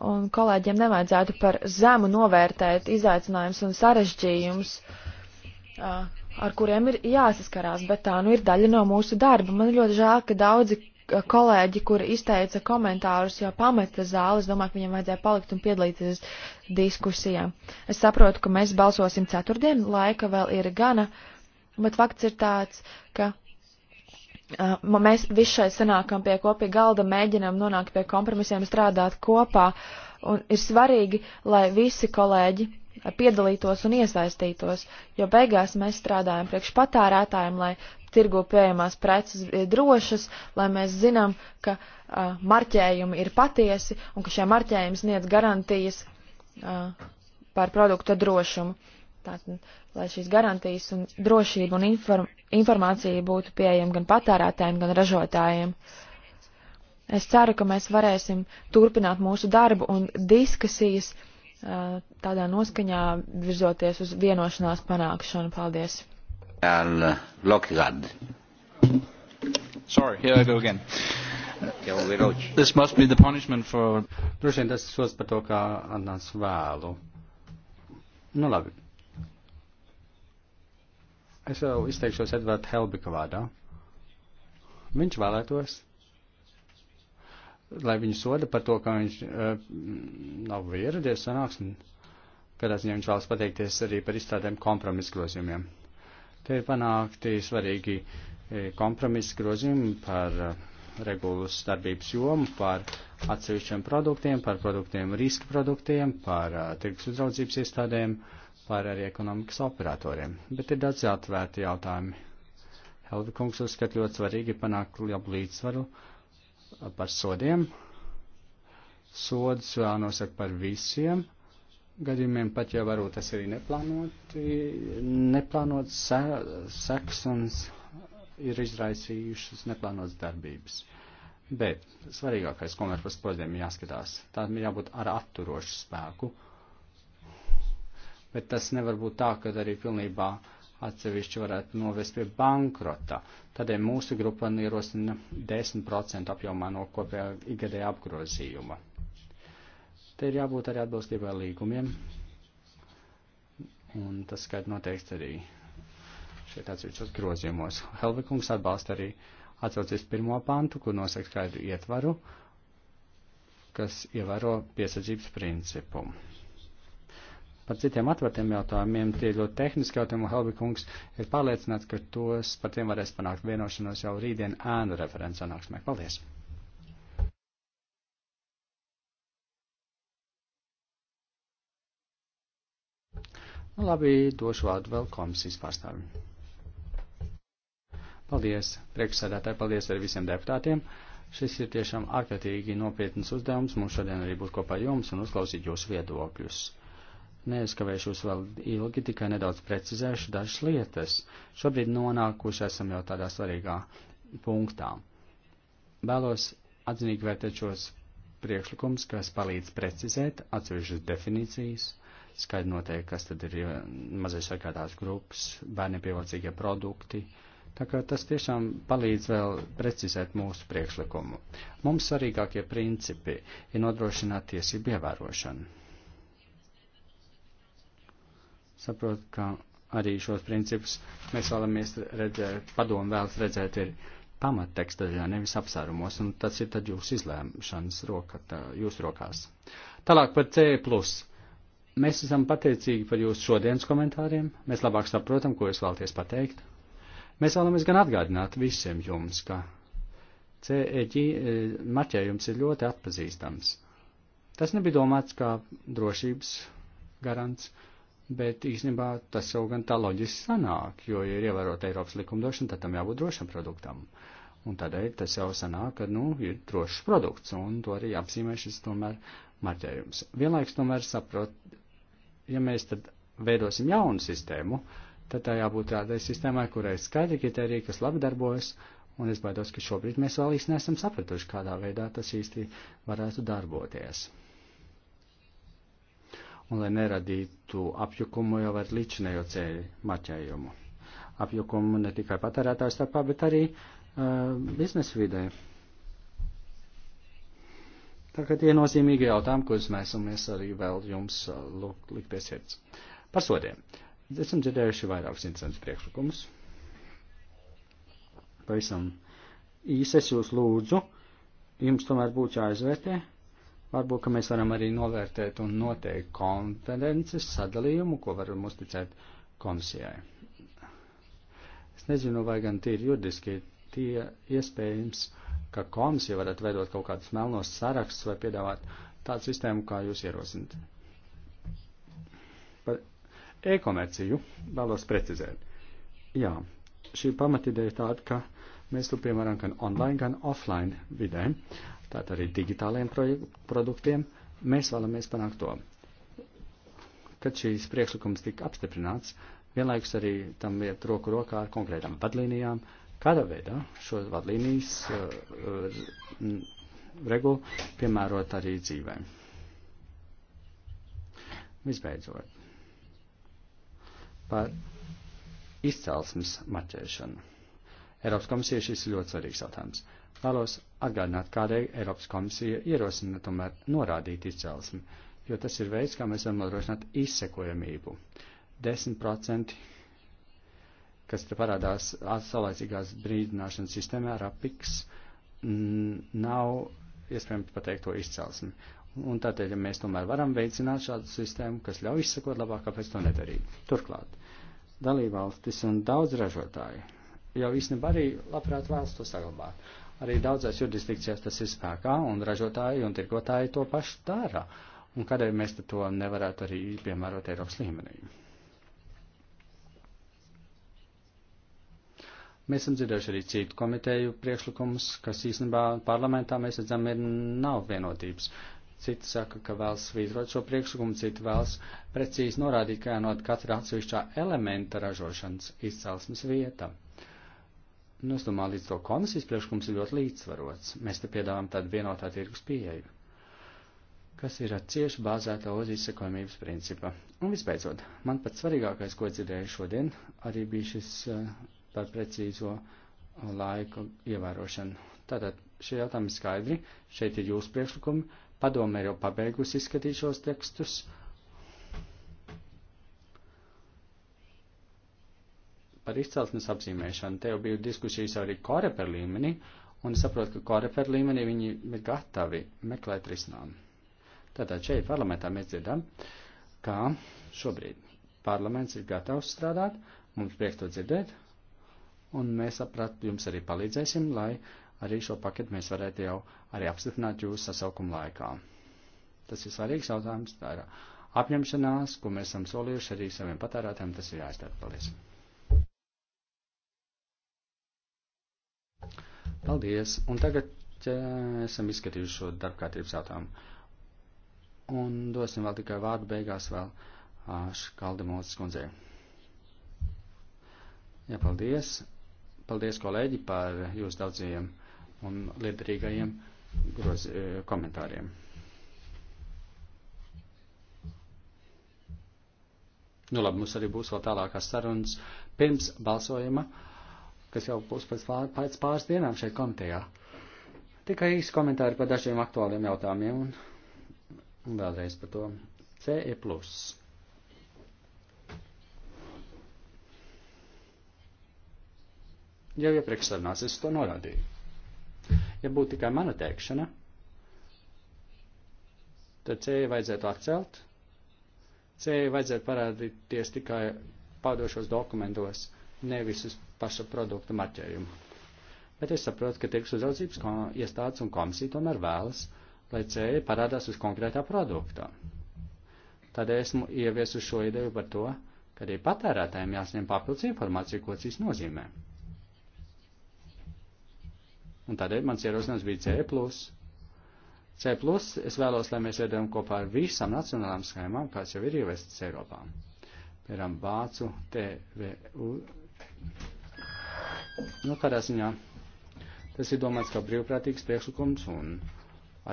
Un kolēģiem nevajadzētu par zemu novērtēt izaicinājums un sarežģījums, eh, ar kuriem ir jāsaskarās, bet tā nu ir daļa no mūsu darba. Man ļoti žēl, ka daudzi kolēģi, kuri izteica komentārus, jau pameta zāli. Es domāju, ka viņam vajadzēja palikt un piedalīties diskusijā. Es saprotu, ka mēs balsosim ceturtdien, laika vēl ir gana, bet fakts ir tāds, ka. Uh, mēs visu šai sanākam pie kopīga galda, mēģinam nonākt pie kompromisiem, strādāt kopā, un ir svarīgi, lai visi kolēģi piedalītos un iesaistītos, jo beigās mēs strādājam priekš patērētājiem, lai tirgo pieejamās preces ir drošas, lai mēs zinām, ka uh, marķējumi ir patiesi un ka šie marķējumi sniedz garantijas uh, par produkta drošumu. Tātad, lai šīs garantijas un drošība un inform informācija būtu pieejama gan patērētājiem, gan ražotājiem. Es ceru, ka mēs varēsim turpināt mūsu darbu un diskusijas. Uh, tādā noskaņā virzoties uz vienošanās panākšanu. Paldies! Sorry, here I go again. This must be the punishment for... Droši vien tas sos par to, kā atnāc vēlu. Nu labi. Es vēl izteikšos Edvard Helbika vārdā. Viņš vēlētos lai viņu soda par to, ka viņš uh, nav ieradies sanāksmē, kādā ziņā viņš vēlas pateikties arī par izstrādēm kompromisu grozījumiem. Te ir panākti svarīgi eh, kompromisu grozījumi par uh, regulas darbības jomu, par atsevišķiem produktiem, par produktiem riska produktiem, par uh, tirgus uzraudzības iestādēm, par arī ekonomikas operatoriem. Bet ir daudz atvērti jautājumi. Helvi kungs uzskat ļoti svarīgi panākt labu līdzsvaru uh, par sodiem. Sods jānosaka par visiem gadījumiem, pat ja varbūt tas ir neplānoti, neplānots seks un ir izraisījušas neplānotas darbības. Bet svarīgākais, ko mēs par sodiem jāskatās, tādam ir jābūt ar atturošu spēku. Bet tas nevar būt tā, ka arī pilnībā uh, atsevišķi varētu novest pie bankrota. Tādēļ mūsu grupa ierosina 10% apjomā no kopējā ikgadējā apgrozījuma. Te ir jābūt arī atbilstībai līgumiem, un tas skaidri noteikts arī šeit atsevišķos grozījumos. Helvekungs atbalsta arī atsaucies pirmo pantu, kur nosaka skaidru ietvaru, kas ievēro piesardzības principumu. Par citiem atvērtiem jautājumiem, tie ļoti tehniski jautājumi, Helvi kungs ir pārliecināts, ka tos par tiem varēs panākt vienošanos jau rītdien ēnu referents sanāksmē. Paldies! Nu, labi, došu vārdu vēl komisijas pārstāvim. Paldies, priekšsēdētāji, paldies arī visiem deputātiem. Šis ir tiešām ārkārtīgi nopietns uzdevums. Mums šodien arī būt kopā ar jums un uzklausīt jūsu viedokļus neaizkavēšos vēl ilgi, tikai nedaudz precizēšu dažas lietas. Šobrīd nonākuši esam jau tādā svarīgā punktā. Vēlos atzinīgi vērtēt šos priekšlikumus, kas palīdz precizēt atsevišķas definīcijas, skaidri noteikti, kas tad ir mazais sargātās grupas, bērni pievilcīgie produkti. Tā kā tas tiešām palīdz vēl precizēt mūsu priekšlikumu. Mums svarīgākie principi ir nodrošināt tiesību ievērošanu saprot, ka arī šos principus mēs vēlamies redzēt, padomu vēlas redzēt ir pamatteksta daļā, nevis apsārumos, un tas ir tad jūsu izlēmšanas roka, tā, jūsu rokās. Tālāk par C. Mēs esam pateicīgi par jūsu šodienas komentāriem, mēs labāk saprotam, ko jūs vēlaties pateikt. Mēs vēlamies gan atgādināt visiem jums, ka CEG e, marķējums ir ļoti atpazīstams. Tas nebija domāts kā drošības garants, uh, bet īstenībā tas jau gan tā loģiski sanāk, jo, ja ir ievērota Eiropas likumdošana, tad tam jābūt drošam produktam. Un tādēļ tas jau sanāk, ka, nu, ir drošs produkts, un to arī apzīmē šis tomēr marķējums. Vienlaiks tomēr saprot, ja mēs tad veidosim jaunu sistēmu, tad tā jābūt tādai sistēmai, kurai ir skaidri kriteriji, kas labi darbojas, un es baidos, ka šobrīd mēs vēl īsti nesam sapratuši, kādā veidā tas īsti varētu darboties un lai neradītu apjukumu jau ar līdzinējo ceļu maķējumu. Apjukumu ne tikai patērētāju starpā, bet arī uh, biznesa vidē. Tā kā tie nozīmīgi jautājumi, kurus mēs vēlamies arī vēl jums uh, lūk, likt pie sirds. Par sodiem. Esam dzirdējuši vairākus interesantus priekšlikumus. Pavisam īsi es jūs lūdzu, jums tomēr būtu jāizvērtē Varbūt, ka mēs varam arī novērtēt un noteikt kompetences sadalījumu, ko varam uzticēt komisijai. Es nezinu, vai gan tīri juridiski tie iespējams, ka komisija varētu veidot kaut kādus melnos sarakstus vai piedāvāt tādu sistēmu, kā jūs ierosināt. Par e-komerciju vēlos precizēt. Jā, šī pamatideja ir tāda, ka mēs to piemēram gan online, gan offline vidē tātad arī digitāliem produktiem, mēs vēlamies panākt to. Kad šīs priekšlikums tika apstiprināts, vienlaikus arī tam iet roku rokā ar konkrētām vadlīnijām, kāda veida šo vadlīnijas uh, regulu piemērot arī dzīvē. Visbeidzot, par izcelsmes maķēšanu. Eiropas komisija šis ir ļoti svarīgs jautājums. Vēlos atgādināt, kādēļ Eiropas komisija ierosina tomēr norādīt izcelsmi, jo tas ir veids, kā mēs varam nodrošināt izsekojamību. 10%, kas te parādās saulēcīgās brīdināšanas sistēmā, rapiks, nav iespējams pateikt to izcelsmi. Un tātad, ja mēs tomēr varam veicināt šādu sistēmu, kas ļauj izsekot labāk, kāpēc to nedarīt. Turklāt, dalībvalstis un daudz ražotāju jau īstenībā arī labprāt vēlas to saglabāt. Arī daudzās jurisdikcijās tas ir spēkā, un ražotāji un tirgotāji to pašu dara. Un kādēļ mēs to nevarētu arī piemērot Eiropas līmenī? Mēs esam dzirdējuši arī citu komiteju priekšlikumus, kas īstenībā parlamentā mēs redzam ir nav vienotības. Citi saka, ka vēlas svītrot šo priekšlikumu, citi vēlas precīzi norādīt, kā jānot katra atsevišķā elementa ražošanas izcelsmes vieta. Nu, es domāju, līdz to komisijas priekšlikums ir ļoti līdzsvarots. Mēs te piedāvājam tādu vienotā tirgus pieeju, kas ir cieši bāzēta uz izsekojumības principa. Un visbeidzot, man pats svarīgākais, ko dzirdēju šodien, arī bija šis eh, par precīzo laiku ievērošanu. Tātad šie jautājumi skaidri, šeit ir jūsu priekšlikumi, padome ir jau pabeigusi izskatīt šos tekstus, uh, par izcelsmes apzīmēšanu. Te jau bija diskusijas arī koreper līmenī, un es saprotu, ka koreper līmenī viņi ir gatavi meklēt risinājumu. Tātad šeit parlamentā mēs dzirdam, ka šobrīd parlaments ir gatavs strādāt, mums prieks to dzirdēt, un mēs, saprāt, jums arī palīdzēsim, lai arī šo paketu mēs varētu jau arī apstiprināt jūsu sasaukuma laikā. Tas ir svarīgs jautājums, tā ir apņemšanās, ko mēs esam solījuši arī saviem patērētājiem, tas ir jāizdara. Paldies! Paldies! Un tagad ja, esam izskatījuši šo darbkārtības jautājumu. Un dosim vēl tikai vārdu beigās vēl Škaldemotas kundzei. Jā, paldies! Paldies, kolēģi, par jūsu daudzajiem un liederīgajiem groz, komentāriem. Nu labi, mums arī būs vēl tālākās sarunas pirms balsojuma kas jau būs pēc, pēc pāris dienām šeit komitejā. Tikai īsi komentāri par dažiem aktuāliem jautājumiem un, un vēlreiz par to CE. Jau iepriekš sarunās es to norādīju. Ja būtu tikai mana teikšana, tad CE vajadzētu atcelt. CE vajadzētu parādīties tikai pārdošos dokumentos nevis uz paša produkta marķējumu. Bet es saprotu, ka tirgus uzraudzības iestādes un komisija tomēr vēlas, lai ceļi parādās uz konkrētā produktā. Tādēļ esmu ieviesu šo ideju par to, ka arī patērētājiem jāsņem papildus informācija, ko cīs nozīmē. Un tādēļ mans ierosinājums bija C. C plus es vēlos, lai mēs iedodam kopā ar visām nacionālām schēmām, kāds jau ir ievestas Eiropā. Piemēram, Vācu, TVU, Nu, kādā ziņā tas ir domāts kā brīvprātīgs priekšlikums un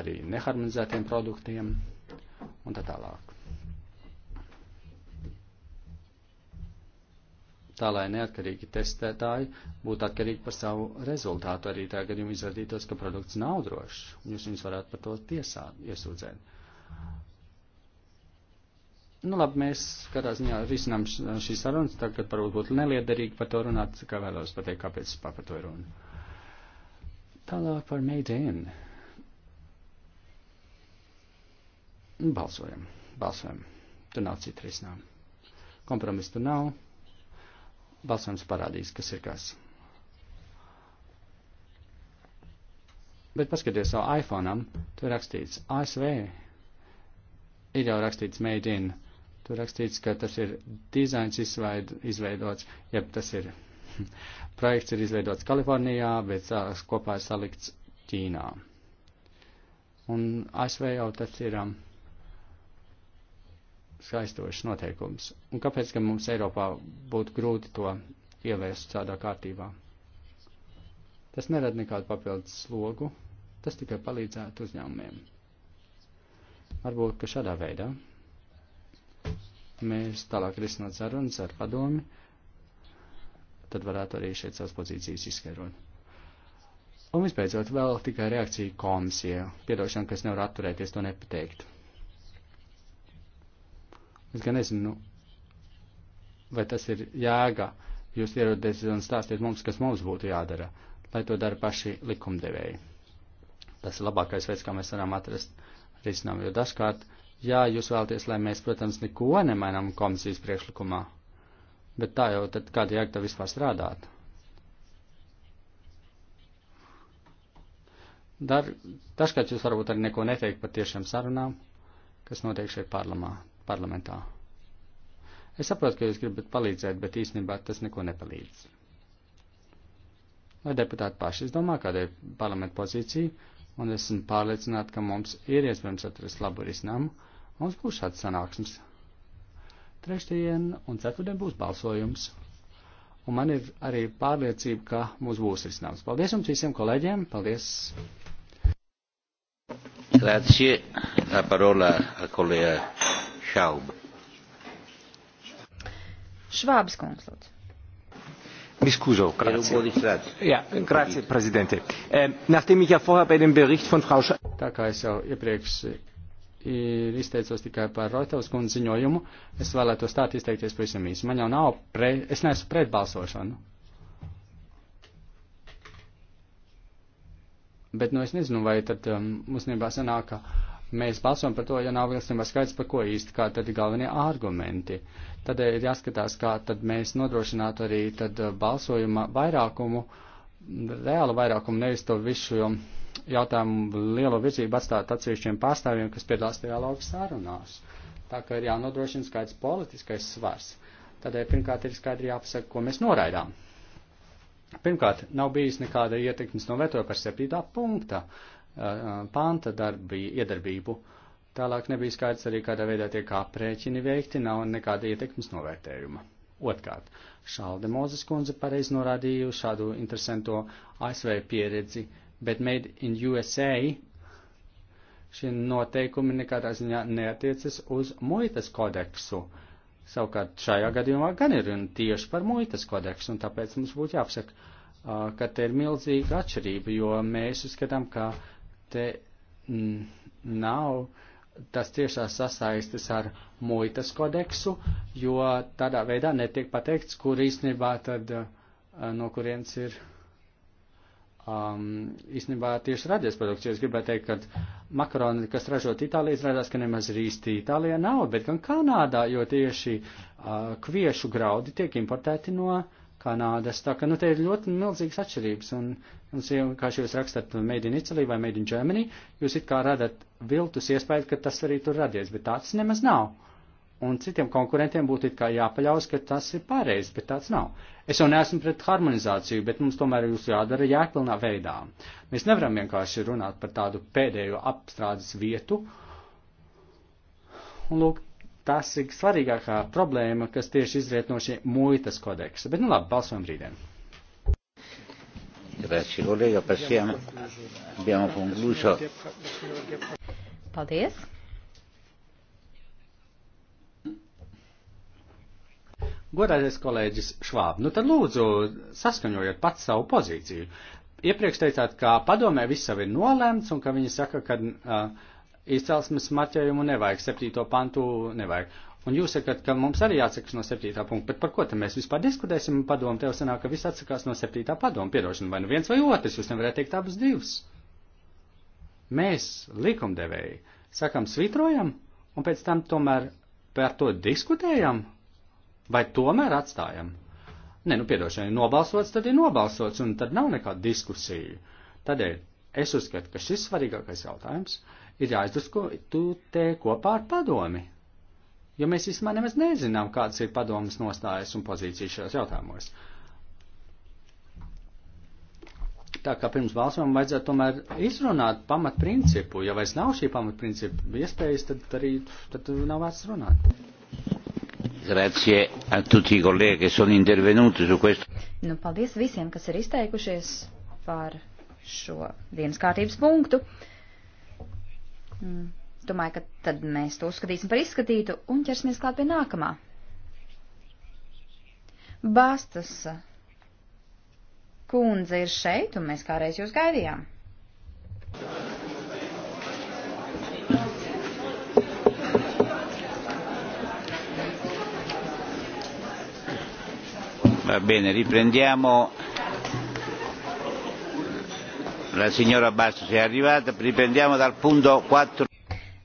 arī neharmonizētiem produktiem un tā tālāk. tā lai neatkarīgi testētāji būtu atkarīgi par savu rezultātu. Arī tā gadījumā izrādītos, ka produkts nav drošs, un jūs viņus varētu par to tiesāt, iesūdzēt. Nu, labi, mēs katrā ziņā risinām šīs sarunas, tagad varbūt būtu neliederīgi par to runāt, kā vēlos pateikt, kāpēc vispār par to ir runa. Tālāk par Meidēnu. Balsojam, balsojam. Tur nav citu risinājumu. Kompromisu tur nav. Balsojums parādīs, kas ir kas. Bet paskaties savu iPhone, tur rakstīts ASV ir jau rakstīts made in. Tur rakstīts, ka tas ir dizains izveidots, jeb tas ir projekts ir izveidots Kalifornijā, bet tās kopā ir salikts Ķīnā. Un ASV jau tas ir um, skaistošs noteikums. Un kāpēc, ka mums Eiropā būtu grūti to ievērst tādā kārtībā? Tas nerada nekādu papildus slogu, tas tikai palīdzētu uzņēmumiem. Varbūt, ka šādā veidā mēs tālāk risināt sarunas ar padomi, tad varētu arī šeit savas pozīcijas izskaidrot. Un visbeidzot, vēl tikai reakcija komisija. Piedošana, kas nevar atturēties, to nepateikt. Es gan nezinu, vai tas ir jēga. Jūs ierodaties un stāstiet mums, kas mums būtu jādara, lai to dara paši likumdevēji. Tas ir labākais veids, kā mēs varam atrast risinājumu, jo dažkārt Jā, jūs vēlaties, lai mēs, protams, neko nemainām komisijas priekšlikumā, bet tā jau tad kāda jēga tā vispār strādāt? Dar, dažkārt jūs varbūt arī neko neteikt par tiešām sarunām, kas notiek šeit parlamā, parlamentā. Es saprotu, ka jūs gribat palīdzēt, bet īstenībā tas neko nepalīdz. Lai deputāti paši izdomā, kāda ir parlamenta pozīcija, un esmu pārliecināta, ka mums ir iespējams atrast labu risinājumu, Mums būs šāds sanāksmes. Trešdien un ceturtdien būs balsojums. Un man ir arī pārliecība, ka mums būs risinājums. Paldies jums visiem kolēģiem. Paldies. Grazie. La parola a collega Schaub. Schwabs kungs, lūdzu. Mi scuso, grazie. Ja, grazie, Presidente. Ähm, nachdem ich ja vorher bei dem Bericht von Frau Schaub... Tā kā es jau iepriekš ir izteicos tikai par Roitovas kundzes ziņojumu. Es vēlētos tā izteikties pavisam īsi. Man jau nav, pre, es neesmu pret balsošanu. Bet, nu, es nezinu, vai tad um, musnībā sanāk, ka mēs balsojam par to, ja nav vilsnībā skaidrs, par ko īsti, kā tad ir galvenie argumenti. Tad eh, ir jāskatās, kā tad mēs nodrošinātu arī tad eh, balsojuma vairākumu, reālu vairākumu, nevis to visu, jo. Um, jautājumu lielo virzību atstāt atsevišķiem pārstāvjiem, kas piedalās dialogu sarunās. Tā kā ir jānodrošina skaidrs politiskais svars. Tādēļ eh, pirmkārt ir skaidri jāpasaka, ko mēs noraidām. Pirmkārt, nav bijis nekāda ietekmes novērtojuma par 7. punkta eh, eh, panta darbī, iedarbību. Tālāk nebija skaidrs arī, kādā veidā tiek aprēķini veikti, nav nekāda ietekmes novērtējuma. Otkārt, Šalde Mozes kundze pareiz norādīja šādu interesanto ASV pieredzi uh, bet Made in USA šie noteikumi nekādā ziņā neatiecas uz muitas kodeksu. Savukārt šajā gadījumā gan ir un tieši par muitas kodeksu, un tāpēc mums būtu jāapsaka, ka te ir milzīga atšķirība, jo mēs uzskatām, ka te nav tas tiešā sasaistes ar muitas kodeksu, jo tādā veidā netiek pateikts, kur īstenībā tad no kurienes ir um, īstenībā tieši radies produkts. Es gribētu teikt, ka makaroni, kas ražot Itālijā, izrādās, ka nemaz īsti Itālijā nav, bet gan Kanādā, jo tieši uh, kviešu graudi tiek importēti no Kanādas. Tā ka, nu, te ir ļoti milzīgas atšķirības. Un, un vienkārši jūs rakstat Made in Italy vai Made in Germany, jūs it kā radat viltus iespēju, ka tas arī tur radies, bet tāds nemaz nav un citiem konkurentiem būtu it kā jāpaļaus, ka tas ir pareizi, bet tāds nav. Es jau neesmu pret harmonizāciju, bet mums tomēr jūs jādara jēgpilnā veidā. Mēs nevaram vienkārši runāt par tādu pēdējo apstrādes vietu. Un lūk, tas ir svarīgākā problēma, kas tieši izriet no šie muitas kodeksa. Bet nu labi, balsojam rītdien. Grazie, collega. Passiamo. Abbiamo concluso. Paldies. Godātais kolēģis Švāb, nu tad lūdzu saskaņojiet pats savu pozīciju. Iepriekš teicāt, ka padomē viss jau ir nolēmts un ka viņi saka, ka uh, izcelsmes marķējumu nevajag, septīto pantu nevajag. Un jūs sakat, ka mums arī jāatsakās no septītā punkta, bet par ko tad mēs vispār diskutēsim? Padomu tev sanāk, ka viss atsakās no septītā padomu. Piedošana vai nu viens vai otrs, jūs nevarētu teikt abus divus. Mēs, likumdevēji, sakam, svitrojam, un pēc tam tomēr par to diskutējam. Vai tomēr atstājam? Nē, nu piedošana ir nobalsots, tad ir nobalsots, un tad nav nekāda diskusija. Tādēļ es uzskatu, ka šis svarīgākais jautājums ir jāizdiskutē kopā ar padomi. Jo mēs vismaz nemaz nezinām, kādas ir padomas nostājas un pozīcijas šajos jautājumos. tā kā pirms balsojuma vajadzētu tomēr izrunāt pamatprincipu. Ja vairs nav šī pamatprincipa iespējas, tad arī tad nav vērts runāt. Grazie a tutti i colleghi che sono intervenuti su questo. Nu, paldies visiem, kas ir izteikušies par šo dienas kārtības punktu. Mm, domāju, ka tad mēs to uzskatīsim par izskatītu un ķersimies klāt pie nākamā. Bastas kundze ir šeit, un mēs kādreiz jūs gaidījām. Va bene, riprendiamo. La signora Bastos è arrivata, riprendiamo dal punto 4.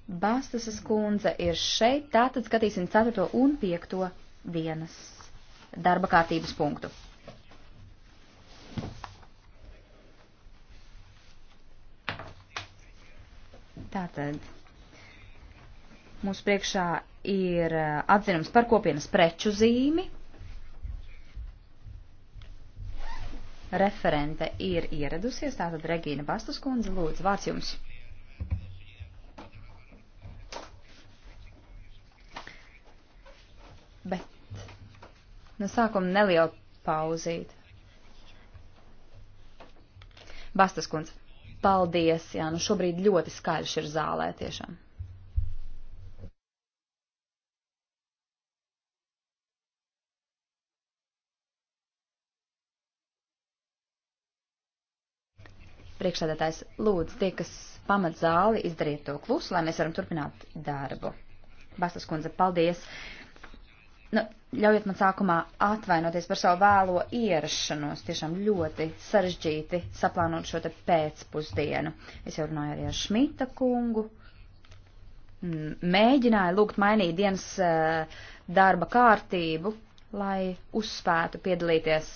Bastas kundze ir šeit, tātad skatīsim 4. un 5. dienas darba kārtības punktu. Tātad mūsu priekšā ir eh, atzinums par kopienas preču zīmi, referente ir ieradusies, tātad Regīna Bastus kundze, lūdzu, vārds jums. Bet no sākuma neliela pauzīt. Bastas kundze, paldies, jā, nu šobrīd ļoti skaļš ir zālē tiešām. Priekšsēdētājs lūdz tie, kas pamat zāli, izdariet to klusu, lai mēs varam turpināt darbu. Bastas kundze, paldies! Nu, ļaujiet man sākumā atvainoties par savu vēlo ierašanos. Tiešām ļoti sarežģīti saplānot šo te pēcpusdienu. Es jau runāju arī ar Šmita kungu. Mēģināju lūgt mainīt dienas eh, darba kārtību, lai uzspētu piedalīties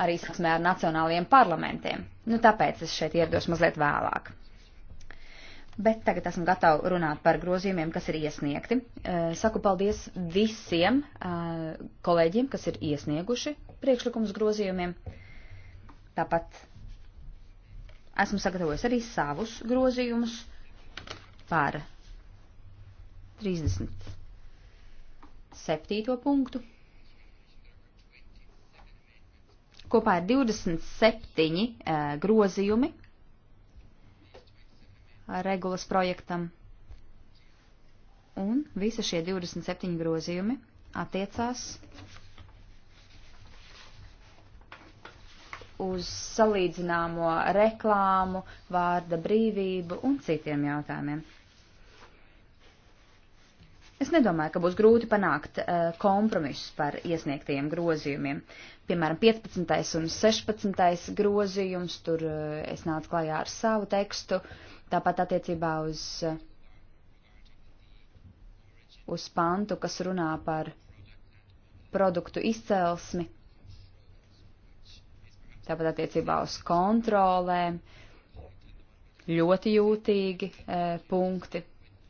arī saksmē ar nacionālajiem parlamentiem. Nu, tāpēc es šeit ierados mazliet vēlāk. Bet tagad esmu gatava runāt par grozījumiem, kas ir iesniegti. Eh, saku paldies visiem eh, kolēģiem, kas ir iesnieguši priekšlikumus grozījumiem. Tāpat esmu sagatavojis arī savus grozījumus par 37. punktu. Kopā ir 27 eh, grozījumi regulas projektam. Un visi šie 27 grozījumi attiecās uz salīdzināmo reklāmu, vārda brīvību un citiem jautājumiem. Es nedomāju, ka būs grūti panākt eh, kompromisus par iesniegtajiem grozījumiem piemēram, 15. un 16. grozījums, tur eh, es nācu klajā ar savu tekstu, tāpat attiecībā uz, eh, uz pantu, kas runā par produktu izcelsmi, tāpat attiecībā uz kontrolēm, ļoti jūtīgi e, punkti,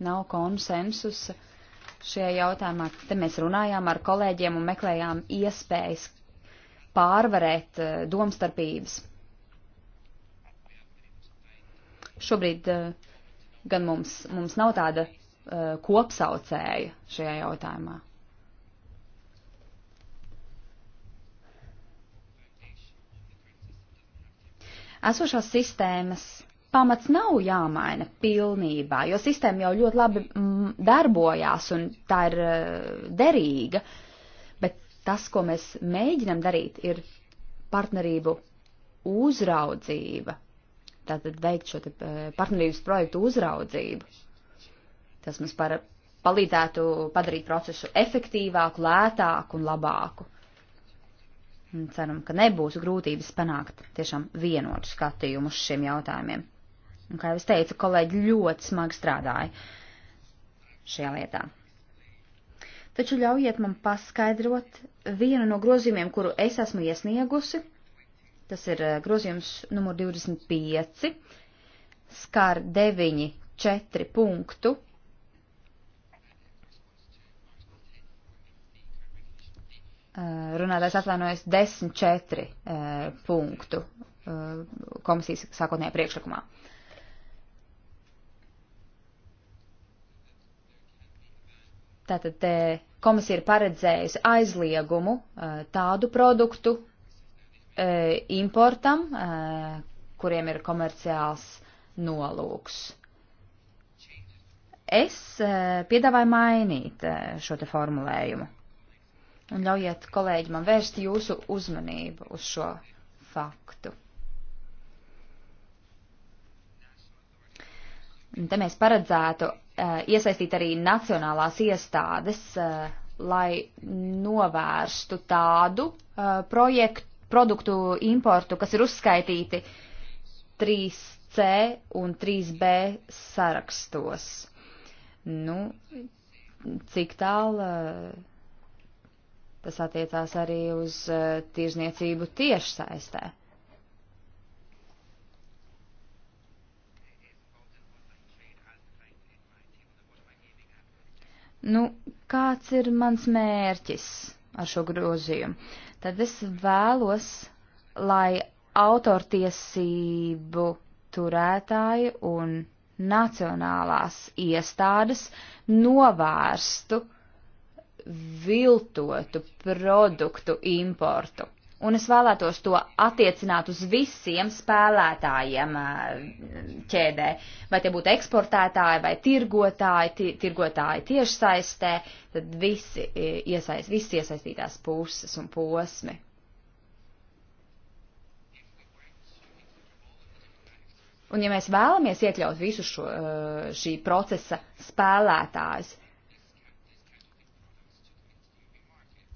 nav konsensusa šajā jautājumā. Te mēs runājām ar kolēģiem un meklējām iespējas, pārvarēt eh, domstarpības. Šobrīd eh, gan mums, mums nav tāda eh, kopsaucēja šajā jautājumā. Esošās sistēmas pamats nav jāmaina pilnībā, jo sistēma jau ļoti labi mm, darbojās un tā ir derīga. Uh, tas, ko mēs mēģinam darīt, ir partnerību uzraudzība. Tātad veikt šo te, eh, partnerības projektu uzraudzību. Tas mums par, palīdzētu padarīt procesu efektīvāku, lētāku un labāku. Un ceram, ka nebūs grūtības panākt tiešām vienotu skatījumu uz šiem jautājumiem. Un, kā jau es teicu, kolēģi ļoti smagi strādāja šajā lietā taču ļaujiet man paskaidrot vienu no grozījumiem, kuru es esmu iesniegusi. Tas ir eh, grozījums numur 25, skar 9, 4 punktu. Eh, runātājs atvainojas 10, 4 eh, punktu komisijas sākotnējā priekšlikumā. Uh, Tātad komisija ir paredzējusi aizliegumu eh, tādu produktu eh, importam, eh, kuriem ir komerciāls nolūks. Es piedāvāju mainīt šo te formulējumu. Un ļaujiet kolēģi man vērst jūsu uzmanību uz šo faktu. Un te mēs paredzētu Eh, iesaistīt arī nacionālās iestādes, eh, lai novērstu tādu eh, projektu, produktu importu, kas ir uzskaitīti 3C un 3B sarakstos. Nu, cik tālu tas attiecās arī uz tirzniecību tiešsaistē. nu, kāds ir mans mērķis ar šo grozījumu? Tad es vēlos, lai autortiesību turētāji un nacionālās iestādes novērstu viltotu produktu importu un es vēlētos to attiecināt uz visiem spēlētājiem eh, ķēdē. Vai tie būtu eksportētāji vai tirgotāji, tirgotāji tiešsaistē, tad visi, eh, iesaist, visi iesaistītās puses un posmi. Un ja mēs vēlamies iekļaut visu šo, eh, šī procesa spēlētājus,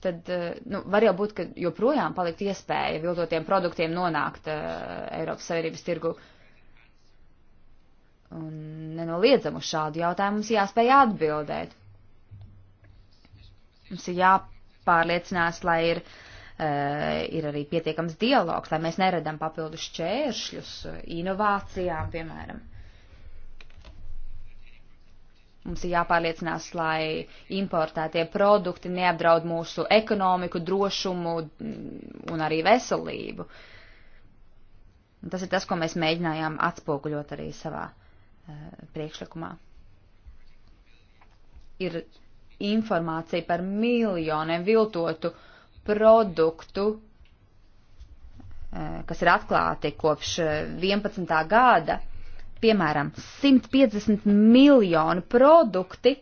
tad eh, nu, var jau būt, ka joprojām palikt iespēja viltotiem produktiem nonākt uh, Eiropas Savienības tirgu. Un nenoliedzam uz šādu jautājumu mums jāspēj atbildēt. Mums ir jāpārliecinās, lai ir, uh, ir arī pietiekams dialogs, lai mēs neredam papildus šķēršļus inovācijām, piemēram. Mums ir jāpārliecinās, lai importētie produkti neapdraud mūsu ekonomiku, drošumu mm, un arī veselību. Un tas ir tas, ko mēs mēģinājām atspoguļot arī savā uh, priekšlikumā. Ir informācija par miljoniem viltotu produktu, uh, kas ir atklāti kopš 11. Eh, gada. Uh, Piemēram, 150 miljoni produkti,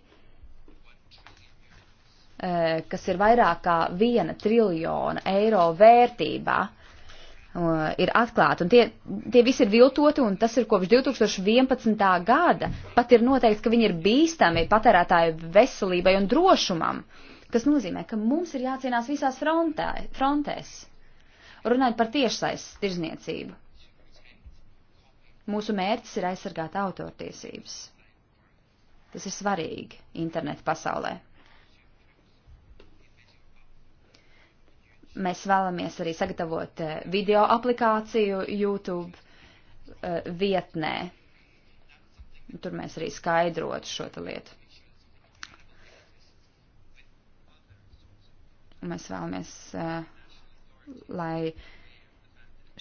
eh, kas ir vairāk kā viena triljona eiro vērtībā, eh, ir atklāti. Un tie, tie visi ir viltoti, un tas ir kopš 2011. gada. Pat ir noteikts, ka viņi ir bīstami patērētāju veselībai un drošumam, kas nozīmē, ka mums ir jācīnās visās frontē, frontēs. Runājot par tiešsaistes tirzniecību. Mūsu mērķis ir aizsargāt autortiesības. Tas ir svarīgi internetu pasaulē. Mēs vēlamies arī sagatavot eh, video aplikāciju YouTube eh, vietnē. Tur mēs arī skaidrotu šo lietu. Mēs vēlamies, eh, lai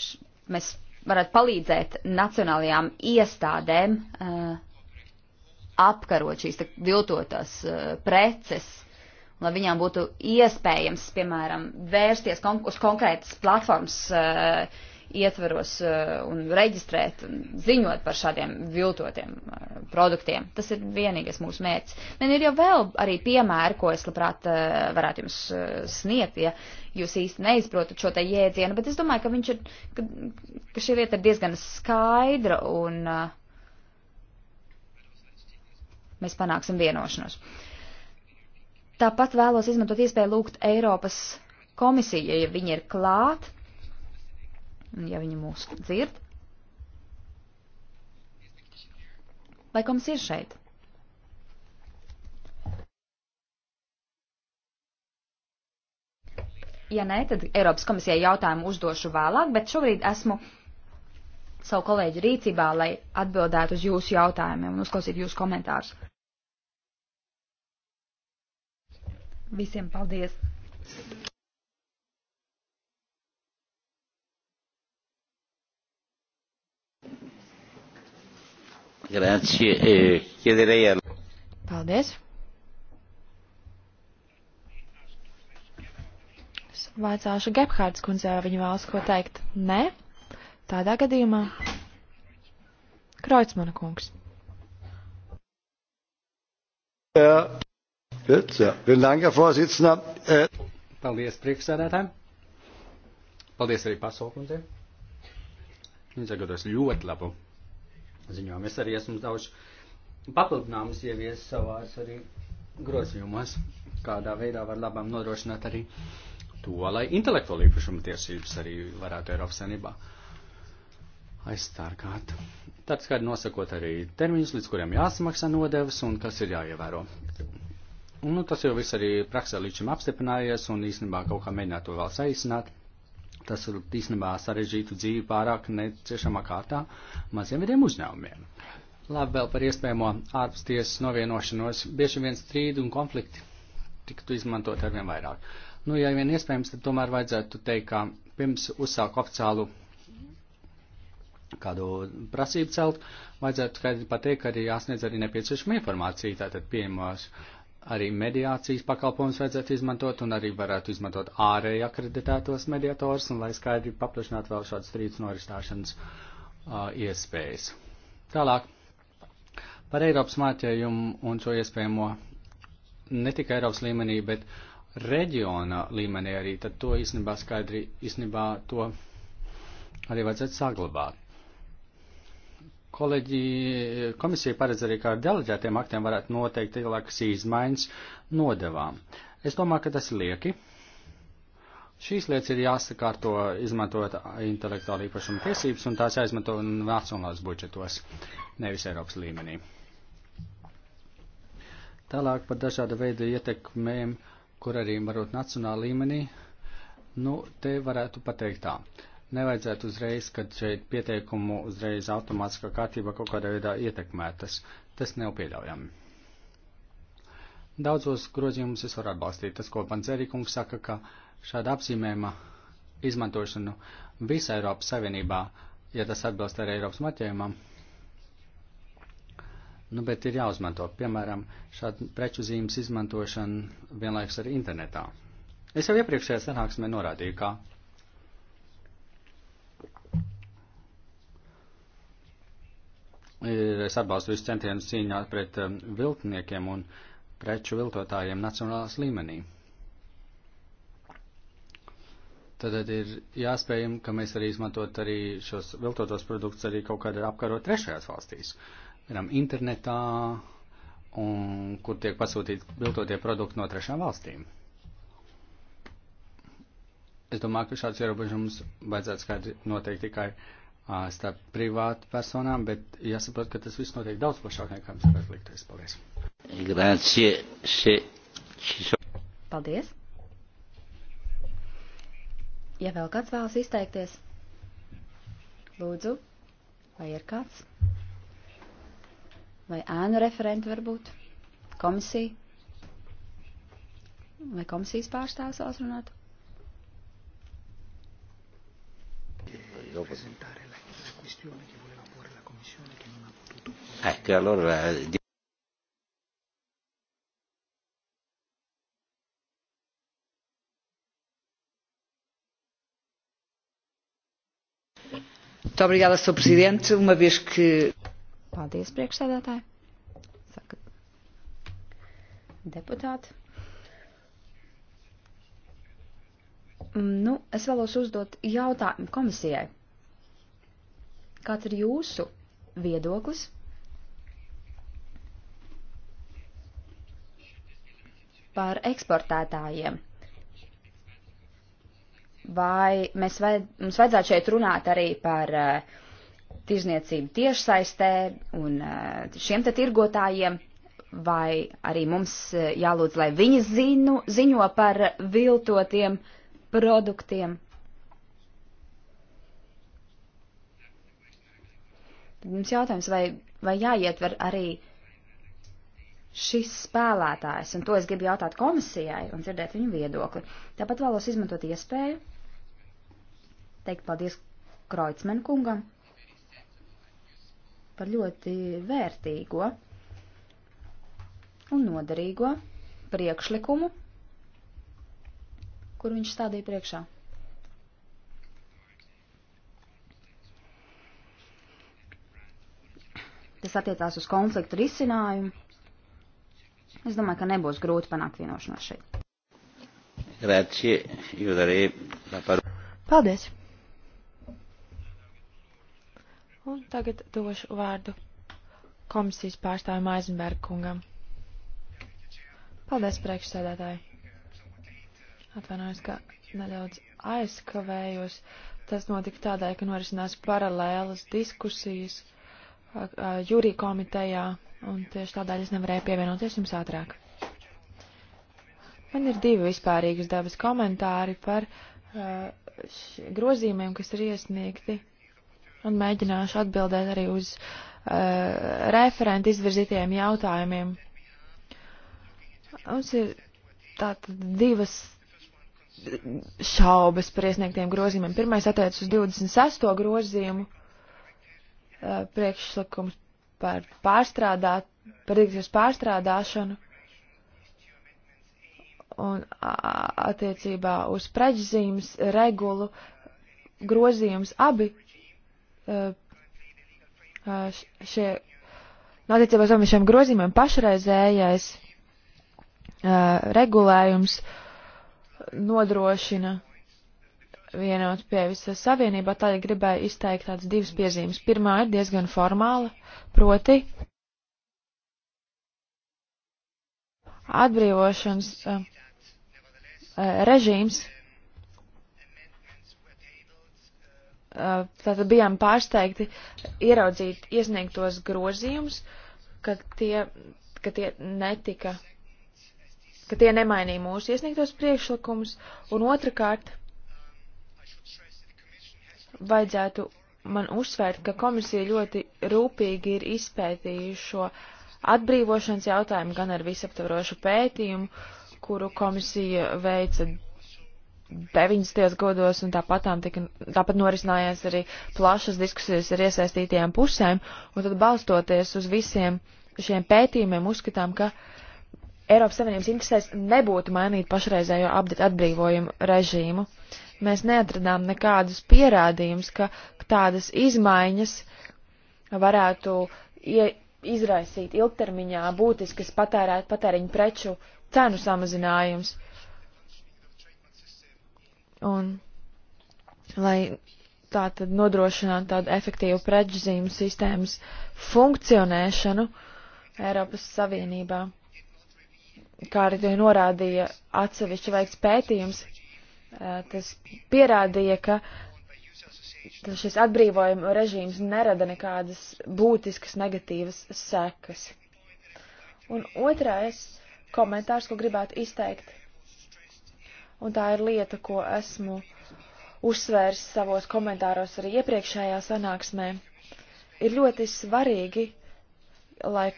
š, mēs varētu palīdzēt nacionālajām iestādēm uh, apkarot šīs viltotās uh, eh, preces, lai viņām būtu iespējams, piemēram, vērsties kon uz konkrētas platformas uh, ietvaros eh, un reģistrēt un ziņot par šādiem viltotiem eh, produktiem. Tas ir vienīgais mūsu mērķis. Man ir jau vēl arī piemēri, ko es labprāt eh, varētu jums sniegt, ja jūs īsti neizprotat šo te jēdzienu, bet es domāju, ka, viņš ir, ka, ka šī lieta ir diezgan skaidra un mēs panāksim vienošanos. Tāpat vēlos izmantot iespēju lūgt Eiropas komisiju, ja viņi ir klāt, Un ja viņi mūs dzird. Vai komisija ir šeit? Ja nē, tad Eiropas komisijai jautājumu uzdošu vēlāk, bet šobrīd esmu savu kolēģi rīcībā, lai atbildētu uz jūsu jautājumiem un uzklausītu jūsu komentārus. Visiem paldies! Grazie. Eh, chiederei al... Paldies. Es vaicāšu Gebhārds kundzē, vai viņa vēlas ko teikt. Nē? Tādā gadījumā. Kreutzmana kungs. Äh, Paldies, priekšsēdētājiem. Paldies arī pasaukumiem. Viņš sagatavos ļoti labu ziņojumu. Es arī esmu daudz papildinājumus ievies savās arī grozījumos, kādā veidā var labam nodrošināt arī to, lai intelektuāla īpašuma tiesības arī varētu Eiropas Sanībā aizstārgāt. Tad skaidri nosakot arī termiņus, līdz kuriem jāsamaksā nodevas un kas ir jāievēro. Un, nu, tas jau viss arī praksē līdz šim apstiprinājies un īstenībā kaut kā mēģināt to vēl saīsināt. Tas ir īstenībā sarežģītu dzīvi pārāk neciešamā kārtā maziem vidiem uzņēmumiem. Labi vēl par iespējamo ārpstiesas novienošanos. Bieži vien strīdi un konflikti tiktu izmantot arvien vairāk. Nu, ja vien iespējams, tad tomēr vajadzētu teikt, ka pirms uzsāk oficiālu kādu prasību celt, vajadzētu skaidri pateikt, ka ir jāsniedz arī nepieciešama informācija, tātad pieejamās uh, arī mediācijas pakalpojumus vajadzētu izmantot un arī varētu izmantot ārēji akreditētos mediatorus un lai skaidri paplašinātu vēl šādas strīdus noristāšanas uh, iespējas. Tālāk par Eiropas mātējumu un šo iespējamo ne tikai Eiropas līmenī, bet reģiona līmenī arī, tad to īstenībā skaidri, īstenībā to arī vajadzētu saglabāt. Kolēģi, komisija paredz arī, ka ar deleģētiem aktiem varētu noteikt lielākas izmaiņas nodevām. Es domāju, ka tas ir lieki. Šīs lietas ir jāsakārto izmantojot intelektuālu īpašumu tiesības, un tās jāizmanto nacionālās budžetos, nevis Eiropas līmenī. Tālāk par dažāda veida ietekmēm, kur arī varot nacionāla līmenī, nu, te varētu pateikt tā nevajadzētu uzreiz, kad šeit pieteikumu uzreiz automātiskā kārtībā kaut kādā veidā ietekmētas. Tas nav pieļaujami. Daudzos grozījumus es varu atbalstīt. Tas, ko Pancerīkungs saka, ka šāda apzīmējuma izmantošanu visā Eiropas Savienībā, ja tas atbilst arī Eiropas marķējumam, nu, bet ir jāuzmanto, piemēram, šāda preču zīmes izmantošana vienlaikus arī internetā. Es jau iepriekšējā sanāksmē norādīju, ka ir, es atbalstu visus centienus cīņā pret um, viltniekiem un preču viltotājiem nacionālās līmenī. Tad ir jāspējam, ka mēs arī izmantot arī šos viltotos produktus arī kaut kādā apkarot trešajās valstīs. Piemēram, internetā, un kur tiek pasūtīti viltotie produkti no trešām valstīm. Es domāju, ka šāds ierobežums vajadzētu skaidri noteikt tikai uh, starp privātu personām, bet jāsaprot, ka tas viss notiek daudz plašāk nekā mums varētu likties. Paldies! Paldies! Ja vēl kāds vēlas izteikties, lūdzu, vai ir kāds? Vai ēnu referenti varbūt? Komisija? Vai komisijas pārstāvs vēlas runāt? Representare questione eh, che voleva porre la Commissione che non ha potuto porre. Ecco, allora... Eh, Muito obrigada, Sr. Presidente, uma vez que. Paldies, priekšsēdētāji. Saka deputāti. Mm, nu, es vēlos uzdot jautājumu komisijai. Kāds ir jūsu viedoklis? Par eksportētājiem. Vai mēs vajad, mums vajadzētu šeit runāt arī par uh, tirzniecību tiešsaistē un uh, šiem te tirgotājiem, vai arī mums uh, jālūdz, lai viņi zinu, ziņo par viltotiem produktiem? Tad mums jautājums, vai, vai jāietver arī šis spēlētājs, un to es gribu jautāt komisijai un dzirdēt viņu viedokli. Tāpat vēlos izmantot iespēju teikt paldies Kreutzmann kungam par ļoti vērtīgo un noderīgo priekšlikumu, kur viņš stādīja priekšā. kas attiecās uz konfliktu risinājumu. Es domāju, ka nebūs grūti panākt vienošanos šeit. Grazie, Jūdarī. Paldies. Un tagad došu vārdu komisijas pārstāvim Aizenberg kungam. Paldies, priekšsēdētāji. Atvainojos, ka nedaudz aizkavējos. Tas notika tādēļ, ka norisinās paralēlas diskusijas jūrī komitejā, un tieši tādēļ es nevarēju pievienoties jums ātrāk. Man ir divi vispārīgas dabas komentāri par uh, grozījumiem, kas ir iesniegti, un mēģināšu atbildēt arī uz uh, referentu izvirzītajiem jautājumiem. Mums ir tātad divas šaubas par iesniegtiem grozījumiem. Pirmais attiec uz 26. grozījumu Uh, priekšlikums par pārstrādāt, par direktīvas pārstrādāšanu un attiecībā uz preģzīmes regulu grozījums abi uh, šie, nu, attiecībā uz abiem šiem grozījumiem pašreizējais uh, regulējums nodrošina vienot pie visas savienībā, tad gribēju izteikt tādas divas piezīmes. Pirmā ir diezgan formāla, proti atbrīvošanas uh, režīms. Uh, tātad bijām pārsteigti ieraudzīt iesniegtos grozījumus, ka tie, ka tie netika, ka tie nemainīja mūsu iesniegtos priekšlikumus, un otrkārt, vajadzētu man uzsvērt, ka komisija ļoti rūpīgi ir izpētījuši šo atbrīvošanas jautājumu gan ar visaptvarošu pētījumu, kuru komisija veica 90. gados, un tāpat, tika, tāpat norisinājās arī plašas diskusijas ar iesaistītajām pusēm, un tad balstoties uz visiem šiem pētījumiem uzskatām, ka Eiropas Savienības interesēs nebūtu mainīt pašreizējo atbrīvojumu režīmu. Uh, mēs neatradām nekādus pierādījumus, ka tādas izmaiņas varētu izraisīt ilgtermiņā būtiskas patērēt, patēriņu preču cenu samazinājums. Un, lai tā tad nodrošinātu tādu efektīvu prečzīmu sistēmas funkcionēšanu Eiropas Savienībā, kā arī to norādīja atsevišķi veikts pētījums, Eh, tas pierādīja, ka šis atbrīvojuma režīms nerada nekādas būtiskas negatīvas sekas. Un otrais komentārs, ko gribētu izteikt, un tā ir lieta, ko esmu uzsvērs savos komentāros arī iepriekšējā sanāksmē, ir ļoti svarīgi, lai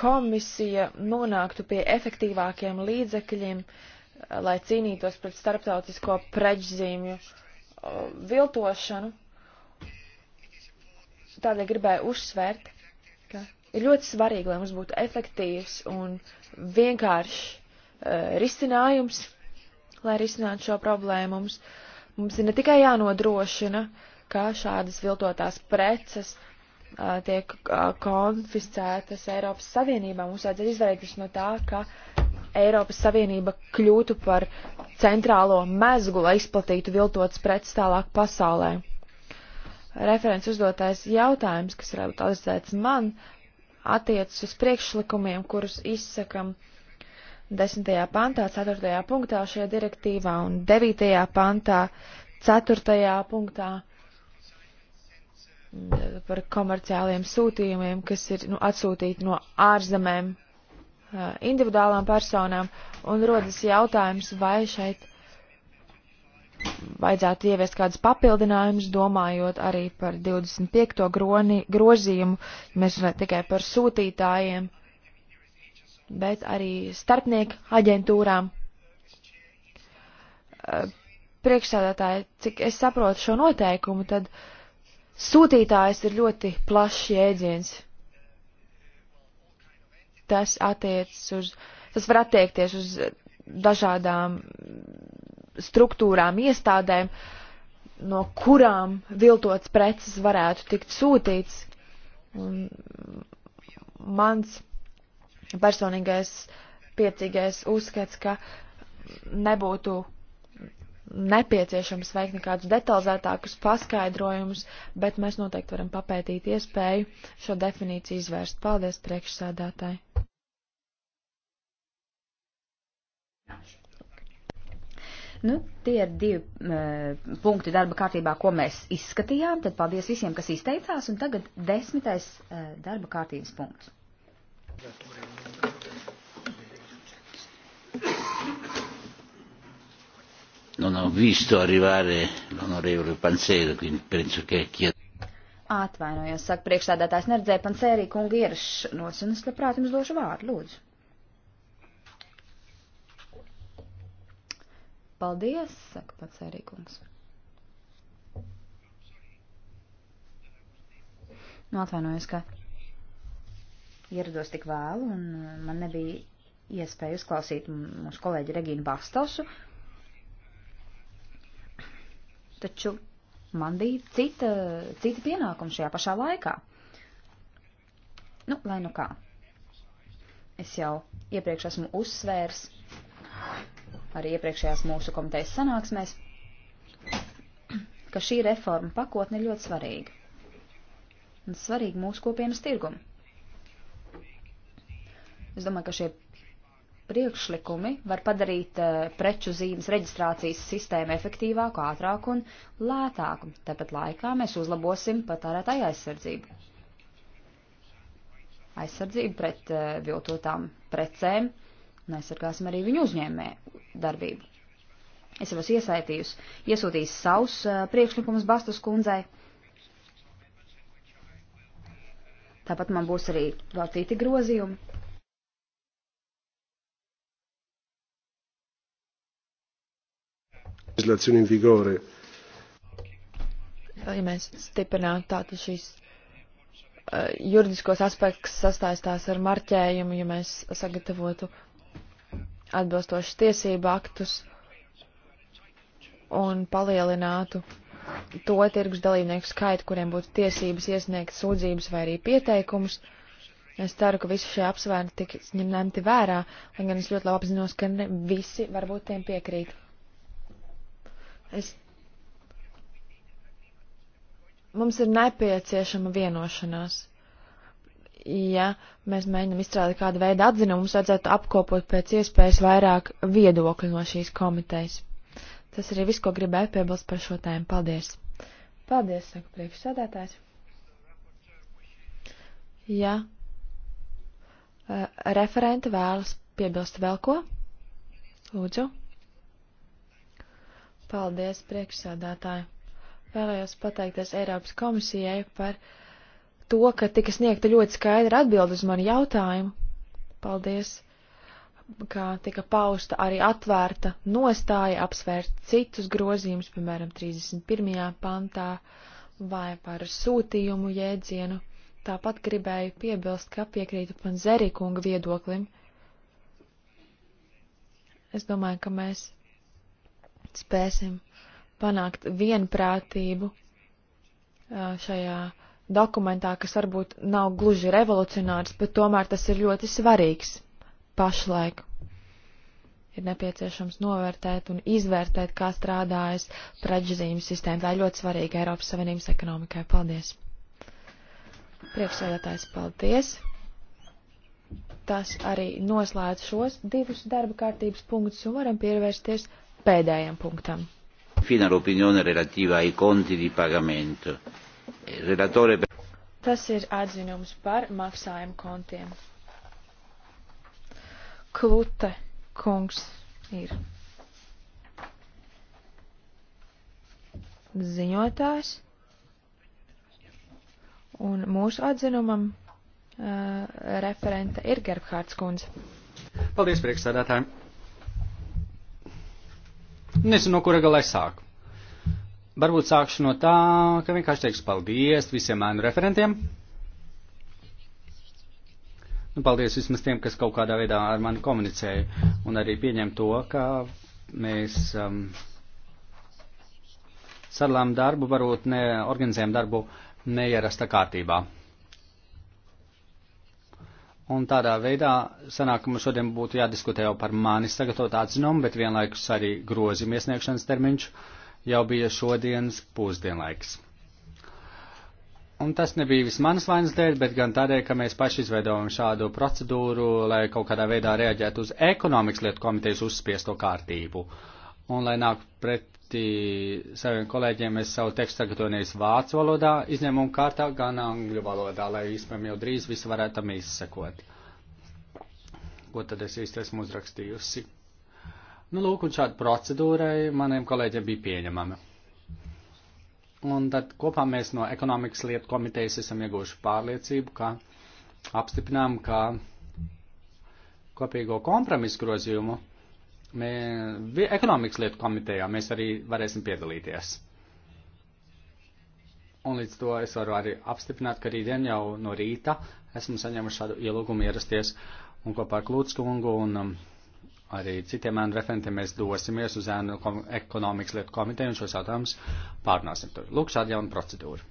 komisija nonāktu pie efektīvākiem līdzekļiem, uh, lai cīnītos pret starptautisko prečzīmju uh, viltošanu. Tādēļ gribēju uzsvērt, ka ir ļoti svarīgi, lai mums būtu efektīvs un vienkāršs uh, risinājums, lai risinātu šo problēmu. Mums, mums ir ne tikai jānodrošina, ka šādas viltotās preces uh, tiek uh, konfiscētas Eiropas Savienībā, mums vajadzētu izvairīties no tā, ka uh, Eiropas Savienība kļūtu par centrālo mezgu, lai izplatītu viltotas preces tālāk pasaulē. Referents uzdotais jautājums, kas ir atzēts man, attiecas uz priekšlikumiem, kurus izsakam 10. pantā, 4. punktā šajā direktīvā un 9. pantā, 4. punktā par komerciāliem sūtījumiem, kas ir nu, atsūtīti no ārzemēm Eh, individuālām personām, un rodas jautājums, vai šeit vajadzētu ieviest kādus papildinājumus, domājot arī par 25. Groni, grozījumu, mēs runājam tikai par sūtītājiem, bet arī starpnieku aģentūrām. Eh, priekšsēdētāji, cik es saprotu šo noteikumu, tad sūtītājs ir ļoti plašs jēdziens tas attiecas uz, tas var attiekties uz dažādām struktūrām, iestādēm, no kurām viltots preces varētu tikt sūtīts. Un mans personīgais piecīgais uzskats, ka nebūtu nepieciešams veikt nekādus detalizētākus paskaidrojumus, bet mēs noteikti varam papētīt iespēju šo definīciju izvērst. Paldies priekšsādātāji! Nu, tie ir divi uh, punkti darba kārtībā, ko mēs izskatījām. Tad paldies visiem, kas izteicās. Un tagad desmitais uh, darba kārtības punkts. Non ho visto arrivare l'onorevole Pansera, quindi penso che chieda. Atvainojos, saka priekšstādātājs, neredzēju Pansērī kungu ierašanos, un es labprāt jums došu vārdu, lūdzu. Paldies, saka pats Ērīkungs. Nu, atvainojos, ka ierados tik vēlu un man nebija iespēja uzklausīt mūsu kolēģi Regīnu Bastosu. Taču man bija cita, cita pienākuma šajā pašā laikā. Nu, lai nu kā. Es jau iepriekš esmu uzsvērs, arī iepriekšējās mūsu komitejas sanāksmēs, ka šī reforma pakotne ir ļoti svarīga. Un svarīga mūsu kopienas tirgumu. Es domāju, ka šie priekšlikumi var padarīt uh, preču zīmes reģistrācijas sistēmu efektīvāku, ātrāku un lētāku. Tāpat laikā mēs uzlabosim patērētāju aizsardzību. Aizsardzību pret uh, viltotām precēm uh, un aizsargāsim arī viņu uzņēmē darbību. Es jau esmu iesaitījus, iesūtījis savus uh, priekšlikumus Bastas kundzei. Tāpat man būs arī vēl citi grozījumi. Ja mēs stiprinātu tātad šīs uh, juridiskos aspektus sastāstās ar marķējumu, ja mēs sagatavotu atbilstošas tiesību aktus un palielinātu to tirgus dalībnieku skaitu, kuriem būtu tiesības iesniegt sūdzības vai arī pieteikumus. Es ceru, ka visi šie apsvērumi tiks ņemti vērā, lai gan es ļoti labi apzinos, ka ne visi varbūt tiem piekrīt. Es... Mums ir nepieciešama vienošanās ja mēs mēģinām izstrādāt kādu veidu atzinumu, mums vajadzētu apkopot pēc iespējas vairāk viedokļu no šīs komitejas. Tas arī viss, ko gribēju piebilst par šo tēmu. Paldies! Paldies, saka priekšsēdētājs. Ja uh, e, referente vēlas piebilst vēl ko, lūdzu. Paldies, priekšsēdētāji. Vēlējos pateikties Eiropas komisijai par uh, to, ka tika sniegta ļoti skaidra atbild uz manu jautājumu. Paldies, kā tika pausta arī atvērta nostāja apsvērt citus grozījumus, piemēram, 31. pantā vai par sūtījumu jēdzienu. Tāpat gribēju piebilst, ka piekrītu pan Zerikunga viedoklim. Es domāju, ka mēs spēsim panākt vienprātību uh, šajā dokumentā, kas varbūt nav gluži revolucionārs, bet tomēr tas ir ļoti svarīgs pašlaik. Ir nepieciešams novērtēt un izvērtēt, kā strādājas preģzīmes sistēma. Tā ir ļoti svarīga Eiropas Savienības ekonomikai. Paldies! Priekšsēdētājs, paldies! Tas arī noslēdz šos divus darba kārtības punktus un varam pievērsties pēdējiem punktam. Fina l'opinione relativa ai conti di pagamento. Relatore... Tas ir atzinums par maksājumu kontiem. Klute kungs ir ziņotājs. Un mūsu atzinumam uh, referenta ir Gerbhārds kundze. Paldies, priekšsēdētāji. Nezinu, no kura galā es sāku. Varbūt sākšu no tā, ka vienkārši teikšu paldies visiem ēnu referentiem. Nu, paldies vismaz tiem, kas kaut kādā veidā ar mani komunicēja un arī pieņem to, ka mēs um, sadalām darbu, varbūt neorganizējam darbu neierasta kārtībā. Un tādā veidā sanāk, ka mums šodien būtu jādiskutē jau par manis sagatavot atzinumu, bet vienlaikus arī grozim iesniegšanas termiņš. Uh, jau bija šodienas pusdienlaiks. Un tas nebija viss manas vainas dēļ, bet gan tādēļ, ka mēs paši izveidojam šādu procedūru, lai kaut kādā veidā reaģētu uz ekonomikas lietu komitejas uzspiesto kārtību. Un lai nāk pretī saviem kolēģiem, es savu tekstu sagatavoju nevis vācu valodā, izņēmumu kārtā, gan angļu valodā, lai īstenībā jau drīz visi varētu tam izsekot. Ko tad es īsti esmu uzrakstījusi? Nu, lūk, un šāda procedūrai maniem kolēģiem bija pieņemama. Un tad kopā mēs no ekonomikas lietu komitejas esam ieguvuši pārliecību, ka apstiprinām, ka kopīgo kompromisu grozījumu mē, ekonomikas lietu komitejā mēs arī varēsim piedalīties. Un līdz to es varu arī apstiprināt, ka rītdien jau no rīta esmu saņēmuši šādu ielūgumu ierasties un kopā ar Klūtskungu un um, arī citiem ēnu referentiem mēs dosimies uz ēnu ekonomikas lietu komiteju un šos jautājumus pārnāsim tur. Lūk, šāda jauna procedūra.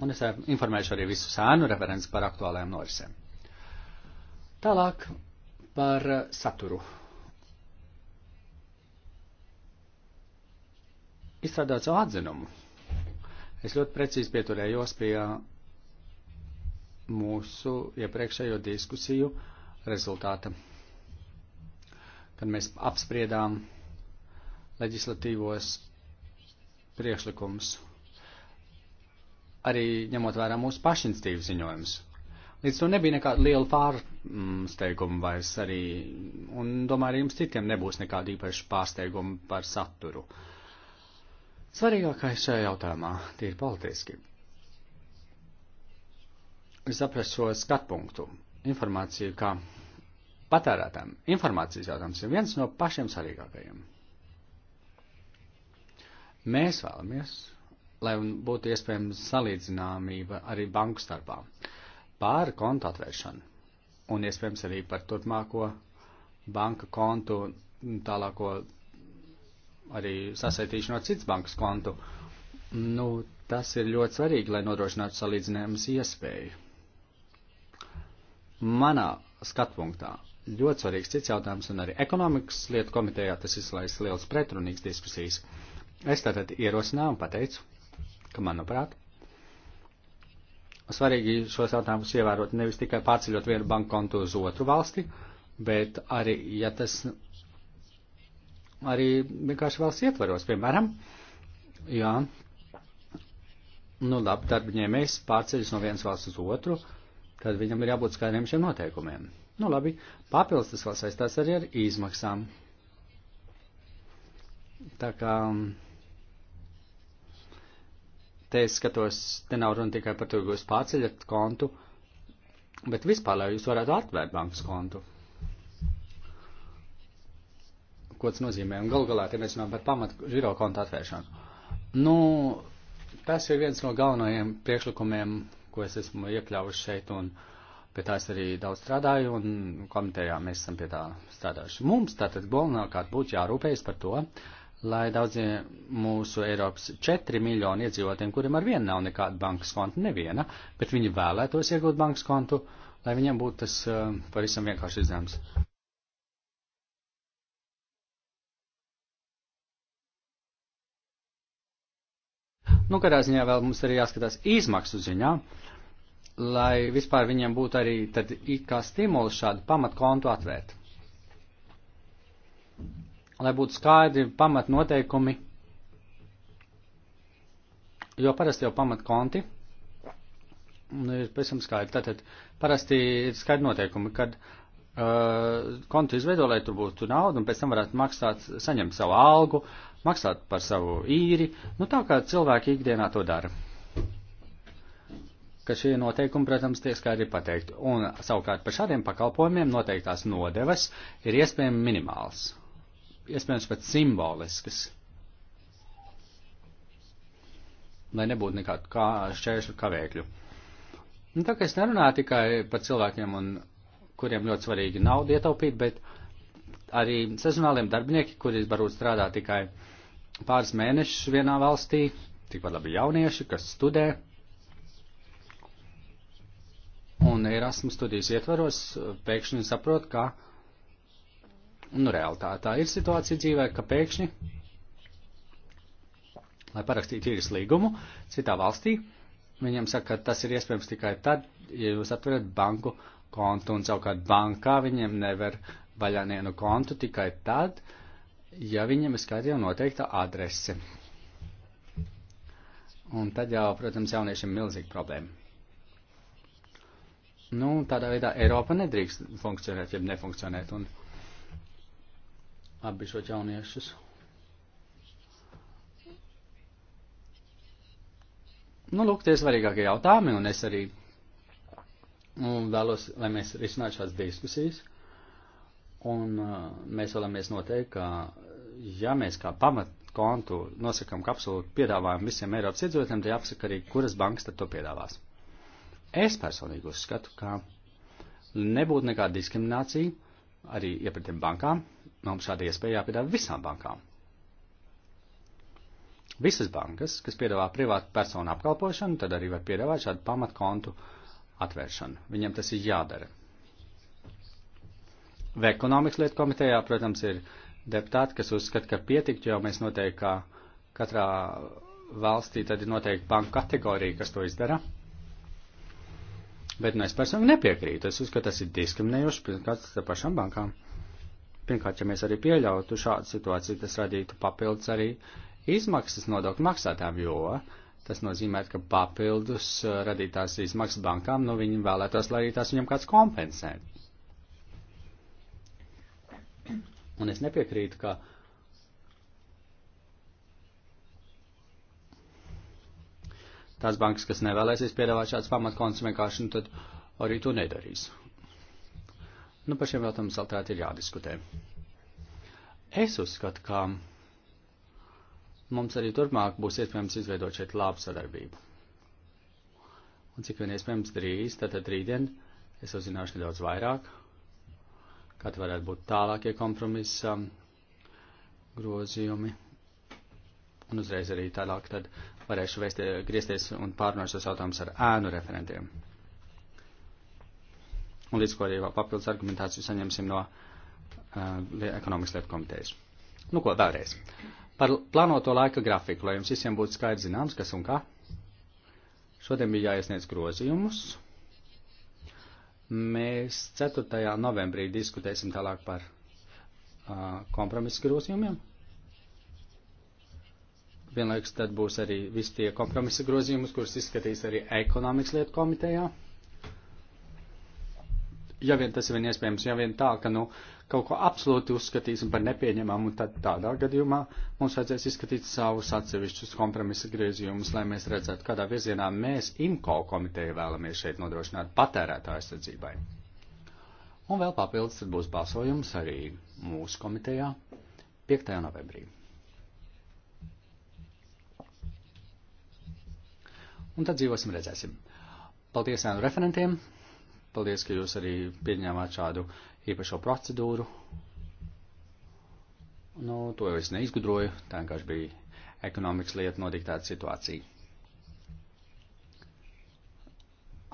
Un es eh, informēšu arī visus ēnu referents par aktuālajām norisēm. Tālāk par eh, saturu. Izstrādāts jau atzinumu. Es ļoti precīzi pieturējos pie mūsu iepriekšējo diskusiju rezultāta, kad mēs apspriedām leģislatīvos priekšlikumus, arī ņemot vērā mūsu pašinstīvu ziņojumus. Līdz tam nebija nekāda liela pārsteiguma vairs arī, un domāju, arī jums citiem nebūs nekāda īpaša pārsteiguma par saturu. Svarīgākais šajā jautājumā ir politiski saprast šo skatpunktu. Informācija kā patērētājiem. Informācijas jautājums ir viens no pašiem svarīgākajiem. Mēs vēlamies, lai būtu iespējams salīdzināmība arī banku starpā pār kontu atvēršanu un iespējams arī par turpmāko banka kontu tālāko arī sasaitīšanu ar cits bankas kontu. Nu, tas ir ļoti svarīgi, lai nodrošinātu salīdzinājumus iespēju. Manā skatpunktā ļoti svarīgs cits jautājums, un arī ekonomikas lietu komitejā tas izlaist liels pretrunīgs diskusijas. Es tātad ierosināju un pateicu, ka, manuprāt, svarīgi šos jautājumus ievērot nevis tikai pārceļot vienu banku kontu uz otru valsti, bet arī, ja tas arī vienkārši valsts ietvaros, piemēram, jā, nu labi, darba ņēmējs pārceļas no vienas valsts uz otru, uh, tad viņam ir jābūt skaidriem šiem noteikumiem. Nu, labi, papildus tas vēl saistās arī ar izmaksām. Tā kā mm, te es skatos, te nav runa tikai par to, ka jūs pārceļat kontu, bet vispār, lai jūs varētu atvērt bankas kontu. Ko tas nozīmē? Un gal galā, te mēs runājam par pamatu žiro kontu atvēršanu. Nu, tas ir viens no galvenajiem priekšlikumiem ko es esmu iekļāvuši šeit, un pie tā es arī daudz strādāju, un komitejā mēs esam pie tā strādājuši. Mums tātad galvenokārt būtu jārūpējas par to, lai daudziem mūsu Eiropas 4 miljonu iedzīvotiem, kuriem ar vienu nav nekāda bankas konta, neviena, bet viņi vēlētos iegūt bankas kontu, lai viņiem būtu tas uh, pavisam vienkārši izdevums. Nu, kādā ziņā vēl mums arī jāskatās izmaksu ziņā, lai vispār viņiem būtu arī tad it kā stimuls šādu pamatkontu atvērt. Lai būtu skaidri pamatnoteikumi, jo parasti jau pamatkonti nu, ir pavisam skaidri. Tātad parasti ir skaidri noteikumi, kad uh, kontu izveido, lai tur būtu nauda un pēc tam varētu maksāt, saņemt savu algu, uh, maksāt par savu īri, nu tā kā cilvēki ikdienā to dara. Ka šie noteikumi, protams, tiek skaidri pateikti, un savukārt par šādiem pakalpojumiem noteiktās nodevas ir iespējami minimāls, iespējams pat simboliskas. Lai nebūtu nekādu kā šķēršļu kavēkļu. Nu, tā kā es nerunāju tikai par cilvēkiem, un, kuriem ļoti svarīgi naudu ietaupīt, bet arī sezonāliem darbinieki, kuri varbūt strādā tikai uh, pāris mēnešus vienā valstī, tikpat labi jaunieši, kas studē. Un Erasmus studijas ietvaros pēkšņi saprot, ka nu, realitātā ir situācija dzīvē, ka pēkšņi, lai parakstītu īres līgumu citā valstī, viņam saka, ka tas ir iespējams tikai tad, ja jūs atverat banku kontu un savukārt bankā viņiem nevar vaļā nienu kontu tikai tad, uh, ja viņam ir skaidri jau noteikta adrese. Un tad jau, protams, jauniešiem ir milzīga problēma. Nu, tādā veidā Eiropa nedrīkst funkcionēt, jeb nefunkcionēt, un abi šo jauniešus. Nu, lūk, tie svarīgākie jautājumi, un es arī un nu, vēlos, lai mēs risinātu šādas diskusijas. Un uh, mēs vēlamies noteikt, ka, ja mēs kā pamatkontu nosakam, ka absolūti piedāvājam visiem Eiropas iedzīvotājiem, tad jāapsaka arī, kuras bankas tad to piedāvās. Es personīgi uzskatu, ka nebūtu nekāda diskriminācija arī iepratiem bankām. Mums šāda iespēja jāpiedāvā visām bankām. Visas bankas, kas piedāvā privātu personu apkalpošanu, tad arī var piedāvāt šādu pamatkontu atvēršanu. Viņam tas ir jādara. V ekonomikas lietu komitejā, protams, ir deputāti, kas uzskata, ka pietiktu, jo mēs noteikti, ka katrā valstī tad ir noteikti banka kategorija, kas to izdara. Bet nu, es personīgi nepiekrītu. Es uzskatu, tas ir diskriminējoši pirmkārt ar pašām bankām. Pirmkārt, ja mēs arī pieļautu šādu situāciju, tas radītu papildus arī izmaksas nodokļu maksātājiem, jo tas nozīmē, ka papildus eh, radītās izmaksas bankām, nu viņi vēlētos, lai arī tās viņam kāds kompensētu. Un es nepiekrītu, ka tās bankas, kas nevēlēsies piedāvāt šāds pamatkonts, vienkārši nu, tad arī to nedarīs. Nu, par šiem jautājumiem saltēt ir jādiskutē. Es uzskatu, ka mums arī turpmāk būs iespējams izveidot šeit labu sadarbību. Un cik vien iespējams drīz, tātad rītdien, es uzzināšu nedaudz vairāk kad varētu būt tālākie kompromisa grozījumi. Un uzreiz arī tālāk tad varēšu vēstie, griezties un pārnāt šos jautājumus ar ēnu referentiem. Un līdz ko arī papildus argumentāciju saņemsim no uh, ekonomikas lietu komitejas. Nu ko, vēlreiz. Par plānoto laika grafiku, lai jums visiem būtu skaidrs zināms, kas un kā. Šodien bija jāiesniedz grozījumus. Mēs 4. novembrī diskutēsim tālāk par uh, kompromisu grozījumiem. Vienlaiks tad būs arī visi tie kompromisa grozījumus, kurus izskatīs arī ekonomikas lietu komitejā. Ja vien tas ir vien iespējams, ja vien tā, ka, nu, uh, kaut ko absolūti uzskatīsim par nepieņemamu, tad tādā gadījumā mums vajadzēs izskatīt savus atsevišķus kompromisa griezījumus, lai mēs redzētu, kādā virzienā mēs IMCO komiteju vēlamies šeit nodrošināt patērētāju aizsardzībai. Un vēl papildus tad būs balsojums arī mūsu komitejā 5. novembrī. Un tad dzīvosim, redzēsim. Paldies ēnu referentiem. Paldies, ka jūs arī pieņēmāt šādu īpašo procedūru. Nu, to jau es neizgudroju, tā vienkārši bija ekonomikas lieta nodiktēta situācija.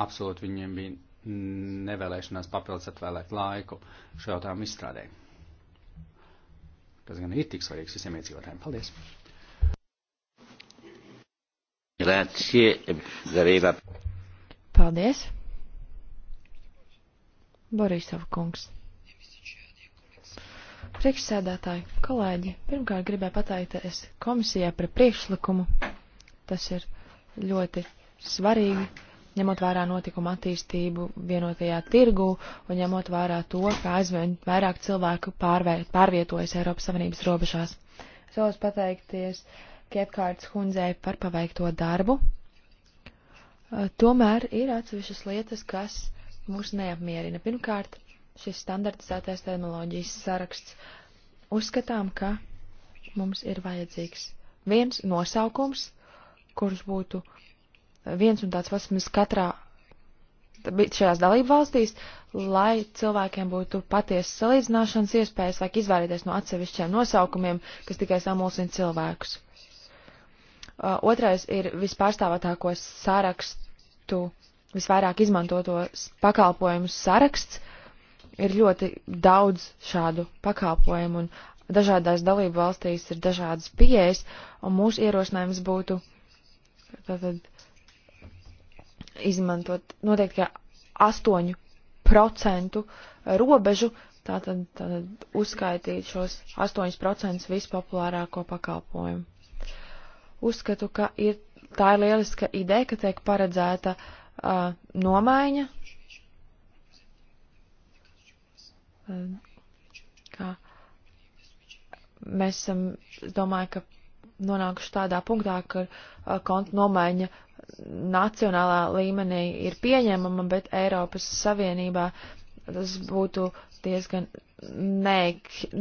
Absolūti viņiem bija nevēlēšanās papildus atvēlēt laiku šo jautājumu izstrādē. Tas gan ir tik svarīgs visiem iedzīvotājiem. Paldies! Paldies! Borisov kungs. Priekšsēdētāji, kolēģi, pirmkārt gribēju pateikties komisijai par priekšlikumu. Tas ir ļoti svarīgi, ņemot vērā notikumu attīstību vienotajā tirgu un ņemot vērā to, ka aizvien vairāk cilvēku pārvēr, pārvietojas Eiropas Savienības robežās. Es vēlos pateikties Kepkārts Hundzei par paveikto darbu. Tomēr ir atsevišķas lietas, kas mūs neapmierina. Pirmkārt, šis standartizētais terminoloģijas saraksts. Uzskatām, ka mums ir vajadzīgs viens nosaukums, kurš būtu viens un tāds pats mums katrā šajās dalību valstīs, lai cilvēkiem būtu patiesas salīdzināšanas iespējas, vajag izvairīties no atsevišķiem nosaukumiem, kas tikai samulsina cilvēkus. Otrais ir vispārstāvotāko sarakstu, visvairāk izmantoto pakalpojumu saraksts ir ļoti daudz šādu pakāpojumu, un dažādās dalību valstīs ir dažādas pieejas, un mūsu ierosinājums būtu tātad, izmantot noteikti kā 8% robežu, tātad, tātad uzskaitīt šos 8% vispopulārāko pakalpojumu. Uzskatu, ka ir, tā ir lieliska ideja, ka tiek paredzēta uh, nomaiņa Ehm, ka mēs esam, domāju, ka nonākuši tādā punktā, ka kontu nomaiņa nacionālā līmenī ir pieņemama, bet Eiropas Savienībā tas būtu diezgan ne,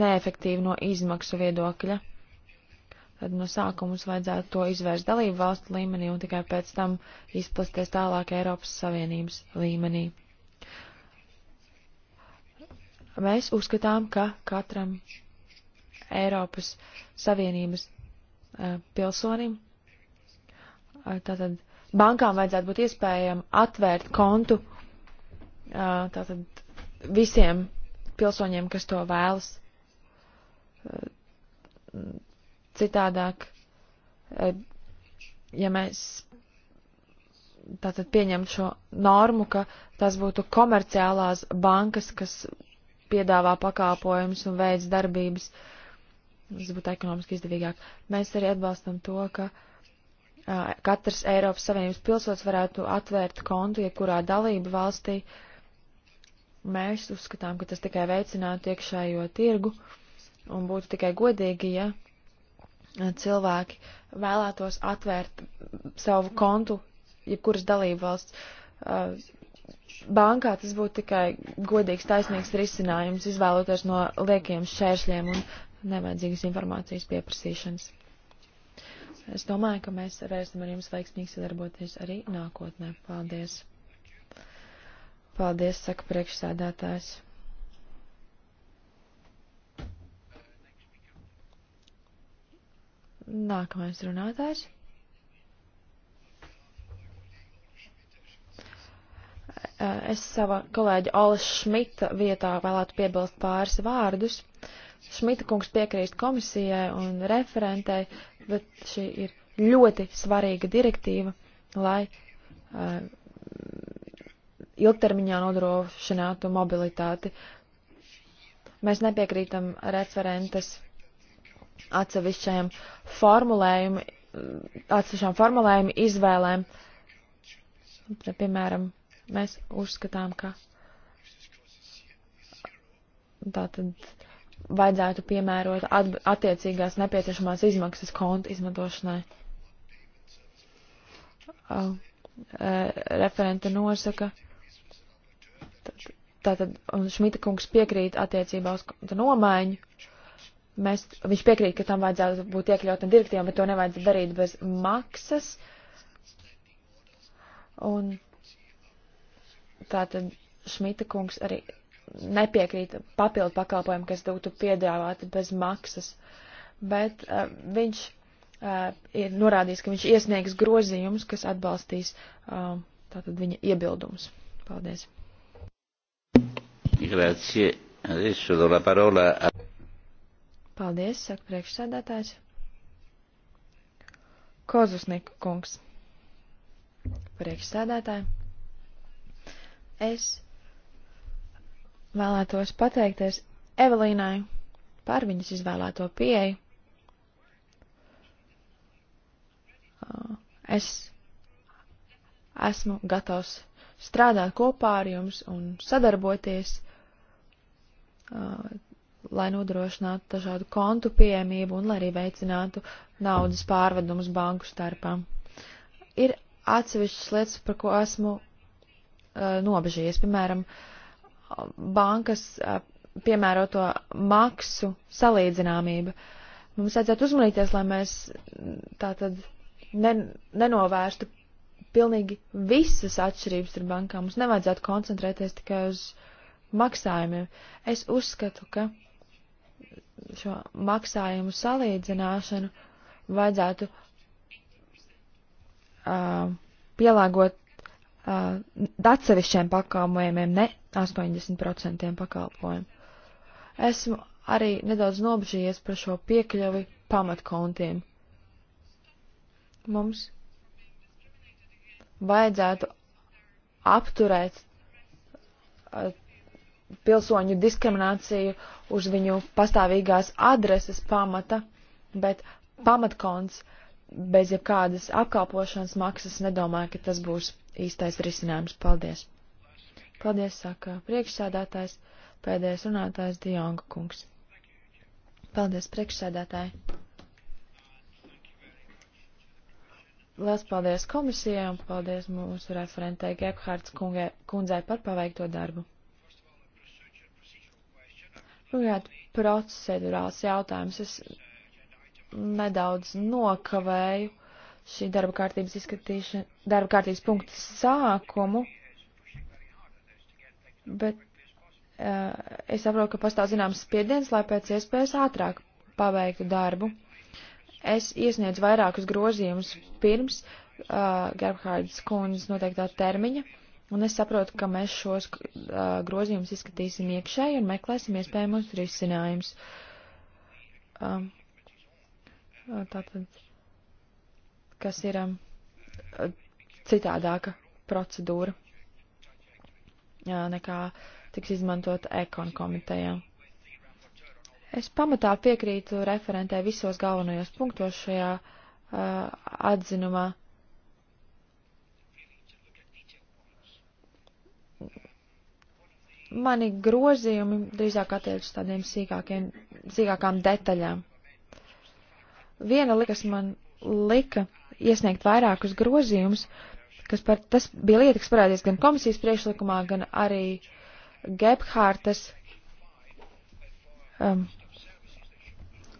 neefektīvi no izmaksu viedokļa. Tad no sākuma mums vajadzētu to izvērst dalību valstu līmenī un tikai pēc tam izplasties tālāk Eiropas Savienības līmenī. Mēs uzskatām, ka katram Eiropas Savienības uh, pilsonim, uh, tātad bankām vajadzētu būt iespējami atvērt kontu uh, tātad visiem pilsoņiem, kas to vēlas. Citādāk, ja mēs tātad pieņemtu šo normu, ka tas būtu komerciālās bankas, kas piedāvā pakāpojumus un veids darbības. Tas būtu ekonomiski izdevīgāk. Mēs arī atbalstam to, ka uh, katrs Eiropas Savienības pilsots varētu atvērt kontu, ja kurā dalība valstī. Mēs uzskatām, ka tas tikai veicinātu iekšējo tirgu un būtu tikai godīgi, ja cilvēki vēlētos atvērt savu kontu, jebkuras dalību valsts uh, bankā tas būtu tikai godīgs, taisnīgs risinājums, izvēloties no liekiem šķēršļiem un nevajadzīgas informācijas pieprasīšanas. Es domāju, ka mēs varēsim ar jums veiksmīgi sadarboties arī nākotnē. Paldies! Paldies, saka priekšsēdētājs. Nākamais runātājs. Eh, es sava kolēģa Olas Šmita vietā vēlētu piebilst pāris vārdus. Šmita kungs piekrīst komisijai un referentei, bet šī ir ļoti svarīga direktīva, lai uh, ilgtermiņā nodrošinātu mobilitāti. Mēs nepiekrītam referentes atsevišķajam formulējumu, atsevišķām formulējumu izvēlēm, piemēram, Mēs uzskatām, ka tātad vajadzētu piemērot attiecīgās nepieciešamās izmaksas konta izmantošanai. Uh, referente nosaka, tātad, un Šmita kungs piekrīt attiecībā uz nomaiņu. Mēs, viņš piekrīt, ka tam vajadzētu būt iekļautam direktīvam, bet to nevajadzētu darīt bez maksas. Un Tātad Šmita kungs arī nepiekrīt papildu pakalpojumu, kas būtu piedāvāti bez maksas, bet uh, viņš uh, ir norādījis, ka viņš iesniegs grozījumus, kas atbalstīs uh, tātad viņa iebildumus. Paldies. Grazie. Adesso do la parola a... Paldies, saka priekšsēdētājs. Kozusnika kungs. Priekšsēdētāji. Es vēlētos pateikties Evelīnai par viņas izvēlēto pieeju. Uh, es esmu gatavs strādāt kopā ar jums un sadarboties, uh, lai nodrošinātu dažādu kontu pieejamību un lai arī veicinātu naudas pārvedumus banku starpā. Ir atsevišķas lietas, par ko esmu Eh, nobežījies. Piemēram, bankas eh, piemēroto maksu salīdzināmība. Mums vajadzētu uzmanīties, lai mēs tātad nen, nenovērstu pilnīgi visas atšķirības starp bankām. Mums nevajadzētu koncentrēties tikai uz maksājumiem. Es uzskatu, ka šo maksājumu salīdzināšanu vajadzētu uh, pielāgot uh, atsevišķiem pakalpojumiem, ne 80% pakalpojumu. Esmu arī nedaudz nobežījies par šo piekļuvi pamatkontiem. Mums vajadzētu apturēt uh, pilsoņu diskrimināciju uz viņu pastāvīgās adreses pamata, bet pamatkonts bez jebkādas apkalpošanas maksas nedomāju, ka tas būs īstais risinājums. Paldies! Paldies, saka priekšsēdētājs, pēdējais runātājs Dionga kungs. Paldies, priekšsēdētāji! Lielas paldies komisijai un paldies mūsu referentei Gebhards kundzei par paveikto darbu. Pirmkārt, procedurāls jautājums. Es nedaudz nokavēju šī darba kārtības izskatīšana, darba kārtības punktu sākumu, bet uh, es saprotu, ka pastāv zināms spiediens, lai pēc iespējas ātrāk paveiktu darbu. Es iesniedzu vairākus grozījumus pirms uh, Gerbhārdas kundzes noteiktā termiņa, un es saprotu, ka mēs šos uh, grozījumus izskatīsim iekšēji un meklēsim iespējamos risinājumus. Um, tātad kas ir um, citādāka procedūra uh, nekā tiks izmantot ekon komitejā. Es pamatā piekrītu referentē visos galvenajos punktos šajā uh, atzinumā. Mani grozījumi drīzāk attiecas tādiem sīkākiem, sīkākām detaļām. Viena likas man lika iesniegt vairākus grozījumus, kas par, tas bija lieta, kas parādījās gan komisijas priekšlikumā, gan arī Gebhārtas um,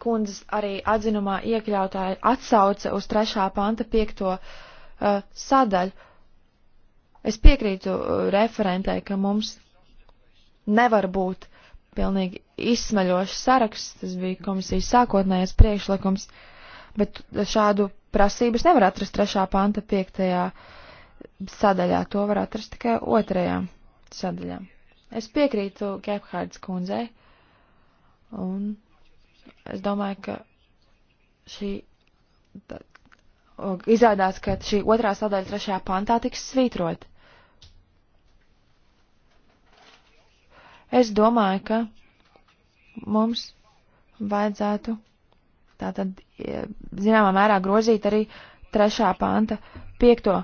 kundzes arī atzinumā iekļautā atsauce uz 3. panta 5. Uh, sadaļu. Es piekrītu uh, referentei, ka mums nevar būt pilnīgi izsmeļošs saraksts, tas bija komisijas sākotnējais priekšlikums, bet šādu prasības nevar atrast 3. panta 5. sadaļā, to var atrast tikai 2. sadaļā. Es piekrītu Gephardas kundzei, un es domāju, ka šī tā, izrādās, ka šī otrā sadaļa trešajā pantā tiks svītrot. Es domāju, ka mums vajadzētu tātad, e, zināmā mērā, grozīt arī trešā panta piekto.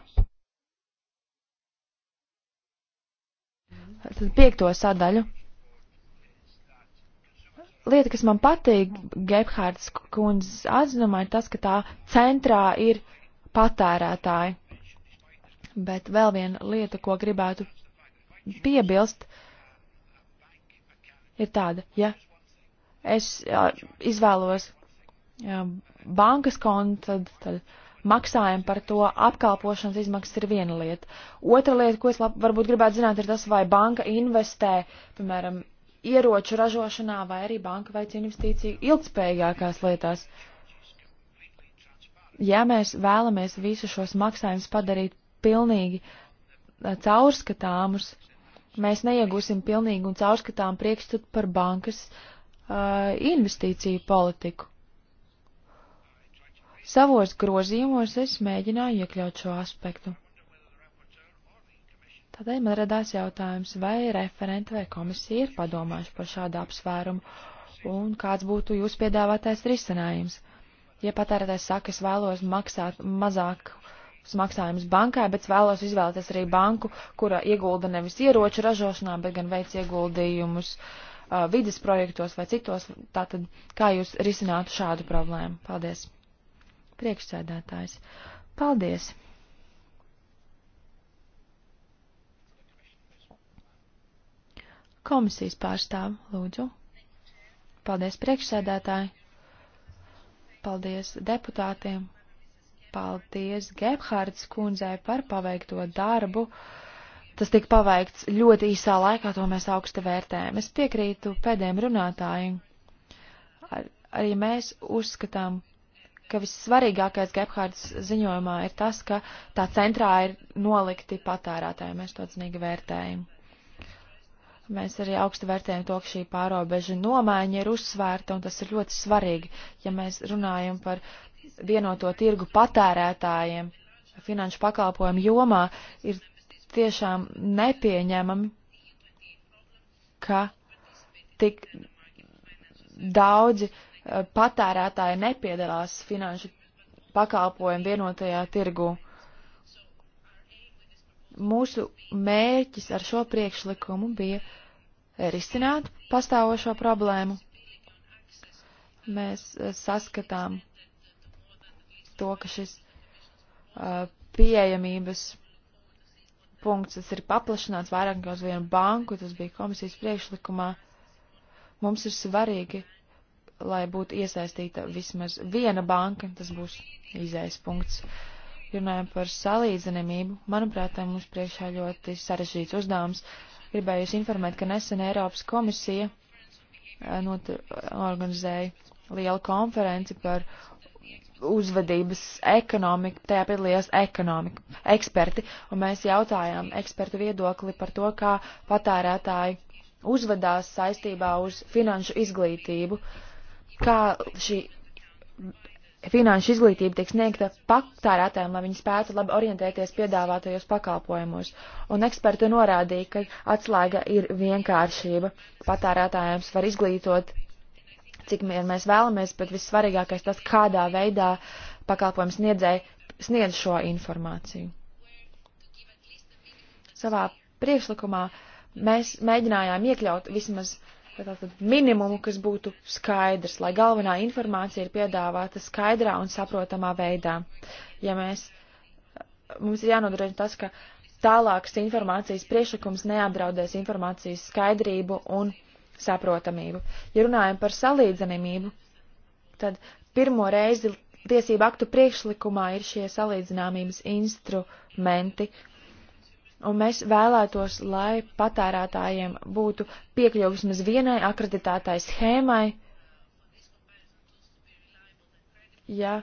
Tad piekto sadaļu. Lieta, kas man patīk Gebhārdas kundzes atzinumā, ir tas, ka tā centrā ir patērētāji. Bet vēl viena lieta, ko gribētu piebilst, ir tāda, ja es izvēlos bankas kontu, tad, tad maksājumi par to apkalpošanas izmaksas ir viena lieta. Otra lieta, ko es lab, varbūt gribētu zināt, ir tas, vai banka investē, piemēram, ieroču ražošanā, vai arī banka veic investīciju ilgspējīgākās lietās. Ja mēs vēlamies visu šos maksājumus padarīt pilnīgi eh, caurskatāmus, mēs neiegūsim pilnīgu un caurskatām priekšstatu par bankas uh, investīciju politiku. Savos grozījumos es mēģināju iekļaut šo aspektu. Tādēļ man radās jautājums, vai referenti vai komisija ir padomājuši par šādu apsvērumu, un kāds būtu jūs piedāvātais risinājums. Ja patērētājs saka, es vēlos maksāt mazāk maksājumus bankai, bet vēlos izvēlēties arī banku, kura iegulda nevis ieroču ražošanā, bet gan veic ieguldījumus uh, vidas projektos vai citos, tātad kā jūs risinātu šādu problēmu? Paldies! Priekšsēdētājs. Paldies! Komisijas pārstāv, lūdzu. Paldies priekšsēdētāji. Paldies deputātiem. Paldies Gebhārds kundzei par paveikto darbu. Tas tika paveikts ļoti īsā laikā, to mēs augsti vērtējam. Es piekrītu pēdējiem runātājiem. Ar, arī mēs uzskatām, ka vissvarīgākais Gebhārdas ziņojumā ir tas, ka tā centrā ir nolikti patērētāji. Mēs to zinīgi vērtējam. Mēs arī augstu vērtējam to, ka šī pārobeža nomaiņa ir uzsvērta, un tas ir ļoti svarīgi, ja mēs runājam par vienoto tirgu patērētājiem finanšu pakalpojumu jomā, ir tiešām nepieņemami, ka tik daudzi uh, Eh, patērētāji nepiedalās finanšu pakalpojumu vienotajā tirgu. Mūsu mērķis ar šo priekšlikumu bija risināt pastāvošo problēmu. Mēs eh, saskatām to, ka šis uh, pieejamības punkts, tas ir paplašināts vairāk nekā uz vienu banku, tas bija komisijas priekšlikumā. Mums ir svarīgi lai būtu iesaistīta vismaz viena banka, tas būs izējas punkts. Runājot par salīdzinamību, manuprāt, mums priekšā ļoti sarežģīts uzdevums. Gribēju jūs informēt, ka nesen Eiropas komisija eh, notur, organizēja lielu konferenci par uzvedības ekonomiku, tajā piedalījās ekonomika, eksperti, un mēs jautājām ekspertu viedokli par to, kā patērētāji uzvedās saistībā uz finanšu izglītību. Uh, kā šī finanšu izglītība tiek sniegta patērētājiem, lai viņi spētu labi orientēties piedāvātajos pakalpojumus. Un eksperti norādīja, ka atslēga ir vienkāršība. Patērētājiem var izglītot, cik vien mēs vēlamies, bet vissvarīgākais tas, kādā veidā pakalpojums sniedzēja sniedz šo informāciju. Savā priekšlikumā mēs mēģinājām iekļaut vismaz uh, tātad minimumu, kas būtu skaidrs, lai galvenā informācija ir piedāvāta skaidrā un saprotamā veidā. Ja mēs, mums ir jānodrošina tas, ka tālākas informācijas priešakums neapdraudēs informācijas skaidrību un saprotamību. Ja runājam par salīdzinamību, tad pirmo reizi tiesību aktu priekšlikumā ir šie salīdzināmības instrumenti, un mēs vēlētos, lai patērētājiem būtu piekļuvis vismaz vienai akreditētai schēmai, ja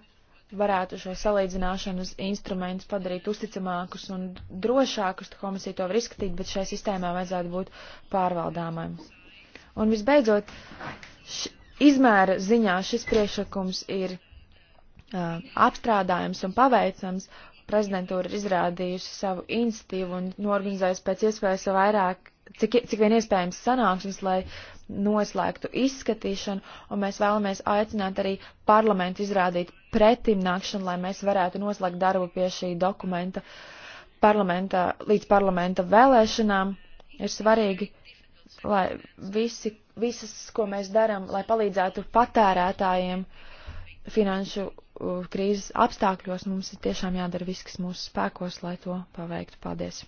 varētu šo salīdzināšanas instrumentus padarīt uzticamākus un drošākus, tad komisija to var izskatīt, bet šai sistēmai vajadzētu būt pārvaldāmai. Un visbeidzot, š, izmēra ziņā šis priekšlikums ir uh, apstrādājams un paveicams, prezidentūra ir izrādījusi savu iniciatīvu un norganizējusi pēc iespējas vairāk, cik, cik vien iespējams sanāksmes, lai noslēgtu izskatīšanu, un mēs vēlamies aicināt arī parlamentu izrādīt pretimnākšanu, lai mēs varētu noslēgt darbu pie šī dokumenta parlamenta, līdz parlamenta vēlēšanām. Ir svarīgi, lai visi, visas, ko mēs darām, lai palīdzētu patērētājiem finanšu Eh, krīzes apstākļos mums ir tiešām jādara viss, kas mūsu spēkos, lai to paveiktu. Paldies!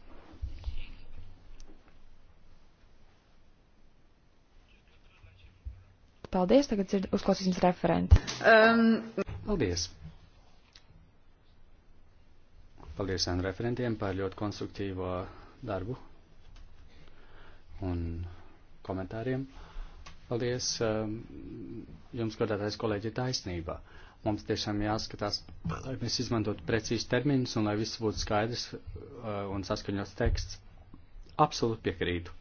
Paldies, tagad dzird, uzklausīsim referenti. Um. Paldies. Paldies ēnu referentiem par ļoti konstruktīvo darbu un komentāriem. Paldies um, jums, godātais kolēģi, taisnība. Uh, Mums tiešām jāskatās, lai mēs izmantotu precīzi terminus un lai viss būtu skaidrs uh, un saskaņots teksts. Absolūti piekrītu.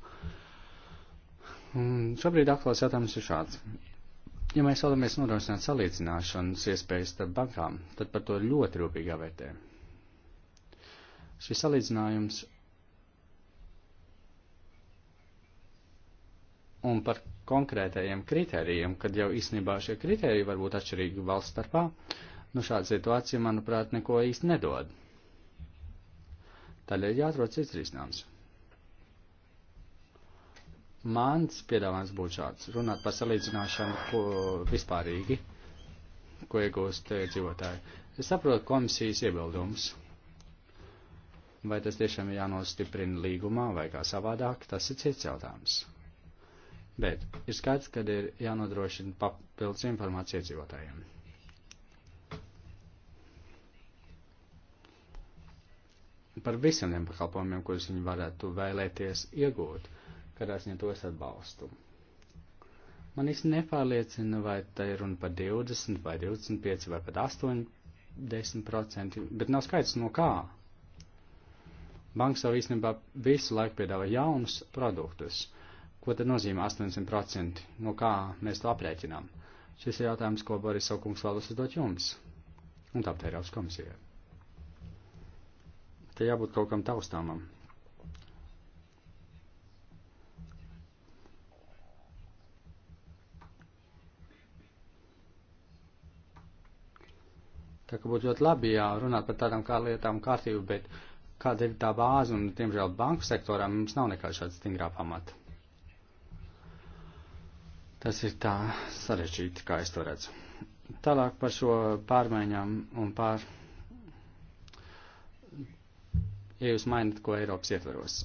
Un šobrīd aktuāls jautājums ir šāds. Ja mēs vēlamies nodrošināt salīdzināšanas iespējas starp bankām, tad par to ļoti rūpīgi jāvērtē. Šis salīdzinājums un par konkrētajiem kritērijiem, kad jau īstenībā šie kritēriji var būt atšķirīgi valsts starpā, nu šāda situācija, manuprāt, neko īsti nedod. Tādēļ jāatrod cits risinājums. Mans piedāvājums būtu šāds - runāt par salīdzināšanu ko, vispārīgi, ko iegūst eh, dzīvotāji. Es saprotu komisijas iebildumus. Vai tas tiešām ir jānostiprina līgumā vai kā savādāk, tas ir cits jautājums. Bet ir skaidrs, ka ir jānodrošina papildus informācija iedzīvotājiem. Par visiem tiem pakalpojumiem, kurus viņi varētu vēlēties iegūt, kad es viņu tos atbalstu. Man īsti nepārliecina, vai tā ir runa par 20 vai 25 vai pat 80%, bet nav skaidrs no kā. Banks jau īstenībā visu laiku piedāvā jaunus produktus Ko tad nozīmē 80%? No kā mēs to aprēķinām? Šis ir jautājums, ko Boris Saukums vēlas uzdot jums un tāpēc Eiropas komisijai. Te jābūt kaut kam taustāmam. Tā kā būtu ļoti labi, jā, runāt par tādām kā lietām kārtību, bet kāda ir tā bāze, un, diemžēl, banku sektorā mums nav nekāda šāda stingrā pamata. Tas ir tā sarežģīti, kā es to redzu. Tālāk par šo pārmaiņām un pār. Ja jūs mainat, ko Eiropas ietveros,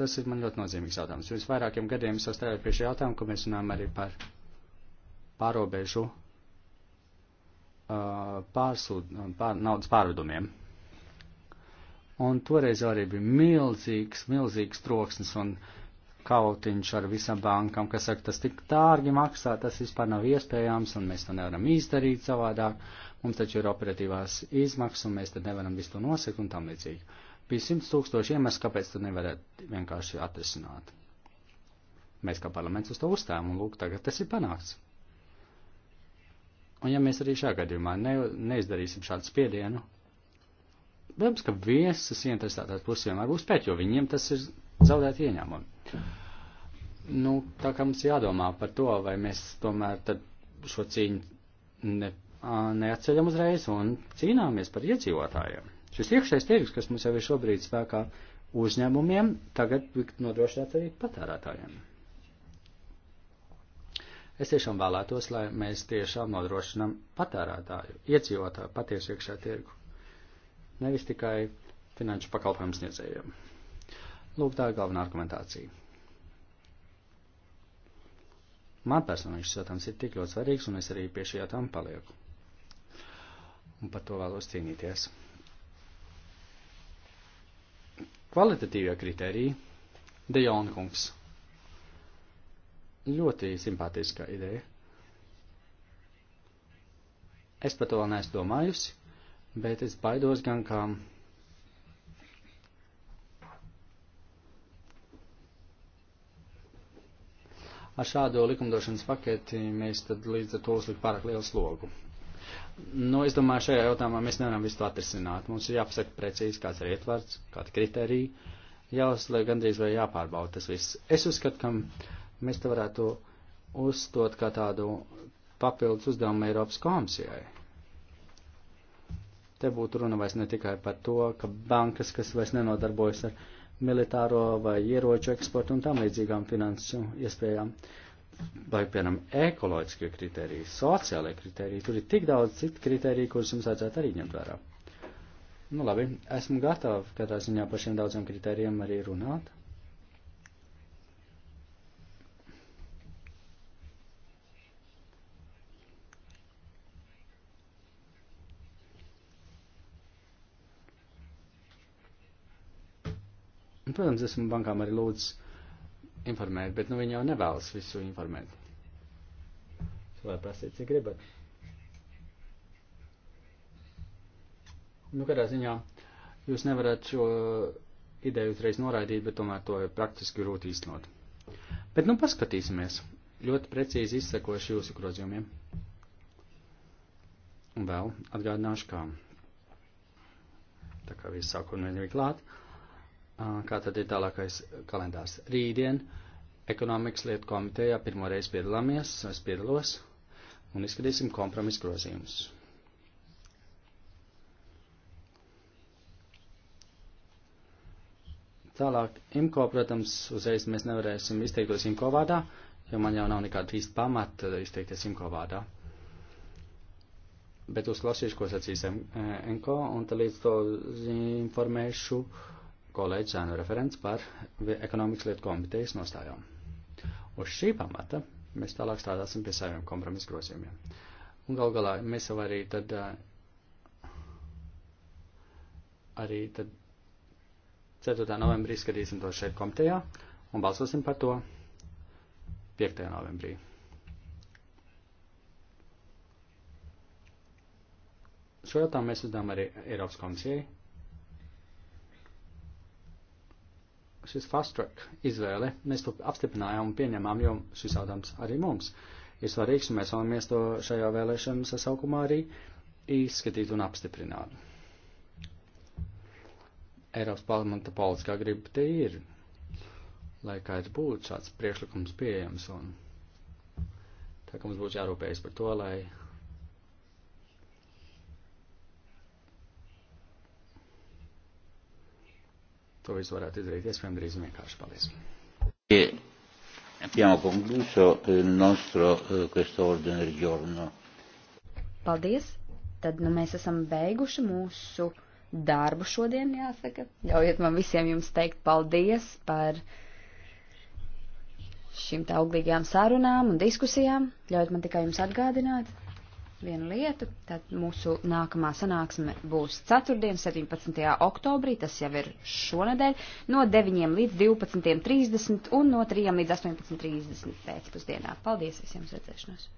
tas ir man ļoti nozīmīgs jautājums. Pirms vairākiem gadiem es jau strādāju pie šī jautājuma, ka mēs runājam arī par pārobežu pārsūd, pār, naudas pārvedumiem. Un toreiz arī bija milzīgs, milzīgs troksnis un uh, kautiņš ar visam bankam, kas saka, tas tik dārgi maksā, tas vispār nav iespējams un mēs to nevaram izdarīt savādāk. Mums taču ir operatīvās izmaksas un mēs te nevaram visu to nosekt un tam līdzīgi. Bija simts tūkstoši iemesls, kāpēc to nevarētu vienkārši atrisināt. Mēs kā parlaments uz to uzstājām un lūk, tagad tas ir panākts. Un ja mēs arī šā gadījumā ne, neizdarīsim šādu spiedienu, protams, ka viesas ieinteresētās puses vienmēr būs pēc, jo viņiem tas ir zaudēt ieņēmumu. Nu, tā kā mums jādomā par to, vai mēs tomēr tad šo cīņu ne, neatceļam uzreiz un cīnāmies par iedzīvotājiem. Šis iekšējais tirgus, kas mums jau ir šobrīd spēkā uzņēmumiem, tagad nodrošināts arī patērētājiem. Es tiešām vēlētos, lai mēs tiešām nodrošinām patērētāju, iedzīvotāju patiesu iekšē tirgu, nevis tikai finanšu pakalpojumu sniedzējiem. Lūk, tā ir galvenā argumentācija. Man personīgi šis jautājums ir tik ļoti svarīgs, un es arī pie šī jautājuma palieku. Un par to vēlos cīnīties. Kvalitatīvie kriteriji - Dejonkungs. Ļoti simpātiska ideja. Es par to vēl neesmu domājusi, bet es baidos gan, ka ar šādu likumdošanas paketi mēs tad līdz ar to uzlikt pārāk lielu slogu. Nu, es domāju, šajā jautājumā mēs nevaram visu atrisināt. Mums ir jāpasaka precīzi, kāds ir ietvarts, kāda kriterija, jāuzliek gandrīz vai jāpārbauda tas viss. Es uzskatu, ka mēs te varētu uzstot kā tādu papildus uzdevumu Eiropas komisijai. Te būtu runa vairs ne tikai par to, ka bankas, kas vairs nenodarbojas ar militāro vai ieroču eksportu un tam līdzīgām finansu iespējām. Vai, piemēram, ekoloģiskie kriteriji, sociālai kriteriji, tur ir tik daudz citu kriteriju, kurus jums vajadzētu arī ņemt vērā. Nu labi, esmu gatava katrā ziņā par šiem daudziem kriterijiem arī runāt. Un, nu, protams, esmu bankām arī lūdzu informēt, bet nu, viņi jau nevēlas visu informēt. Jūs varat prasīt, cik gribat. Nu, kādā ziņā jūs nevarat šo ideju uzreiz noraidīt, bet tomēr to ir praktiski grūti īstenot. Bet nu paskatīsimies. Ļoti precīzi izsekošu jūsu grozījumiem. Un vēl atgādināšu, kā tā kā viss sākumā nebija klāt. Uh, Ah, kā tad ir tālākais kalendārs? Rītdien ekonomikas lietu komitejā pirmoreiz piedalāmies, es piedalos, un izskatīsim kompromisu grozījumus. Tālāk, IMCO, protams, uzreiz mēs nevarēsim izteikties IMCO vārdā, jo man jau nav nekāda īsta pamata izteikties IMCO vārdā. Bet uzklausīšu, ko sacīs eh, IMCO, un tad līdz to informēšu. Uh, kolēģis Zēnu referents par ekonomikas lietu komitejas nostājām. Uz šī pamata mēs tālāk strādāsim pie saviem kompromisu grozījumiem. Un gal galā mēs jau arī tad, arī tad 4. novembrī skatīsim to šeit komitejā un balsosim par to 5. novembrī. Šo jautājumu mēs uzdevām arī Eiropas komisijai šis fast track izvēle, mēs to apstiprinājām un pieņemām, jo šis jautājums arī mums ir svarīgs, un mēs vēlamies to šajā vēlēšanu sasaukumā arī izskatīt un apstiprināt. Eiropas parlamenta politiskā griba te ir, lai kāds būtu šāds priekšlikums pieejams, un tā kā mums būtu jārūpējas par to, lai to visu varētu izdarīt iespējami drīz un vienkārši. Paldies! E, abbiamo concluso il nostro eh, questo ordine del giorno. Paldies! Tad nu, mēs esam beiguši mūsu darbu šodien, jāsaka. Ļaujiet man visiem jums teikt paldies par šīm tā auglīgajām sarunām un diskusijām. Ļaujiet man tikai jums atgādināt, vienu lietu. Tad mūsu nākamā sanāksme būs ceturtdien, 17. oktobrī, tas jau ir šonadēļ, no 9 līdz 12.30 un no 3 līdz 18.30 pēcpusdienā. Paldies visiem uz redzēšanos!